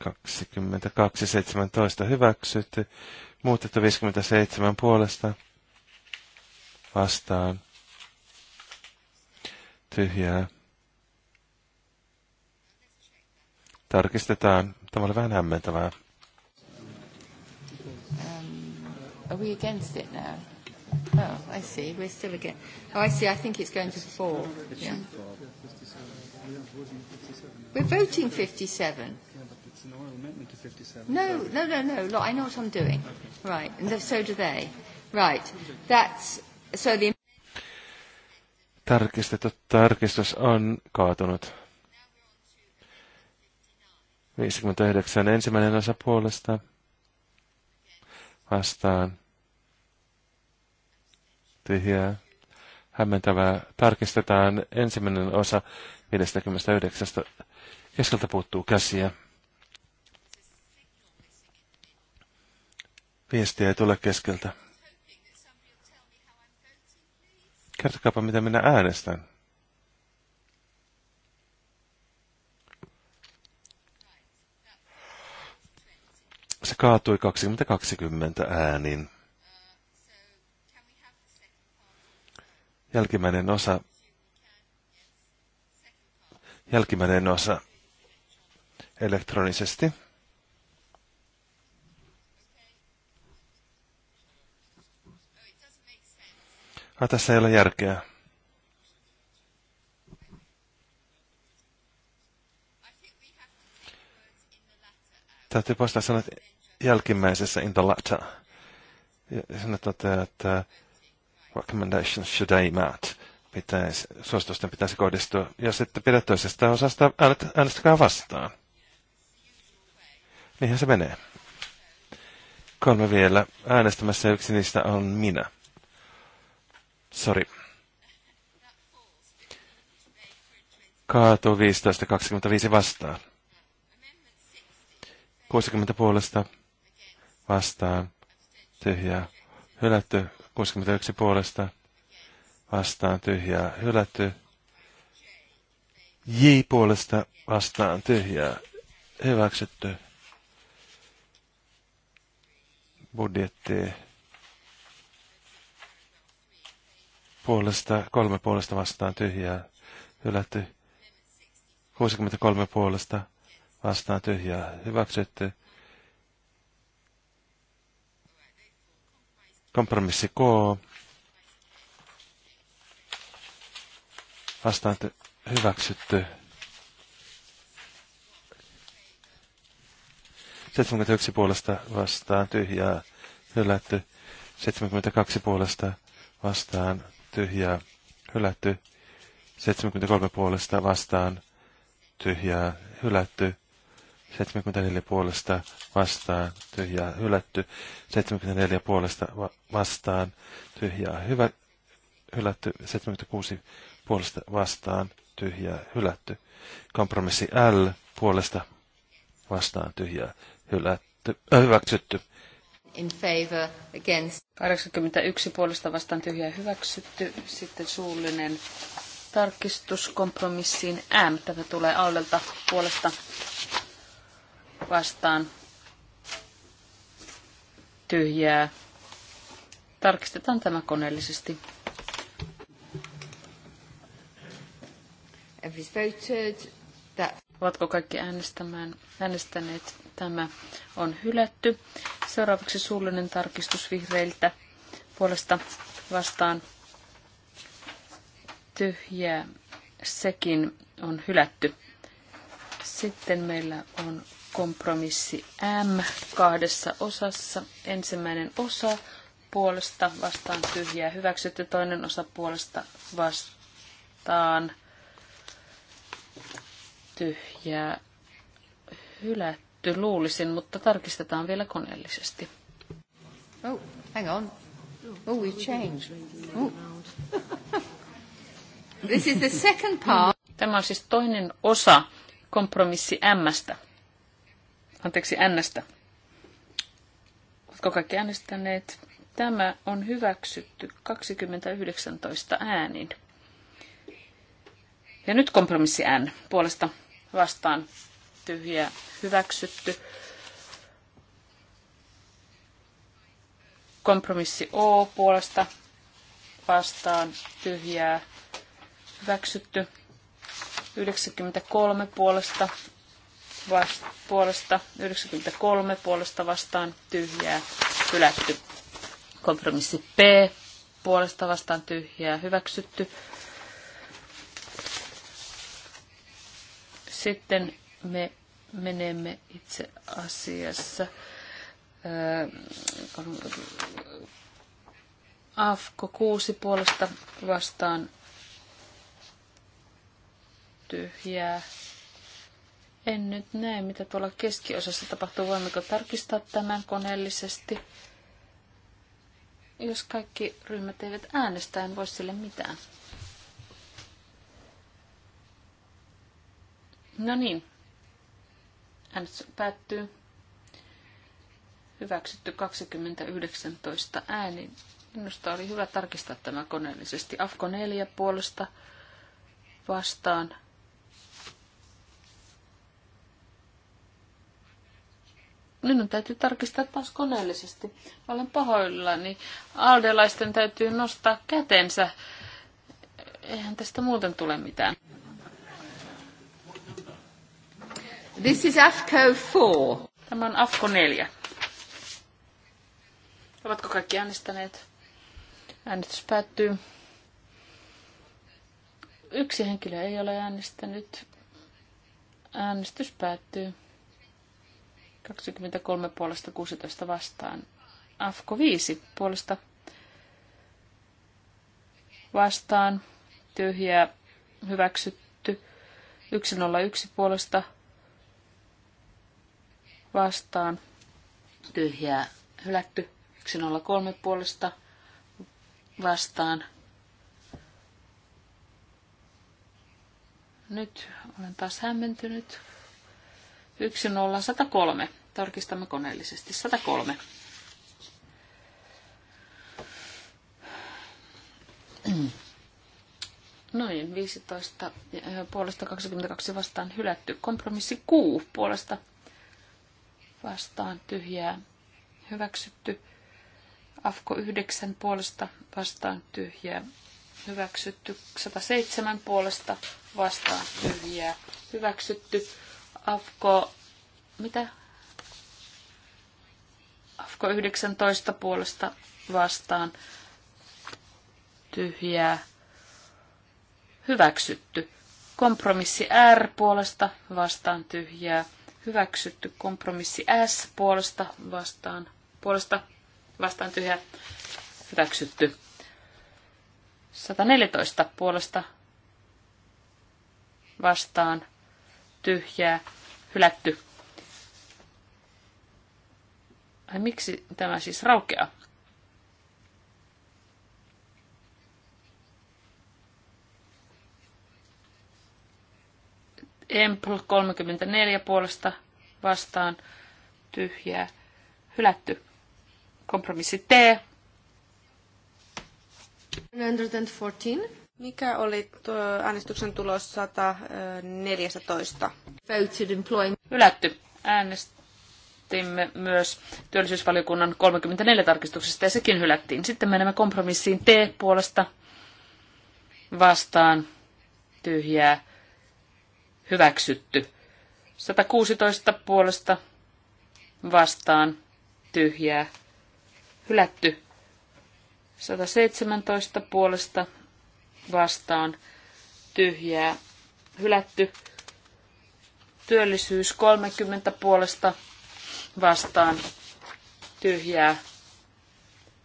Kaksikymmentäkaksi, seitsemäntoista hyväksytty. Muutettu 57 puolesta. Vastaan. Tyhjää. Tarkistetaan. Tämä oli vähän hämmentävää. Um, are we against it now? Oh, I see. We're still against. Oh, I see. I think it's going to fall. Yeah. We're voting 57. No, no, no, no. Look, I know what I'm doing. Right. And so do they. Right. That's so the. Tarkistettu tarkistus on kaatunut. 59 ensimmäinen osa puolesta vastaan. Tyhjää. Hämmentävää. Tarkistetaan ensimmäinen osa 59. Keskeltä puuttuu käsiä. Viestiä ei tule keskeltä. Kertokaapa, mitä minä äänestän. Se kaatui 2020 äänin. Jälkimmäinen osa. Jälkimmäinen osa elektronisesti. Ah, tässä ei ole järkeä. Täytyy poistaa sanat jälkimmäisessä in the latter. Ja sinne toteaa, että recommendations should aim at. Pitäisi, suositusten pitäisi kohdistua. Ja sitten pidä toisesta osasta äänestäkää vastaan. Niinhän se menee. Kolme vielä. Äänestämässä yksi niistä on minä. Sori. Kaatuu 15.25 vastaan. 60 puolesta vastaan. Tyhjää. Hylätty. 61 puolesta vastaan. Tyhjää. Hylätty. J puolesta vastaan. Tyhjää. Hyväksytty. Budjetti puolesta, kolme puolesta vastaan tyhjää, hylätty. 63 puolesta vastaan tyhjää, hyväksytty. Kompromissi K. Vastaan hyväksytty. 71 puolesta vastaan tyhjää, hylätty. 72 puolesta vastaan tyhjää, hylätty. 73 puolesta vastaan, tyhjää, hylätty. 74 puolesta vastaan, tyhjää, hylätty. 74 puolesta va- vastaan, tyhjää, hyvä, hylätty. 76 puolesta vastaan, tyhjää, hylätty. Kompromissi L puolesta vastaan, tyhjää, hylätty, äh, hyväksytty in favor, against. 81 puolesta vastaan tyhjää hyväksytty. Sitten suullinen tarkistus kompromissiin M. Tämä tulee Allelta puolesta vastaan tyhjää. Tarkistetaan tämä koneellisesti. Ovatko kaikki äänestämään, äänestäneet? Tämä on hylätty. Seuraavaksi suullinen tarkistus vihreiltä puolesta vastaan tyhjää. Sekin on hylätty. Sitten meillä on kompromissi M kahdessa osassa. Ensimmäinen osa puolesta vastaan tyhjää hyväksytty, toinen osa puolesta vastaan tyhjää hylätty hyväksytty, luulisin, mutta tarkistetaan vielä koneellisesti. Oh, hang on. Oh, we changed. Oh. [laughs] This is the second part. Tämä on siis toinen osa kompromissi M-stä. Anteeksi, N-stä. Oletko kaikki äänestäneet? Tämä on hyväksytty 2019 äänin. Ja nyt kompromissi N puolesta vastaan tyhjää hyväksytty. Kompromissi O puolesta vastaan tyhjää hyväksytty. 93 puolesta, vast, puolesta 93 puolesta vastaan tyhjää hylätty. Kompromissi P puolesta vastaan tyhjää hyväksytty. Sitten me menemme itse asiassa AFKO 6 puolesta vastaan tyhjää. En nyt näe, mitä tuolla keskiosassa tapahtuu. Voimmeko tarkistaa tämän koneellisesti? Jos kaikki ryhmät eivät äänestä, en voi sille mitään. No niin, Äänestys päättyy. Hyväksytty 2019 ääni. Minusta oli hyvä tarkistaa tämä koneellisesti. Afko 4 puolesta vastaan. Minun täytyy tarkistaa taas koneellisesti. Olen pahoillani. Aldelaisten täytyy nostaa kätensä. Eihän tästä muuten tule mitään. This is AFCO 4. Tämä on AFCO 4. Ovatko kaikki äänestäneet? Äänestys päättyy. Yksi henkilö ei ole äänestänyt. Äänestys päättyy. 23 puolesta 16 vastaan. AFKO 5 puolesta vastaan. Tyhjää hyväksytty. 101 puolesta vastaan, tyhjää hylätty. 103 puolesta vastaan. Nyt olen taas hämmentynyt. 10103. Tarkistamme koneellisesti. 103. Noin, 15 puolesta 22 vastaan hylätty. Kompromissi 6 puolesta vastaan tyhjää hyväksytty. Afko 9 puolesta vastaan tyhjää hyväksytty. 107 puolesta vastaan tyhjää hyväksytty. Afko, mitä? Afko 19 puolesta vastaan tyhjää hyväksytty. Kompromissi R puolesta vastaan tyhjää hyväksytty kompromissi S puolesta vastaan, puolesta vastaan tyhjä hyväksytty. 114 puolesta vastaan tyhjää hylätty. Ai miksi tämä siis raukeaa? Empl 34 puolesta vastaan tyhjää hylätty. Kompromissi T. 114. Mikä oli tuo äänestyksen tulos 114? Voted employment. Hylätty. Äänestimme myös työllisyysvaliokunnan 34 tarkistuksesta ja sekin hylättiin. Sitten menemme kompromissiin T puolesta vastaan tyhjää hyväksytty. 116 puolesta vastaan tyhjää hylätty. 117 puolesta vastaan tyhjää hylätty. Työllisyys 30 puolesta vastaan tyhjää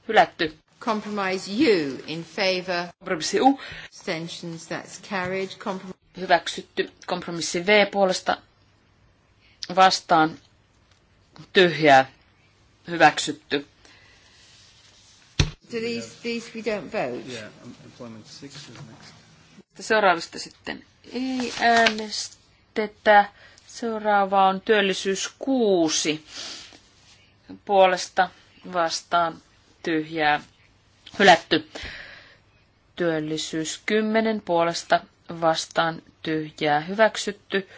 hylätty. Compromise U in favor. Compromise U. Extensions that's carried. Compromise hyväksytty. Kompromissi V puolesta vastaan tyhjää hyväksytty. So these, these we don't vote. Yeah, Seuraavista sitten ei äänestetä. Seuraava on työllisyys kuusi. Puolesta vastaan tyhjää hylätty. Työllisyys kymmenen puolesta vastaan tyhjää hyväksytty.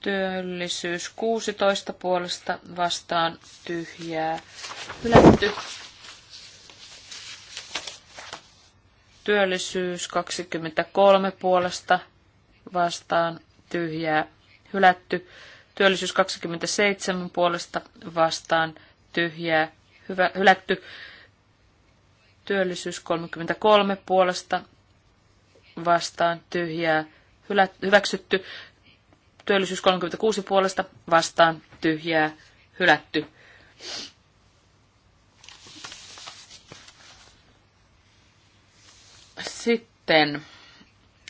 Työllisyys 16 puolesta vastaan tyhjää hylätty. Työllisyys 23 puolesta vastaan tyhjää hylätty. Työllisyys 27 puolesta vastaan tyhjää hyvä, hylätty. Työllisyys 33 puolesta vastaan tyhjää hyväksytty. Työllisyys 36 puolesta vastaan tyhjää hylätty. Sitten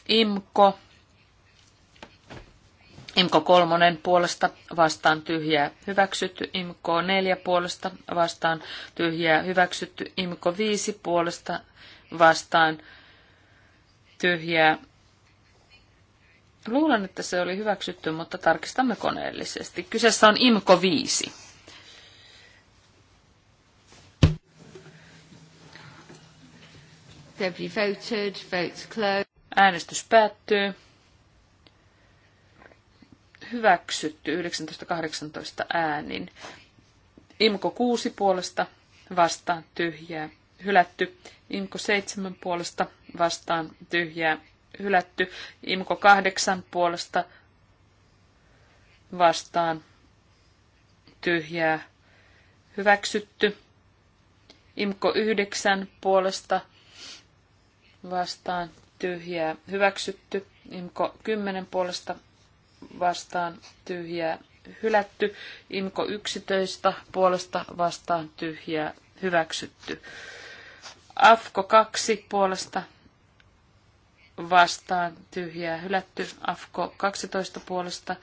IMKO. IMKO kolmonen puolesta vastaan tyhjää hyväksytty, IMKO neljä puolesta vastaan tyhjää hyväksytty, IMKO viisi puolesta vastaan tyhjää. Luulen, että se oli hyväksytty, mutta tarkistamme koneellisesti. Kyseessä on IMCO 5. Voted, votes closed. Äänestys päättyy. Hyväksytty 19.18 äänin. IMKO 6 puolesta vastaan tyhjää hylätty. Imko 7 puolesta vastaan tyhjää hylätty. Imko 8 puolesta vastaan tyhjää hyväksytty. Imko 9 puolesta vastaan tyhjää hyväksytty. Imko 10 puolesta vastaan tyhjää hylätty. Imko 11 puolesta vastaan tyhjää hyväksytty. Afko 2 puolesta vastaan tyhjää hylätty. Afko 12 puolesta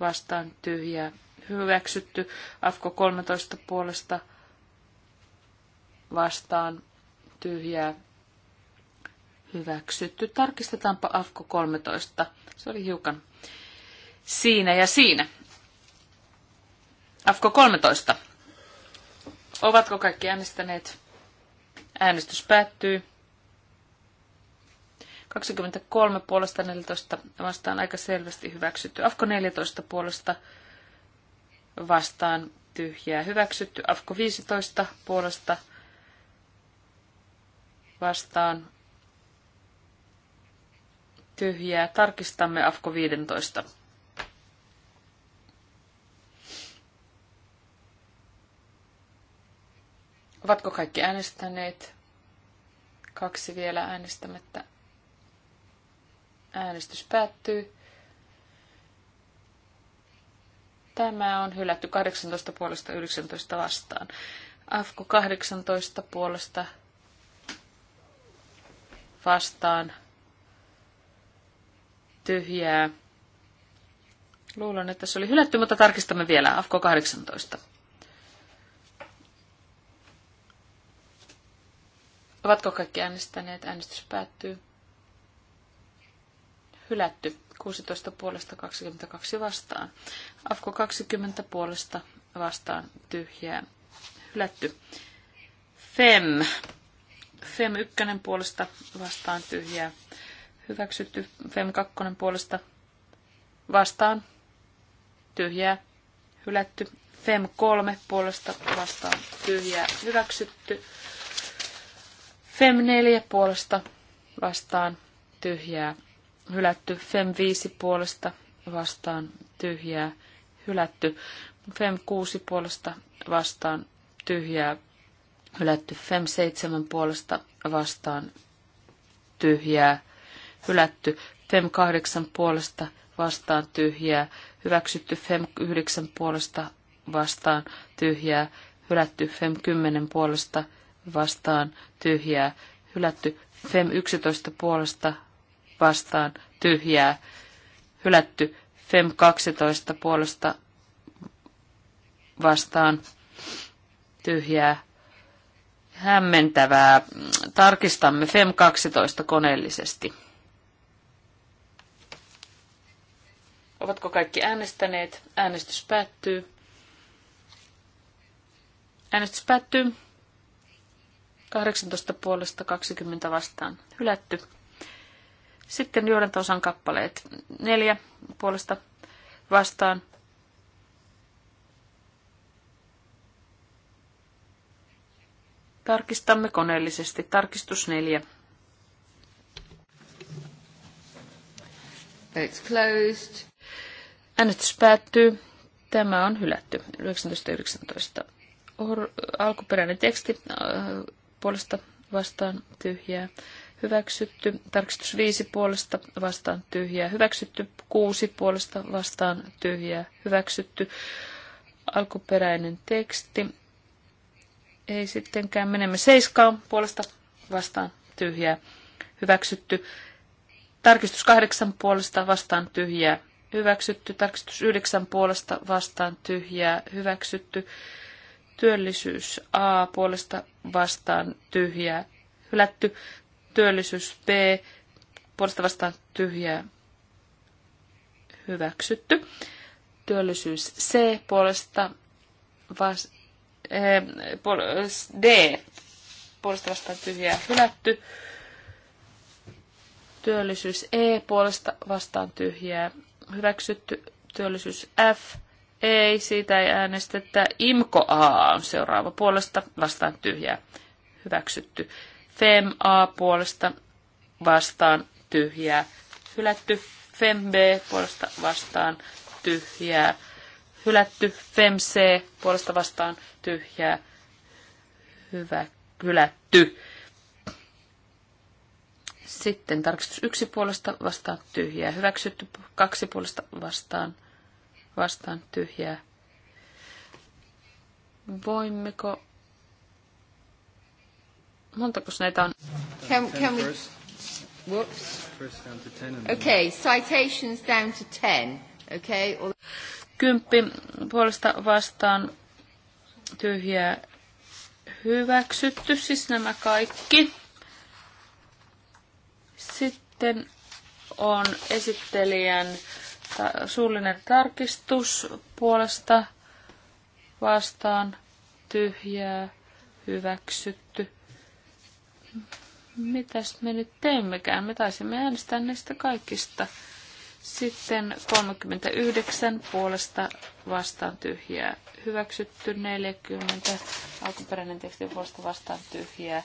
vastaan tyhjää hyväksytty. Afko 13 puolesta vastaan tyhjää hyväksytty. Tarkistetaanpa Afko 13. Se oli hiukan siinä ja siinä. Afko 13. Ovatko kaikki äänestäneet? Äänestys päättyy. 23 puolesta 14 vastaan aika selvästi hyväksytty. Afko 14 puolesta vastaan tyhjää hyväksytty. Afko 15 puolesta vastaan tyhjää. Tarkistamme Afko 15. Ovatko kaikki äänestäneet? Kaksi vielä äänestämättä. Äänestys päättyy. Tämä on hylätty 18 puolesta 19 vastaan. Afko 18 puolesta vastaan tyhjää. Luulen, että se oli hylätty, mutta tarkistamme vielä. Afko 18. Ovatko kaikki äänestäneet? Äänestys päättyy. Hylätty. 16 puolesta 22 vastaan. Afko 20 puolesta vastaan tyhjää. Hylätty. Fem. Fem 1 puolesta vastaan tyhjää. Hyväksytty. Fem 2 puolesta vastaan tyhjää. Hylätty. Fem 3 puolesta vastaan tyhjää. Hyväksytty. Fem 4 puolesta vastaan tyhjää hylätty. Fem 5 puolesta vastaan tyhjää hylätty. Fem 6 puolesta vastaan tyhjää hylätty. Fem 7 puolesta vastaan tyhjää hylätty. Fem 8 puolesta vastaan tyhjää hyväksytty. Fem 9 puolesta vastaan tyhjää hylätty. Fem 10 puolesta vastaan, tyhjää, vastaan tyhjää, hylätty. Fem 11 puolesta vastaan tyhjää, hylätty. Fem 12 puolesta vastaan tyhjää, hämmentävää. Tarkistamme FEM 12 koneellisesti. Ovatko kaikki äänestäneet? Äänestys päättyy. Äänestys päättyy. 18 puolesta 20 vastaan. Hylätty. Sitten johdantosan kappaleet. Neljä puolesta vastaan. Tarkistamme koneellisesti. Tarkistus neljä. It's closed. Äänestys päättyy. Tämä on hylätty. 1919. 19. Alkuperäinen teksti äh, puolesta vastaan tyhjää hyväksytty. Tarkistus 5 puolesta vastaan tyhjää hyväksytty. 6 puolesta vastaan tyhjää hyväksytty. Alkuperäinen teksti. Ei sittenkään. Menemme seiskaan puolesta vastaan tyhjää hyväksytty. Tarkistus kahdeksan puolesta vastaan tyhjää hyväksytty. Tarkistus yhdeksän puolesta vastaan tyhjää hyväksytty. Työllisyys A puolesta vastaan tyhjää hylätty. Työllisyys B puolesta vastaan tyhjää hyväksytty. Työllisyys C puolesta vastaan, eh, D puolesta vastaan tyhjää hylätty. Työllisyys E puolesta vastaan tyhjää hyväksytty. Työllisyys F ei, siitä ei äänestetä. Imko A on seuraava puolesta, vastaan tyhjää. Hyväksytty. Fem A puolesta, vastaan tyhjää. Hylätty. Fem B puolesta, vastaan tyhjää. Hylätty. Fem C puolesta, vastaan tyhjää. Hyvä, hylätty. Sitten tarkistus yksi puolesta vastaan tyhjää. Hyväksytty kaksi puolesta vastaan vastaan tyhjää. Voimmeko... Montako näitä on? Can, can we... Whoops. Okay, citations down to ten Okay. Kymppi puolesta vastaan tyhjää hyväksytty, siis nämä kaikki. Sitten on esittelijän ta- suullinen tarkistus puolesta vastaan tyhjää hyväksytty. Mitäs me nyt teimmekään? Me taisimme äänestää näistä kaikista. Sitten 39 puolesta vastaan tyhjää hyväksytty, 40 alkuperäinen teksti puolesta vastaan tyhjää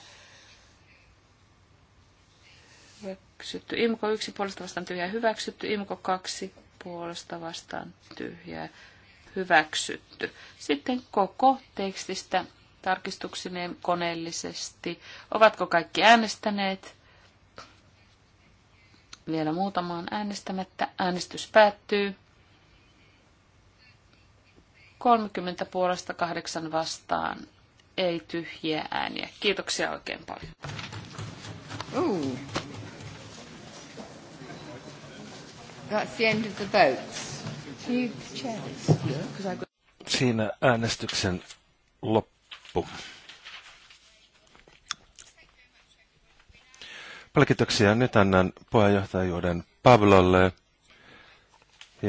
hyväksytty, IMKO 1 puolesta vastaan tyhjää hyväksytty, IMKO 2 puolesta vastaan tyhjää hyväksytty. Sitten koko tekstistä tarkistuksineen koneellisesti. Ovatko kaikki äänestäneet? Vielä muutama on äänestämättä. Äänestys päättyy. 30 puolesta kahdeksan vastaan. Ei tyhjiä ääniä. Kiitoksia oikein paljon. Ooh. That's the end of the votes. Siinä äänestyksen loppu. Paljon Nyt annan puheenjohtajuuden Pavlolle,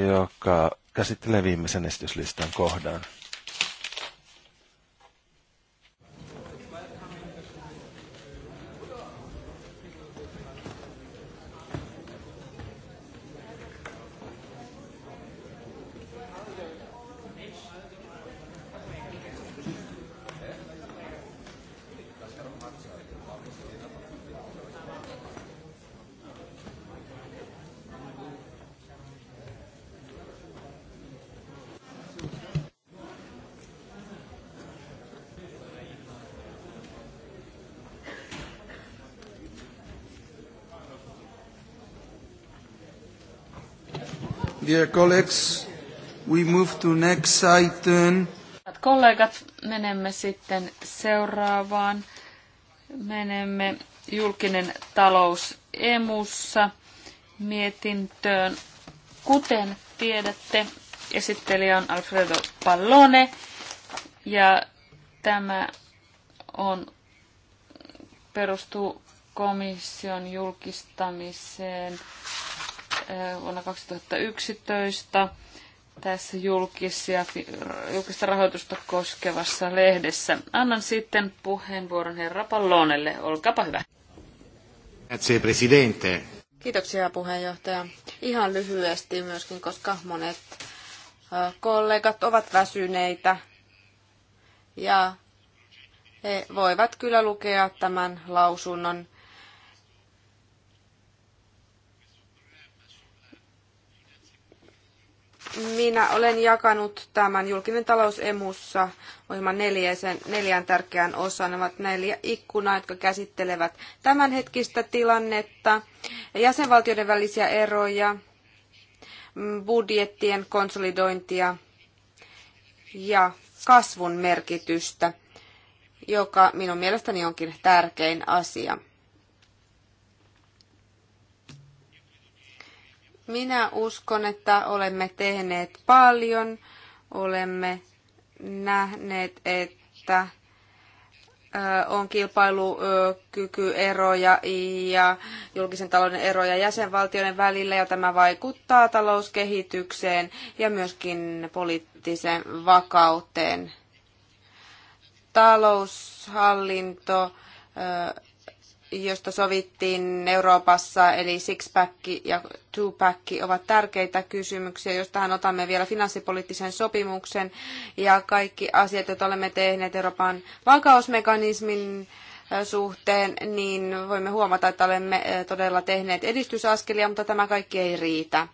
joka käsittelee viimeisen esityslistan kohdan. Dear colleagues, we move to next item. Hyvät kollegat, menemme sitten seuraavaan. Menemme julkinen talous emussa mietintöön. Kuten tiedätte, esittelijä on Alfredo Pallone ja tämä on, perustuu komission julkistamiseen Eh, vuonna 2011 tässä julkisia, julkista rahoitusta koskevassa lehdessä. Annan sitten puheenvuoron herra Pallonelle. Olkaapa hyvä. Kiitoksia puheenjohtaja. Ihan lyhyesti myöskin, koska monet kollegat ovat väsyneitä ja he voivat kyllä lukea tämän lausunnon Minä olen jakanut tämän julkinen talous emussa ohjelman neljäsen, neljään tärkeään osaan. Ne ovat neljä ikkunaa, jotka käsittelevät tämänhetkistä tilannetta, jäsenvaltioiden välisiä eroja, budjettien konsolidointia ja kasvun merkitystä, joka minun mielestäni onkin tärkein asia. Minä uskon, että olemme tehneet paljon. Olemme nähneet, että on kilpailukykyeroja ja julkisen talouden eroja jäsenvaltioiden välillä ja tämä vaikuttaa talouskehitykseen ja myöskin poliittiseen vakauteen. Taloushallinto josta sovittiin Euroopassa, eli six-pack ja two-pack ovat tärkeitä kysymyksiä, tähän otamme vielä finanssipoliittisen sopimuksen ja kaikki asiat, joita olemme tehneet Euroopan vakausmekanismin suhteen, niin voimme huomata, että olemme todella tehneet edistysaskelia, mutta tämä kaikki ei riitä.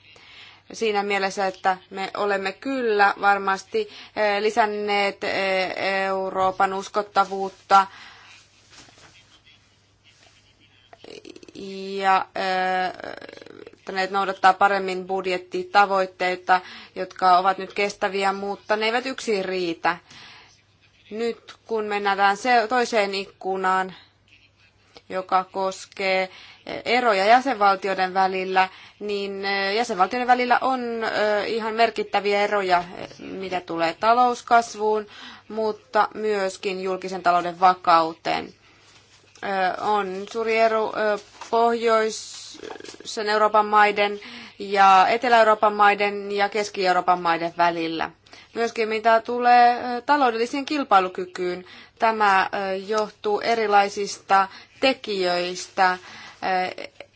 Siinä mielessä, että me olemme kyllä varmasti lisänneet Euroopan uskottavuutta ja ne noudattaa paremmin budjettitavoitteita, jotka ovat nyt kestäviä, mutta ne eivät yksin riitä. Nyt kun mennään toiseen ikkunaan, joka koskee eroja jäsenvaltioiden välillä, niin jäsenvaltioiden välillä on ihan merkittäviä eroja, mitä tulee talouskasvuun, mutta myöskin julkisen talouden vakauteen. On suuri ero pohjoisen Euroopan maiden ja Etelä-Euroopan maiden ja Keski-Euroopan maiden välillä. Myöskin mitä tulee taloudelliseen kilpailukykyyn, tämä johtuu erilaisista tekijöistä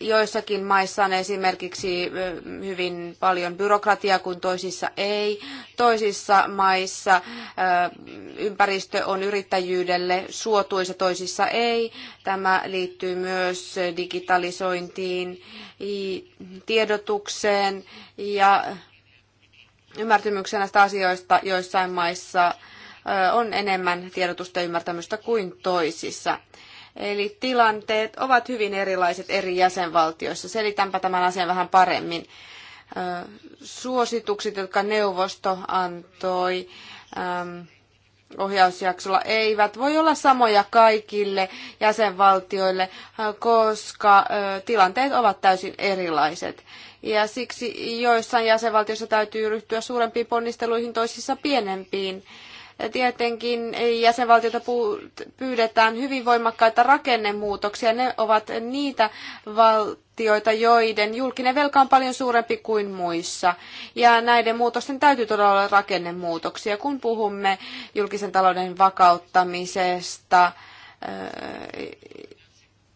Joissakin maissa on esimerkiksi hyvin paljon byrokratiaa, kun toisissa ei. Toisissa maissa ympäristö on yrittäjyydelle suotuisa, toisissa ei. Tämä liittyy myös digitalisointiin, tiedotukseen ja ymmärtymykseen. näistä asioista joissain maissa on enemmän tiedotusta ja ymmärtämystä kuin toisissa. Eli tilanteet ovat hyvin erilaiset eri jäsenvaltioissa. Selitänpä tämän asian vähän paremmin. Suositukset, jotka neuvosto antoi ohjausjaksolla, eivät voi olla samoja kaikille jäsenvaltioille, koska tilanteet ovat täysin erilaiset ja siksi joissain jäsenvaltioissa täytyy ryhtyä suurempiin ponnisteluihin, toisissa pienempiin tietenkin jäsenvaltiota pyydetään hyvin voimakkaita rakennemuutoksia. Ne ovat niitä valtioita, joiden julkinen velka on paljon suurempi kuin muissa. Ja näiden muutosten täytyy todella olla rakennemuutoksia, kun puhumme julkisen talouden vakauttamisesta.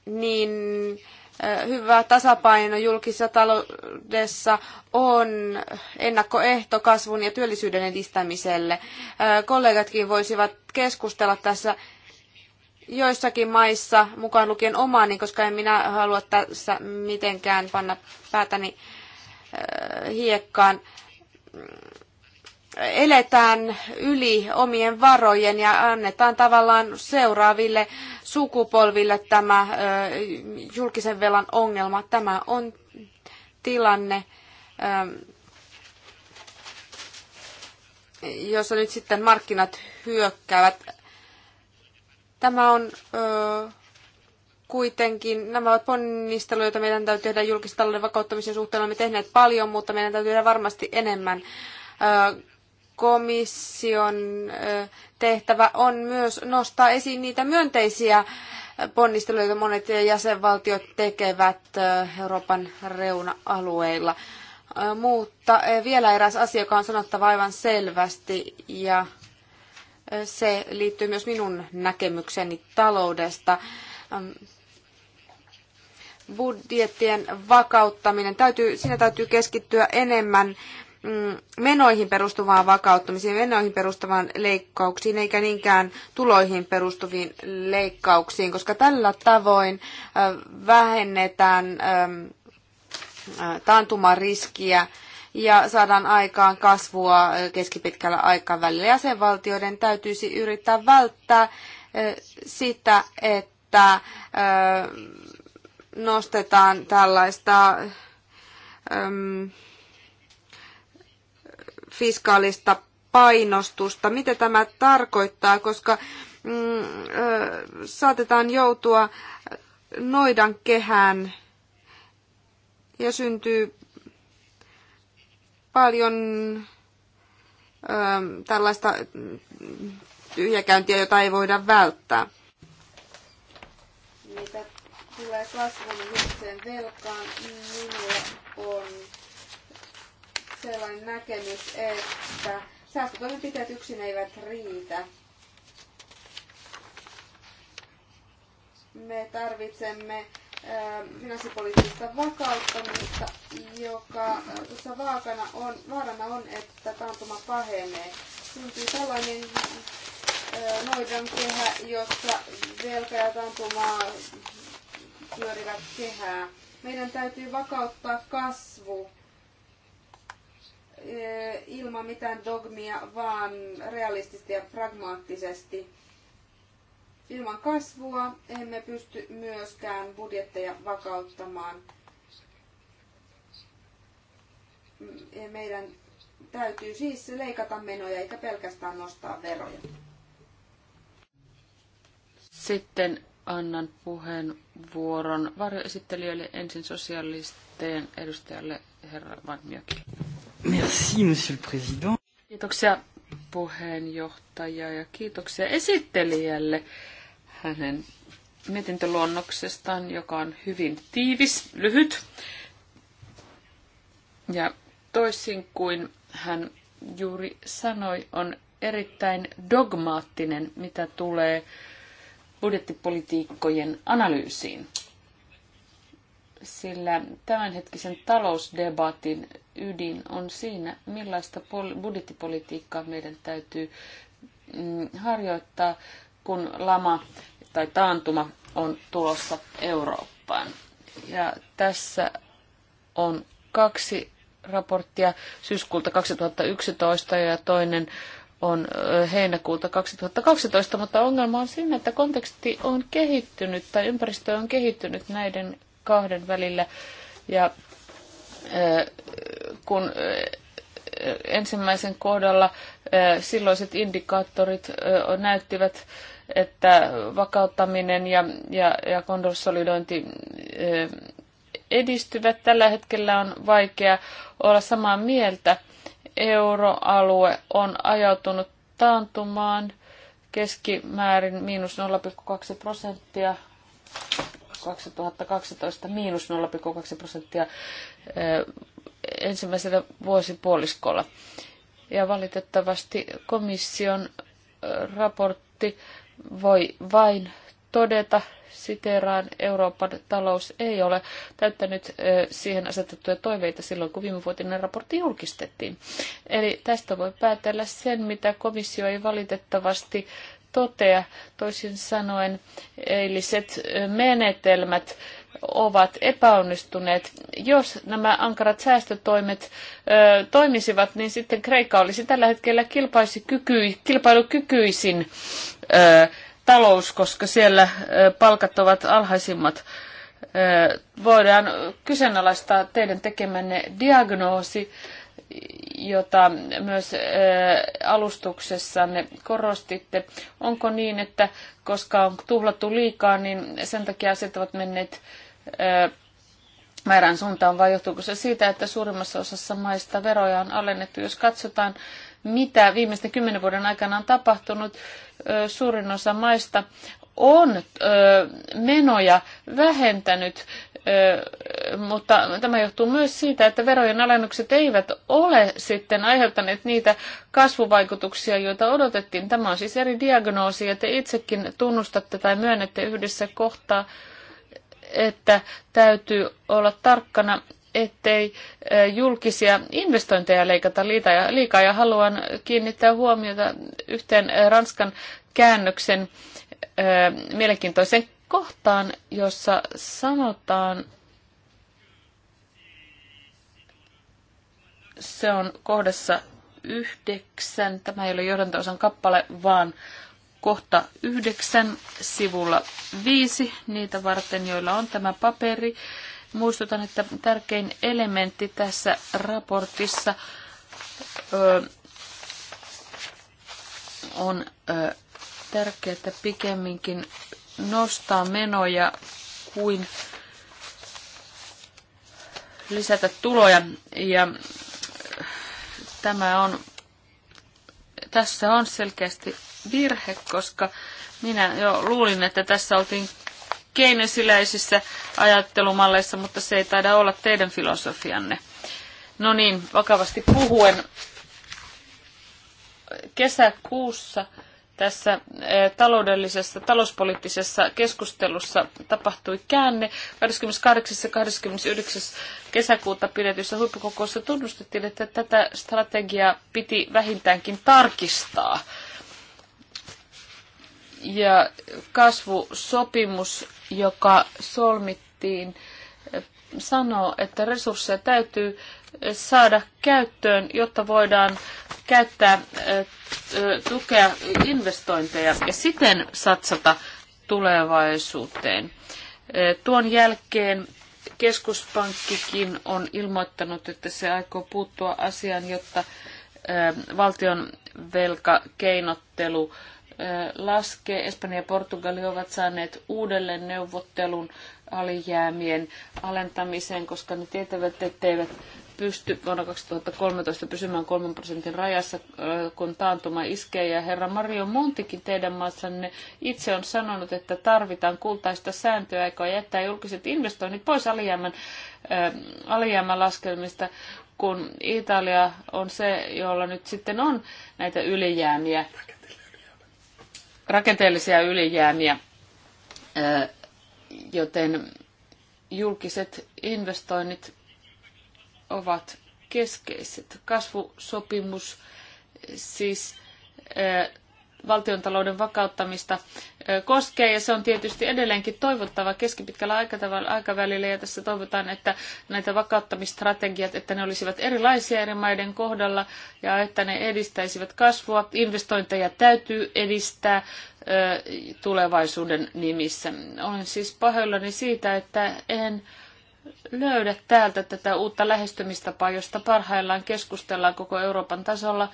Niin hyvä tasapaino julkisessa taloudessa on ennakkoehto kasvun ja työllisyyden edistämiselle. Kollegatkin voisivat keskustella tässä joissakin maissa, mukaan lukien omaani, koska en minä halua tässä mitenkään panna päätäni hiekkaan eletään yli omien varojen ja annetaan tavallaan seuraaville sukupolville tämä julkisen velan ongelma. Tämä on tilanne, jossa nyt sitten markkinat hyökkäävät. Tämä on kuitenkin, nämä ovat ponnisteluja, joita meidän täytyy tehdä julkistalouden vakauttamisen suhteen. Olemme tehneet paljon, mutta meidän täytyy tehdä varmasti enemmän komission tehtävä on myös nostaa esiin niitä myönteisiä ponnisteluja, joita monet jäsenvaltiot tekevät Euroopan reuna-alueilla. Mutta vielä eräs asia, joka on sanottava aivan selvästi ja se liittyy myös minun näkemykseni taloudesta. Budjettien vakauttaminen, täytyy, siinä täytyy keskittyä enemmän Mm, menoihin perustuvaan vakauttamiseen, menoihin perustuvaan leikkauksiin, eikä niinkään tuloihin perustuviin leikkauksiin, koska tällä tavoin vähennetään taantumariskiä ja saadaan aikaan kasvua keskipitkällä aikavälillä. Jäsenvaltioiden täytyisi yrittää välttää sitä, että nostetaan tällaista fiskaalista painostusta. Mitä tämä tarkoittaa, koska mm, saatetaan joutua noidan kehään ja syntyy paljon ö, tällaista tyhjäkäyntiä, jota ei voida välttää. Mitä tulee kasvun velkaan, niin minulla on sellainen näkemys, että säästötoimenpiteet yksin eivät riitä. Me tarvitsemme finanssipoliittista vakauttamista, joka tuossa vaakana on, vaarana on, että taantuma pahenee. Syntyy tällainen noidan kehä, jossa velka ja taantumaa pyörivät kehää. Meidän täytyy vakauttaa kasvu Eh, ilman mitään dogmia, vaan realistisesti ja pragmaattisesti. Ilman kasvua emme pysty myöskään budjetteja vakauttamaan. Mm, meidän täytyy siis leikata menoja eikä pelkästään nostaa veroja. Sitten annan puheenvuoron varjoesittelijöille ensin sosialistien edustajalle herra Vanmioki. Merci, monsieur le président. Kiitoksia puheenjohtaja ja kiitoksia esittelijälle hänen mietintöluonnoksestaan, joka on hyvin tiivis, lyhyt. Ja toisin kuin hän juuri sanoi, on erittäin dogmaattinen, mitä tulee budjettipolitiikkojen analyysiin sillä tämänhetkisen talousdebatin ydin on siinä, millaista budjettipolitiikkaa meidän täytyy mm, harjoittaa, kun lama tai taantuma on tulossa Eurooppaan. Ja tässä on kaksi raporttia syyskuulta 2011 ja toinen on heinäkuulta 2012, mutta ongelma on siinä, että konteksti on kehittynyt tai ympäristö on kehittynyt näiden kahden välillä. Ja kun ensimmäisen kohdalla silloiset indikaattorit näyttivät, että vakauttaminen ja, ja, ja konsolidointi edistyvät. Tällä hetkellä on vaikea olla samaa mieltä. Euroalue on ajautunut taantumaan keskimäärin miinus 0,2 prosenttia 2012 miinus 0,2 prosenttia eh, ensimmäisellä vuosipuoliskolla. Ja valitettavasti komission eh, raportti voi vain todeta, siteraan, Euroopan talous ei ole täyttänyt eh, siihen asetettuja toiveita silloin, kun viimevuotinen raportti julkistettiin. Eli tästä voi päätellä sen, mitä komissio ei valitettavasti totea. Toisin sanoen eiliset menetelmät ovat epäonnistuneet. Jos nämä ankarat säästötoimet ö, toimisivat, niin sitten Kreikka olisi tällä hetkellä kilpailukykyisin ö, talous, koska siellä ö, palkat ovat alhaisimmat. Ö, voidaan kyseenalaistaa teidän tekemänne diagnoosi jota myös alustuksessanne korostitte. Onko niin, että koska on tuhlattu liikaa, niin sen takia asiat ovat menneet määrän suuntaan, vai johtuuko se siitä, että suurimmassa osassa maista veroja on alennettu? Jos katsotaan, mitä viimeisten kymmenen vuoden aikana on tapahtunut, suurin osa maista on ö, menoja vähentänyt, ö, mutta tämä johtuu myös siitä, että verojen alennukset eivät ole sitten aiheuttaneet niitä kasvuvaikutuksia, joita odotettiin. Tämä on siis eri diagnoosi ja te itsekin tunnustatte tai myönnette yhdessä kohtaa, että täytyy olla tarkkana ettei julkisia investointeja leikata liikaa ja haluan kiinnittää huomiota yhteen Ranskan käännöksen mielenkiintoisen kohtaan, jossa sanotaan, se on kohdassa yhdeksän, tämä ei ole johdantoosan kappale, vaan kohta yhdeksän sivulla viisi, niitä varten, joilla on tämä paperi. Muistutan, että tärkein elementti tässä raportissa ö, on ö, tärkeää pikemminkin nostaa menoja kuin lisätä tuloja. Ja tämä on, tässä on selkeästi virhe, koska minä jo luulin, että tässä oltiin keinesiläisissä ajattelumalleissa, mutta se ei taida olla teidän filosofianne. No niin, vakavasti puhuen. Kesäkuussa tässä eh, taloudellisessa, talouspoliittisessa keskustelussa tapahtui käänne. 28. ja 29. kesäkuuta pidetyssä huippukokouksessa tunnustettiin, että tätä strategiaa piti vähintäänkin tarkistaa. Ja kasvusopimus, joka solmittiin, eh, sanoo, että resursseja täytyy saada käyttöön, jotta voidaan käyttää tukea investointeja ja siten satsata tulevaisuuteen. Tuon jälkeen keskuspankkikin on ilmoittanut, että se aikoo puuttua asiaan, jotta valtion velkakeinottelu laskee. Espanja ja Portugali ovat saaneet uudelleen neuvottelun alijäämien alentamiseen, koska ne tietävät, etteivät pysty vuonna 2013 pysymään 3 prosentin rajassa, kun taantuma iskee. Ja herra Mario Montikin teidän maassanne itse on sanonut, että tarvitaan kultaista sääntöä, joka jättää julkiset investoinnit pois alijäämän, äh, alijäämän laskelmista, kun Italia on se, jolla nyt sitten on näitä ylijäämiä, rakenteellisia ylijäämiä. Äh, joten julkiset investoinnit ovat keskeiset. Kasvusopimus, siis valtiontalouden vakauttamista koskee ja se on tietysti edelleenkin toivottava keskipitkällä aikavälillä ja tässä toivotaan, että näitä vakauttamistrategiat, että ne olisivat erilaisia eri maiden kohdalla ja että ne edistäisivät kasvua. Investointeja täytyy edistää tulevaisuuden nimissä. Olen siis pahoillani siitä, että en löydä täältä tätä uutta lähestymistapaa, josta parhaillaan keskustellaan koko Euroopan tasolla. Äh,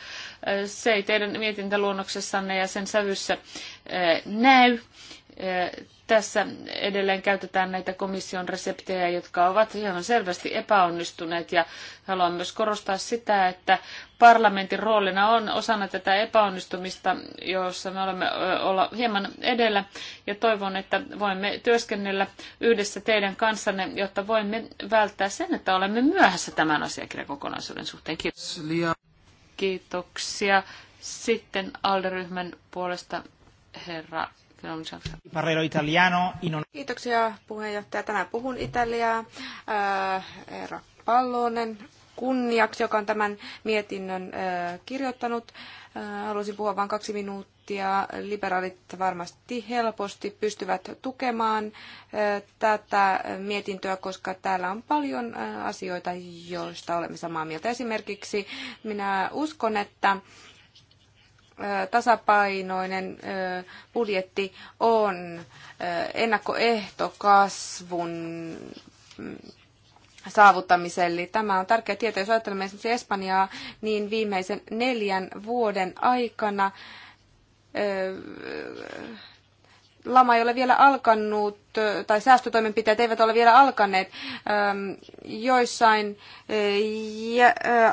se ei teidän mietintäluonnoksessanne ja sen sävyssä äh, näy. Äh, tässä edelleen käytetään näitä komission reseptejä, jotka ovat ihan selvästi epäonnistuneet ja haluan myös korostaa sitä, että parlamentin roolina on osana tätä epäonnistumista, jossa me olemme olla hieman edellä ja toivon, että voimme työskennellä yhdessä teidän kanssanne, jotta voimme välttää sen, että olemme myöhässä tämän asiakirjan kokonaisuuden suhteen. Kiitos. Kiitoksia. Sitten alderyhmän puolesta herra Parrero italiano. Kiitoksia puheenjohtaja. Tänään puhun italiaa. Äh, Eero Pallonen kunniaksi, joka on tämän mietinnön äh, kirjoittanut. Äh, haluaisin puhua vain kaksi minuuttia. Liberaalit varmasti helposti pystyvät tukemaan tätä mietintöä, koska täällä on paljon asioita, joista olemme samaa mieltä. Esimerkiksi minä uskon, että tasapainoinen budjetti on ennakkoehto kasvun mm, saavuttamiselle. Tämä on tärkeä tieto. Jos ajattelemme esimerkiksi Espanjaa, niin viimeisen neljän vuoden aikana lama ei ole vielä alkanut, tai säästötoimenpiteet eivät ole vielä alkaneet. Joissain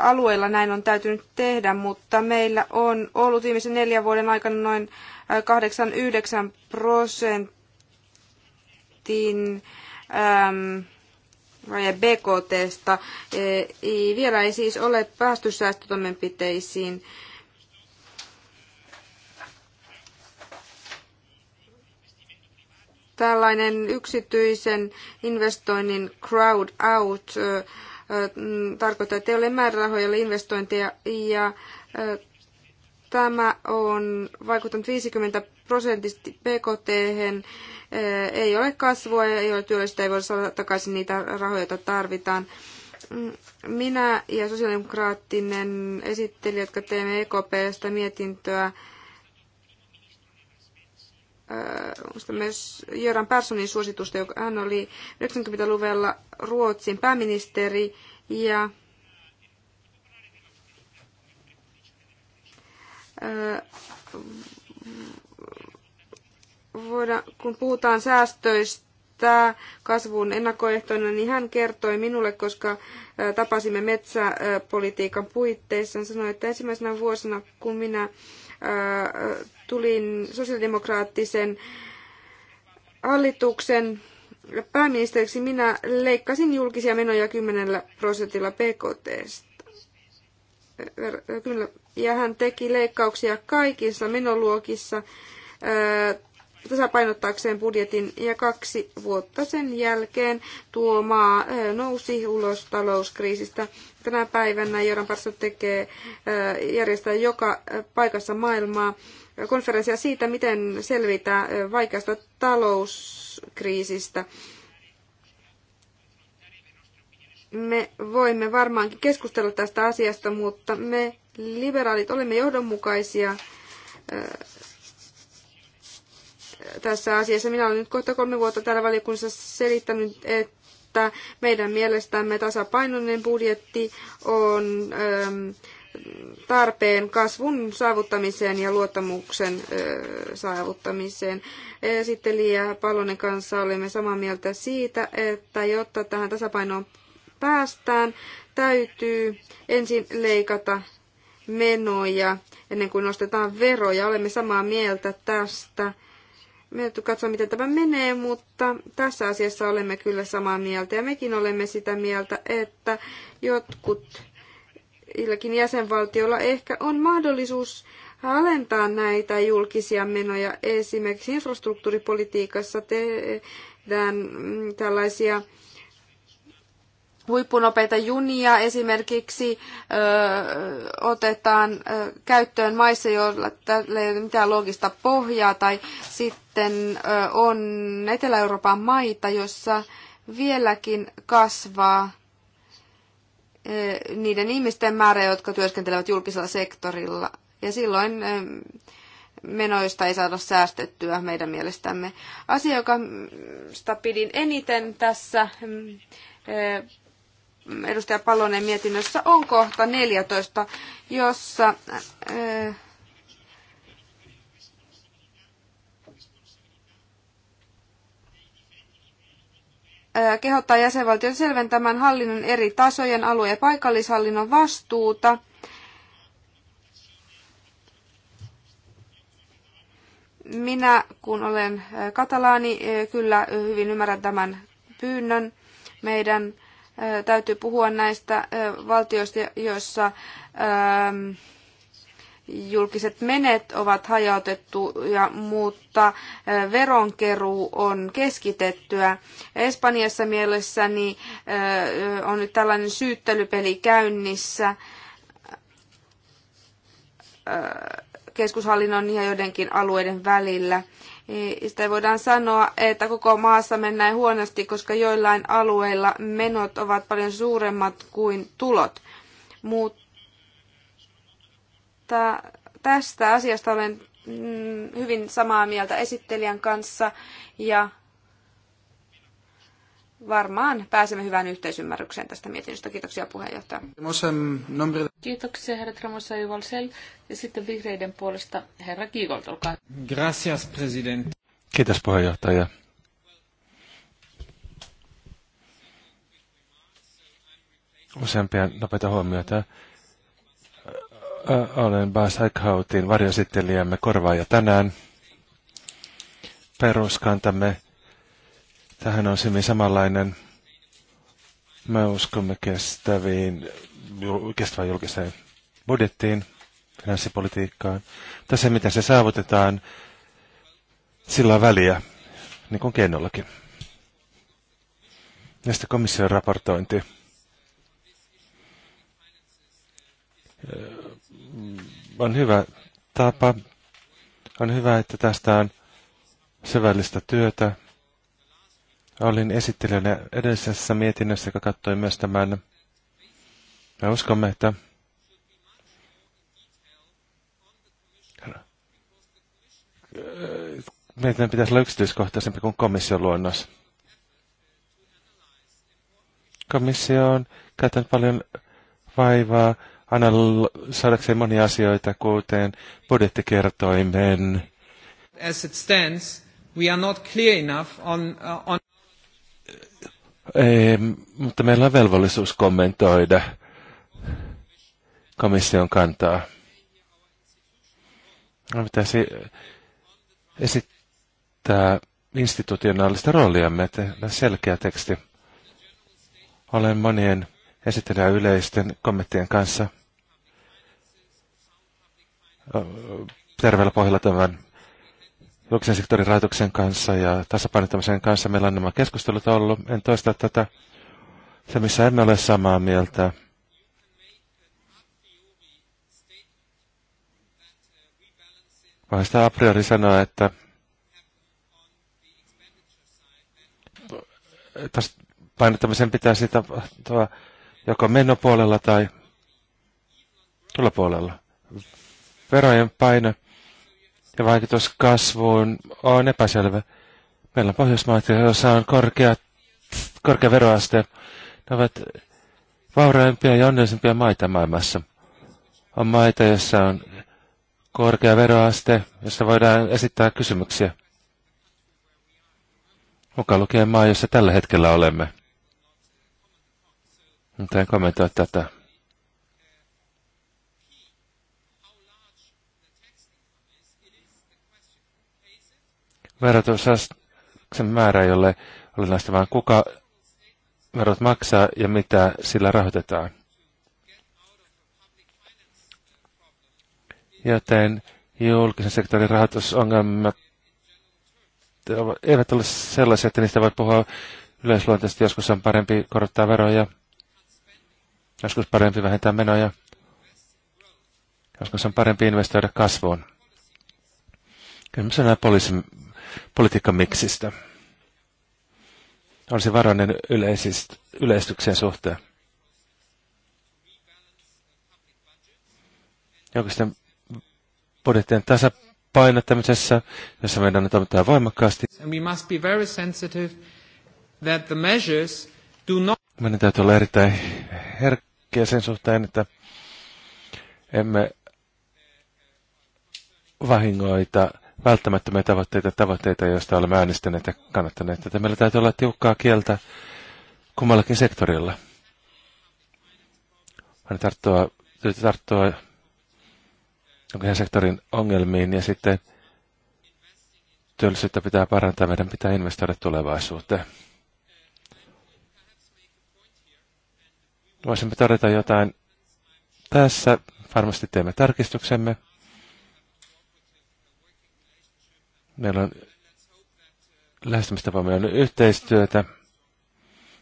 alueilla näin on täytynyt tehdä, mutta meillä on ollut viimeisen neljän vuoden aikana noin 89 prosentin vaje BKTstä. Vielä ei siis ole päästy säästötoimenpiteisiin. Tällainen yksityisen investoinnin crowd out tarkoittaa, että ei ole määrärahoja, investointeja ja tämä on vaikuttanut 50 PKT: BKT, ei ole kasvua ja ei ole työllistä, ei voi saada takaisin niitä rahoja, joita tarvitaan. Minä ja sosiaalidemokraattinen esittelijä, jotka teemme EKPstä mietintöä, Äh, muista myös Göran Perssonin suositusta, joka hän oli 90-luvulla Ruotsin pääministeri ja äh, voida, kun puhutaan säästöistä kasvun ennakoehtoina, niin hän kertoi minulle, koska äh, tapasimme metsäpolitiikan puitteissa, hän sanoi, että ensimmäisenä vuosina, kun minä tulin sosiaalidemokraattisen hallituksen pääministeriksi, minä leikkasin julkisia menoja 10 prosentilla PKT. Ja hän teki leikkauksia kaikissa menoluokissa tasapainottaakseen budjetin ja kaksi vuotta sen jälkeen tuo maa nousi ulos talouskriisistä. Tänä päivänä Joran Parso tekee, järjestää joka paikassa maailmaa konferenssia siitä, miten selvitä vaikeasta talouskriisistä. Me voimme varmaankin keskustella tästä asiasta, mutta me liberaalit olemme johdonmukaisia tässä asiassa. Minä olen nyt kohta kolme vuotta täällä valiokunnassa selittänyt, että meidän mielestämme tasapainoinen budjetti on ähm, tarpeen kasvun saavuttamiseen ja luottamuksen äh, saavuttamiseen. Sitten Esittelijä Palonen kanssa olemme samaa mieltä siitä, että jotta tähän tasapainoon päästään, täytyy ensin leikata menoja ennen kuin nostetaan veroja. Olemme samaa mieltä tästä. Me katsoa, miten tämä menee, mutta tässä asiassa olemme kyllä samaa mieltä. Ja mekin olemme sitä mieltä, että jotkut illakin jäsenvaltiolla ehkä on mahdollisuus alentaa näitä julkisia menoja. Esimerkiksi infrastruktuuripolitiikassa tehdään mm, tällaisia huippunopeita junia esimerkiksi ö, otetaan ö, käyttöön maissa, joilla tällä ei ole mitään loogista pohjaa, tai sitten ö, on Etelä-Euroopan maita, joissa vieläkin kasvaa ö, niiden ihmisten määrä, jotka työskentelevät julkisella sektorilla. Ja silloin ö, menoista ei saada säästettyä meidän mielestämme. Asia, joka pidin eniten tässä edustaja Palonen mietinnössä on kohta 14, jossa kehottaa jäsenvaltioita selventämään hallinnon eri tasojen alue- ja paikallishallinnon vastuuta. Minä, kun olen katalaani, kyllä hyvin ymmärrän tämän pyynnön. Meidän täytyy puhua näistä valtioista, joissa ähm, julkiset menet ovat hajautettuja, mutta veronkeruu on keskitettyä. Espanjassa mielessäni on nyt tällainen syyttelypeli käynnissä keskushallinnon ja joidenkin alueiden välillä sitä voidaan sanoa, että koko maassa mennään huonosti, koska joillain alueilla menot ovat paljon suuremmat kuin tulot. Mutta tästä asiasta olen mm, hyvin samaa mieltä esittelijän kanssa ja varmaan pääsemme hyvään yhteisymmärrykseen tästä mietinnöstä. Kiitoksia puheenjohtaja. Kiitoksia herra Tramosa Yvalsel. Ja sitten vihreiden puolesta herra Kiikolt, olkaa Gracias, president. Kiitos puheenjohtaja. Useampia nopeita huomioita. Olen Bas Eichhautin varjosittelijämme korvaaja tänään. Peruskantamme Tähän on hyvin samanlainen. Me uskomme kestäviin, kestävään julkiseen budjettiin, finanssipolitiikkaan. Tässä mitä se saavutetaan, sillä on väliä, niin kuin keinollakin. Näistä komission raportointi. On hyvä tapa, on hyvä, että tästä on syvällistä työtä, Olin esittelijänä edellisessä mietinnössä, joka katsoi myös tämän. Me uskomme, että meidän pitäisi olla yksityiskohtaisempi kuin komission luonnos. Komissio on käyttänyt paljon vaivaa analysoidakseen monia asioita, kuten budjettikertoimen. As it stands, we are not clear enough on, uh, on... Ei, mutta meillä on velvollisuus kommentoida komission kantaa. Pitäisi esittää institutionaalista rooliamme, tehdä selkeä teksti. Olen monien esittelijä yleisten kommenttien kanssa terveellä pohjalla tämän julkisen sektorin rahoituksen kanssa ja tasapainottamisen kanssa meillä on nämä keskustelut ollut. En toista tätä. Se, missä emme ole samaa mieltä, Vaan sitä a priori sanoa, että painottamisen pitäisi tuo, joko menopuolella tai tulopuolella. Verojen paino ja vaikutus kasvuun on epäselvä. Meillä on Pohjoismaat, joissa on korkea, korkea veroaste. Ne ovat vauraimpia ja onnellisimpia maita maailmassa. On maita, joissa on korkea veroaste, josta voidaan esittää kysymyksiä. Mukaan lukee maa, jossa tällä hetkellä olemme. Mutta en kommentoi tätä. sen määrä, jolle olennaista vaan kuka verot maksaa ja mitä sillä rahoitetaan. Joten julkisen sektorin rahoitusongelmat eivät ole sellaisia, että niistä voi puhua yleisluonteisesti. Joskus on parempi korottaa veroja, joskus parempi vähentää menoja, joskus on parempi investoida kasvuun. Kyllä minä poliisin politiikkamiksistä. Olisi varoinen yleistyksen suhteen. Onko sitten budjettien tasapainottamisessa, jossa meidän on toimittava voimakkaasti. Not... Meidän täytyy olla erittäin herkkiä sen suhteen, että emme vahingoita välttämättömiä tavoitteita, tavoitteita, joista olemme äänestäneet ja kannattaneet. että meillä täytyy olla tiukkaa kieltä kummallakin sektorilla. Aina tarttua, tarttua jonkin sektorin ongelmiin ja sitten työllisyyttä pitää parantaa, meidän pitää investoida tulevaisuuteen. Voisimme todeta jotain tässä. Varmasti teemme tarkistuksemme. Meillä on meillä on yhteistyötä.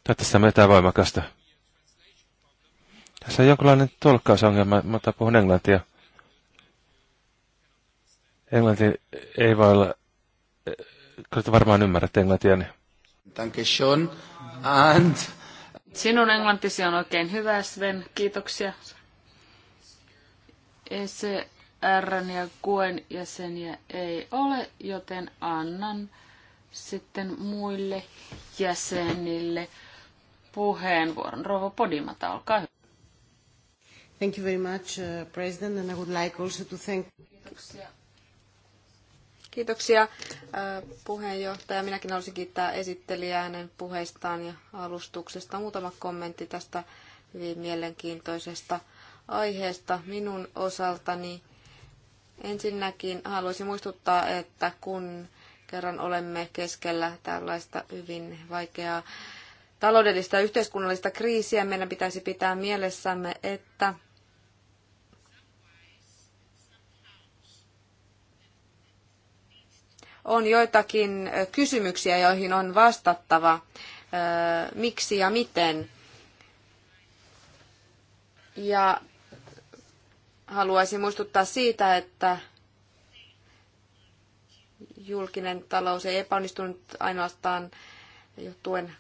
Toivottavasti me jotain voimakasta. Tässä on jonkinlainen tulkkausongelma, mutta puhun englantia. Englanti ei voi olla... Kyllä varmaan ymmärrät englantia, niin... you, schon. And... Sinun englantisi on oikein hyvä, Sven. Kiitoksia. E, se R ja Qn jäseniä ei ole, joten annan sitten muille jäsenille puheenvuoron. Rouva Podimata, olkaa hyvä. Thank you very much, uh, President, and I would like also to thank... Kiitoksia. Kiitoksia uh, puheenjohtaja. Minäkin haluaisin kiittää esittelijää hänen puheistaan ja alustuksesta. Muutama kommentti tästä hyvin mielenkiintoisesta aiheesta minun osaltani. Ensinnäkin haluaisin muistuttaa, että kun kerran olemme keskellä tällaista hyvin vaikeaa taloudellista ja yhteiskunnallista kriisiä, meidän pitäisi pitää mielessämme, että on joitakin kysymyksiä, joihin on vastattava, miksi ja miten. Ja haluaisin muistuttaa siitä, että julkinen talous ei epäonnistunut ainoastaan johtuen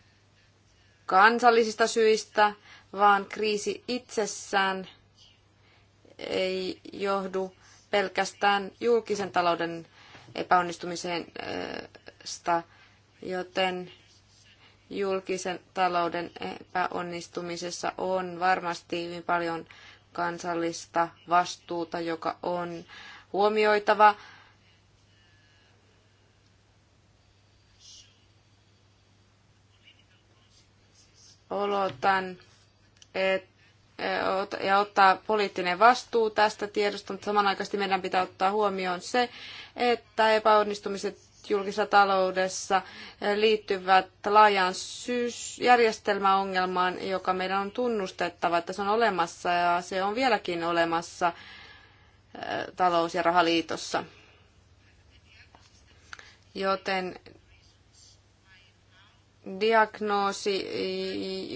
kansallisista syistä, vaan kriisi itsessään ei johdu pelkästään julkisen talouden epäonnistumisesta, joten julkisen talouden epäonnistumisessa on varmasti hyvin paljon kansallista vastuuta, joka on huomioitava. Olotan, että e, ja ottaa poliittinen vastuu tästä tiedosta, mutta samanaikaisesti meidän pitää ottaa huomioon se, että epäonnistumiset julkisessa taloudessa liittyvät laajaan syys- järjestelmäongelmaan, joka meidän on tunnustettava, että se on olemassa ja se on vieläkin olemassa eh, talous- ja rahaliitossa. Joten diagnoosi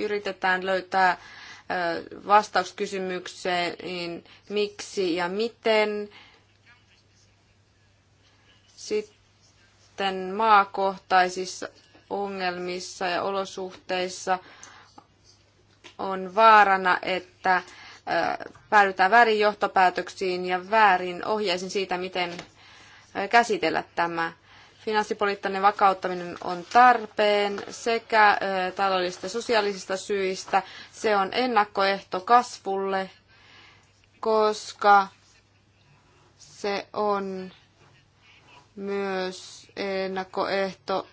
yritetään löytää eh, vastaus kysymykseen miksi ja miten. Sitten sitten maakohtaisissa ongelmissa ja olosuhteissa on vaarana, että päädytään väärin johtopäätöksiin ja väärin ohjeisiin siitä, miten käsitellä tämä. Finanssipoliittinen vakauttaminen on tarpeen sekä taloudellisista ja sosiaalisista syistä. Se on ennakkoehto kasvulle, koska se on myös ennakkoehto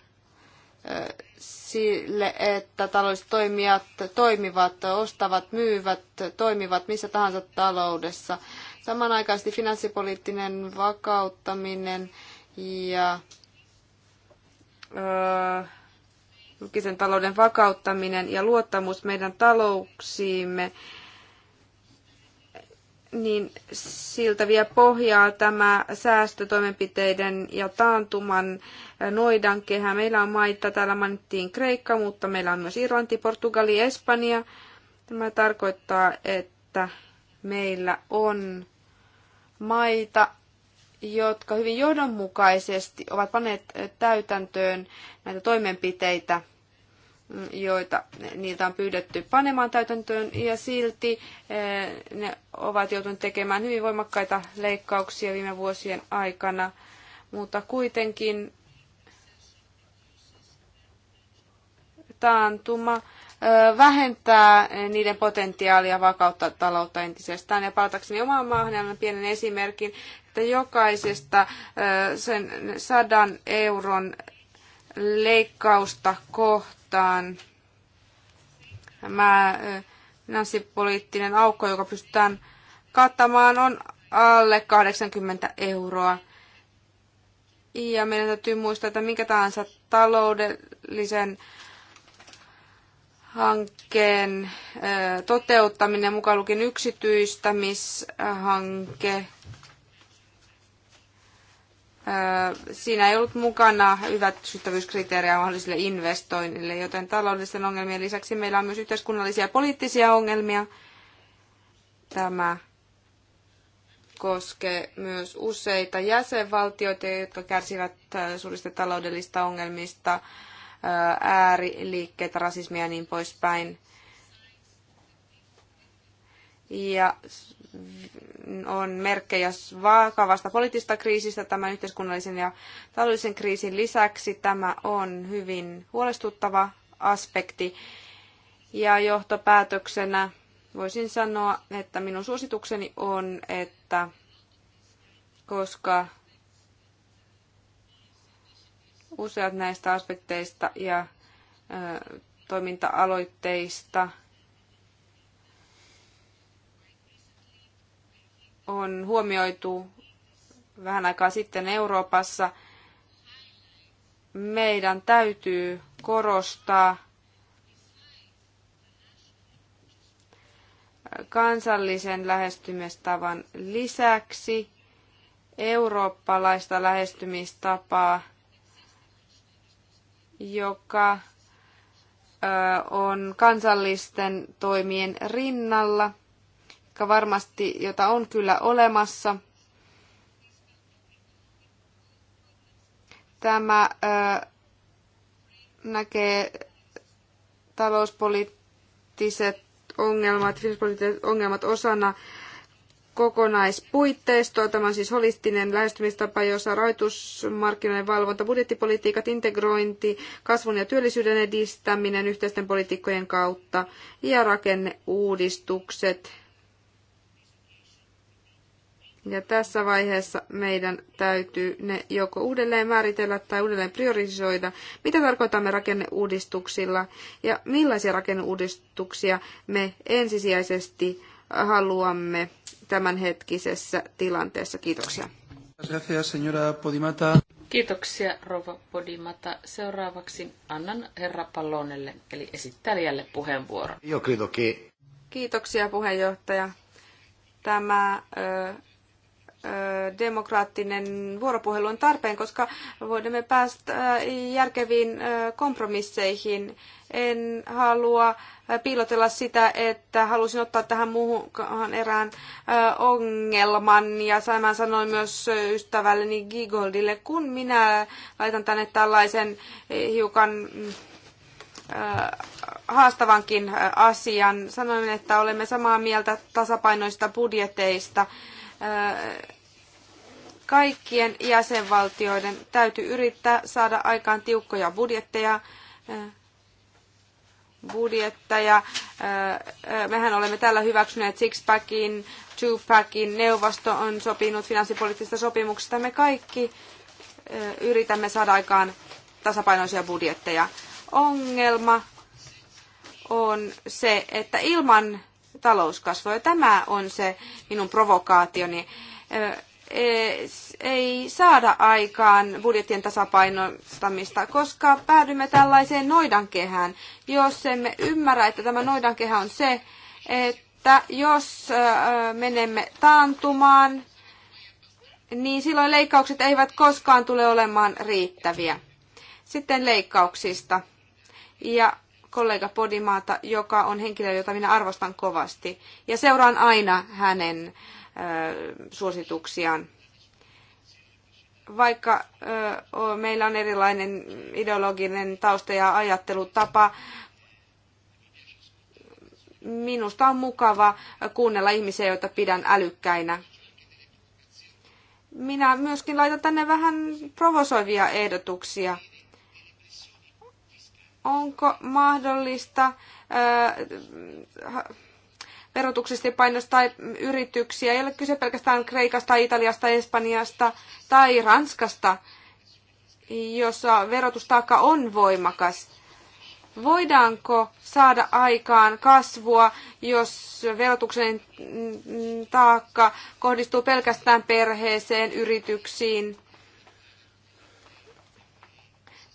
sille, että taloudelliset toimijat toimivat, ostavat, myyvät, toimivat missä tahansa taloudessa. Samanaikaisesti finanssipoliittinen vakauttaminen ja julkisen talouden vakauttaminen ja luottamus meidän talouksiimme niin siltä vie pohjaa tämä säästötoimenpiteiden ja taantuman äh, noidankehä. Meillä on maita, täällä mainittiin Kreikka, mutta meillä on myös Irlanti, Portugali, Espanja. Tämä tarkoittaa, että meillä on maita, jotka hyvin johdonmukaisesti ovat panneet äh, täytäntöön näitä toimenpiteitä – joita niiltä on pyydetty panemaan täytäntöön, ja silti eh, ne ovat joutuneet tekemään hyvin voimakkaita leikkauksia viime vuosien aikana, mutta kuitenkin taantuma eh, vähentää niiden potentiaalia vakauttaa taloutta entisestään. Ja palatakseni omaan maahan, annan pienen esimerkin, että jokaisesta eh, sen sadan euron leikkausta kohti vastaan tämä finanssipoliittinen aukko, joka pystytään kattamaan, on alle 80 euroa. Ja meidän täytyy muistaa, että minkä tahansa taloudellisen hankkeen toteuttaminen, mukaan lukien yksityistämishanke, Siinä ei ollut mukana hyvät mahdollisille investoinnille, joten taloudellisten ongelmien lisäksi meillä on myös yhteiskunnallisia ja poliittisia ongelmia. Tämä koskee myös useita jäsenvaltioita, jotka kärsivät suurista taloudellista ongelmista, ääriliikkeitä, rasismia ja niin poispäin ja on merkkejä vakavasta poliittisesta kriisistä tämän yhteiskunnallisen ja taloudellisen kriisin lisäksi. Tämä on hyvin huolestuttava aspekti ja johtopäätöksenä voisin sanoa, että minun suositukseni on, että koska useat näistä aspekteista ja toiminta-aloitteista – on huomioitu vähän aikaa sitten Euroopassa, meidän täytyy korostaa kansallisen lähestymistavan lisäksi eurooppalaista lähestymistapaa, joka on kansallisten toimien rinnalla jotka varmasti, jota on kyllä olemassa. Tämä ö, näkee talouspoliittiset ongelmat, finanssipoliittiset ongelmat osana kokonaispuitteistoa. Tämä on siis holistinen lähestymistapa, jossa rahoitusmarkkinoiden valvonta, budjettipolitiikat, integrointi, kasvun ja työllisyyden edistäminen yhteisten politiikkojen kautta ja rakenneuudistukset ja tässä vaiheessa meidän täytyy ne joko uudelleen määritellä tai uudelleen priorisoida, mitä tarkoitamme rakenneuudistuksilla ja millaisia rakenneuudistuksia me ensisijaisesti haluamme tämänhetkisessä tilanteessa. Kiitoksia. Kiitoksia, rouva Podimata. Seuraavaksi annan herra Pallonelle, eli esittelijälle puheenvuoro. Joo, kiitoksia. Kiitoksia, puheenjohtaja. Tämä ö, demokraattinen vuoropuhelu on tarpeen, koska voimme päästä järkeviin kompromisseihin. En halua piilotella sitä, että halusin ottaa tähän muuhun erään ongelman ja Saiman sanoin myös ystävälleni Gigoldille, kun minä laitan tänne tällaisen hiukan haastavankin asian. Sanoin, että olemme samaa mieltä tasapainoista budjeteista kaikkien jäsenvaltioiden täytyy yrittää saada aikaan tiukkoja budjetteja, budjetteja. Mehän olemme täällä hyväksyneet Sixpackin, Twopackin, neuvosto on sopinut finanssipoliittisista sopimuksista. Me kaikki yritämme saada aikaan tasapainoisia budjetteja. Ongelma on se, että ilman talouskasvua. Ja tämä on se minun provokaationi. E, ei saada aikaan budjettien tasapainottamista, koska päädymme tällaiseen noidankehään, jos emme ymmärrä, että tämä noidankehä on se, että jos menemme taantumaan, niin silloin leikkaukset eivät koskaan tule olemaan riittäviä. Sitten leikkauksista. Ja kollega Podimaata, joka on henkilö, jota minä arvostan kovasti. Ja seuraan aina hänen suosituksiaan. Vaikka meillä on erilainen ideologinen tausta ja ajattelutapa, minusta on mukava kuunnella ihmisiä, joita pidän älykkäinä. Minä myöskin laitan tänne vähän provosoivia ehdotuksia onko mahdollista verotuksesti tai yrityksiä. Ei ole kyse pelkästään Kreikasta, Italiasta, Espanjasta tai Ranskasta, jossa verotustaakka on voimakas. Voidaanko saada aikaan kasvua, jos verotuksen taakka kohdistuu pelkästään perheeseen, yrityksiin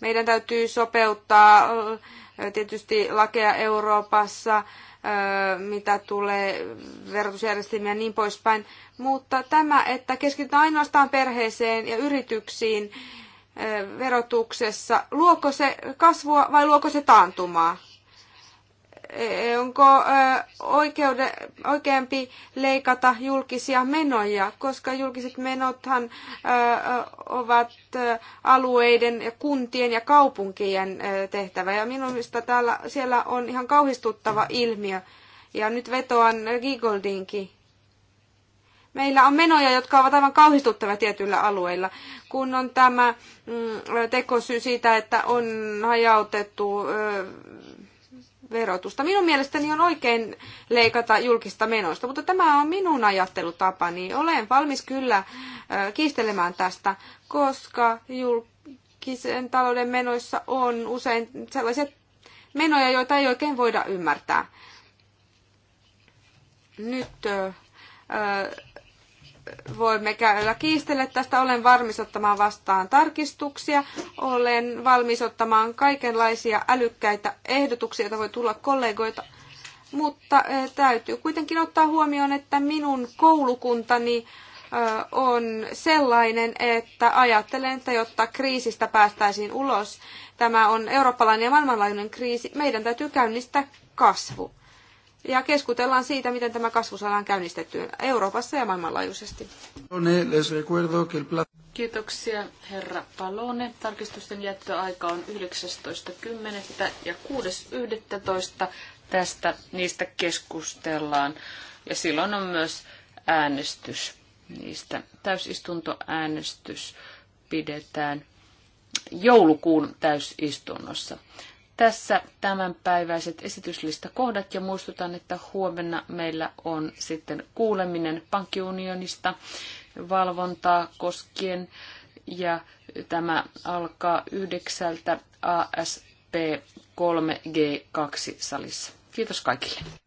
meidän täytyy sopeuttaa tietysti lakeja Euroopassa, mitä tulee verotusjärjestelmiä ja niin poispäin. Mutta tämä, että keskitytään ainoastaan perheeseen ja yrityksiin verotuksessa, luoko se kasvua vai luoko se taantumaa? Eh, onko eh, oikeuden, oikeampi leikata julkisia menoja, koska julkiset menothan eh, ovat alueiden ja kuntien ja kaupunkien tehtävä. Ja minun mielestä täällä, siellä on ihan kauhistuttava ilmiö. Ja nyt vetoan Gigoldinkin meillä on menoja, jotka ovat aivan kauhistuttavia tietyillä alueilla, kun on tämä mm, tekosyy siitä, että on hajautettu verotusta. Minun mielestäni on oikein leikata julkista menoista, mutta tämä on minun ajattelutapani. Olen valmis kyllä kiistelemään tästä, koska julkisen talouden menoissa on usein sellaisia menoja, joita ei oikein voida ymmärtää. Nyt voimme käydä kiistelle tästä. Olen valmis ottamaan vastaan tarkistuksia. Olen valmis ottamaan kaikenlaisia älykkäitä ehdotuksia, joita voi tulla kollegoita. Mutta eh, täytyy kuitenkin ottaa huomioon, että minun koulukuntani eh, on sellainen, että ajattelen, että jotta kriisistä päästäisiin ulos, tämä on eurooppalainen ja maailmanlaajuinen kriisi, meidän täytyy käynnistää kasvu ja keskutellaan siitä, miten tämä kasvu saadaan käynnistettyä Euroopassa ja maailmanlaajuisesti. Kiitoksia, herra Palone. Tarkistusten jättöaika on 19.10. ja 6.11. Tästä niistä keskustellaan. Ja silloin on myös äänestys niistä. Täysistuntoäänestys pidetään joulukuun täysistunnossa. Tässä tämänpäiväiset esityslistakohdat ja muistutan, että huomenna meillä on sitten kuuleminen pankkiunionista valvontaa koskien ja tämä alkaa yhdeksältä ASP 3G2 salissa. Kiitos kaikille.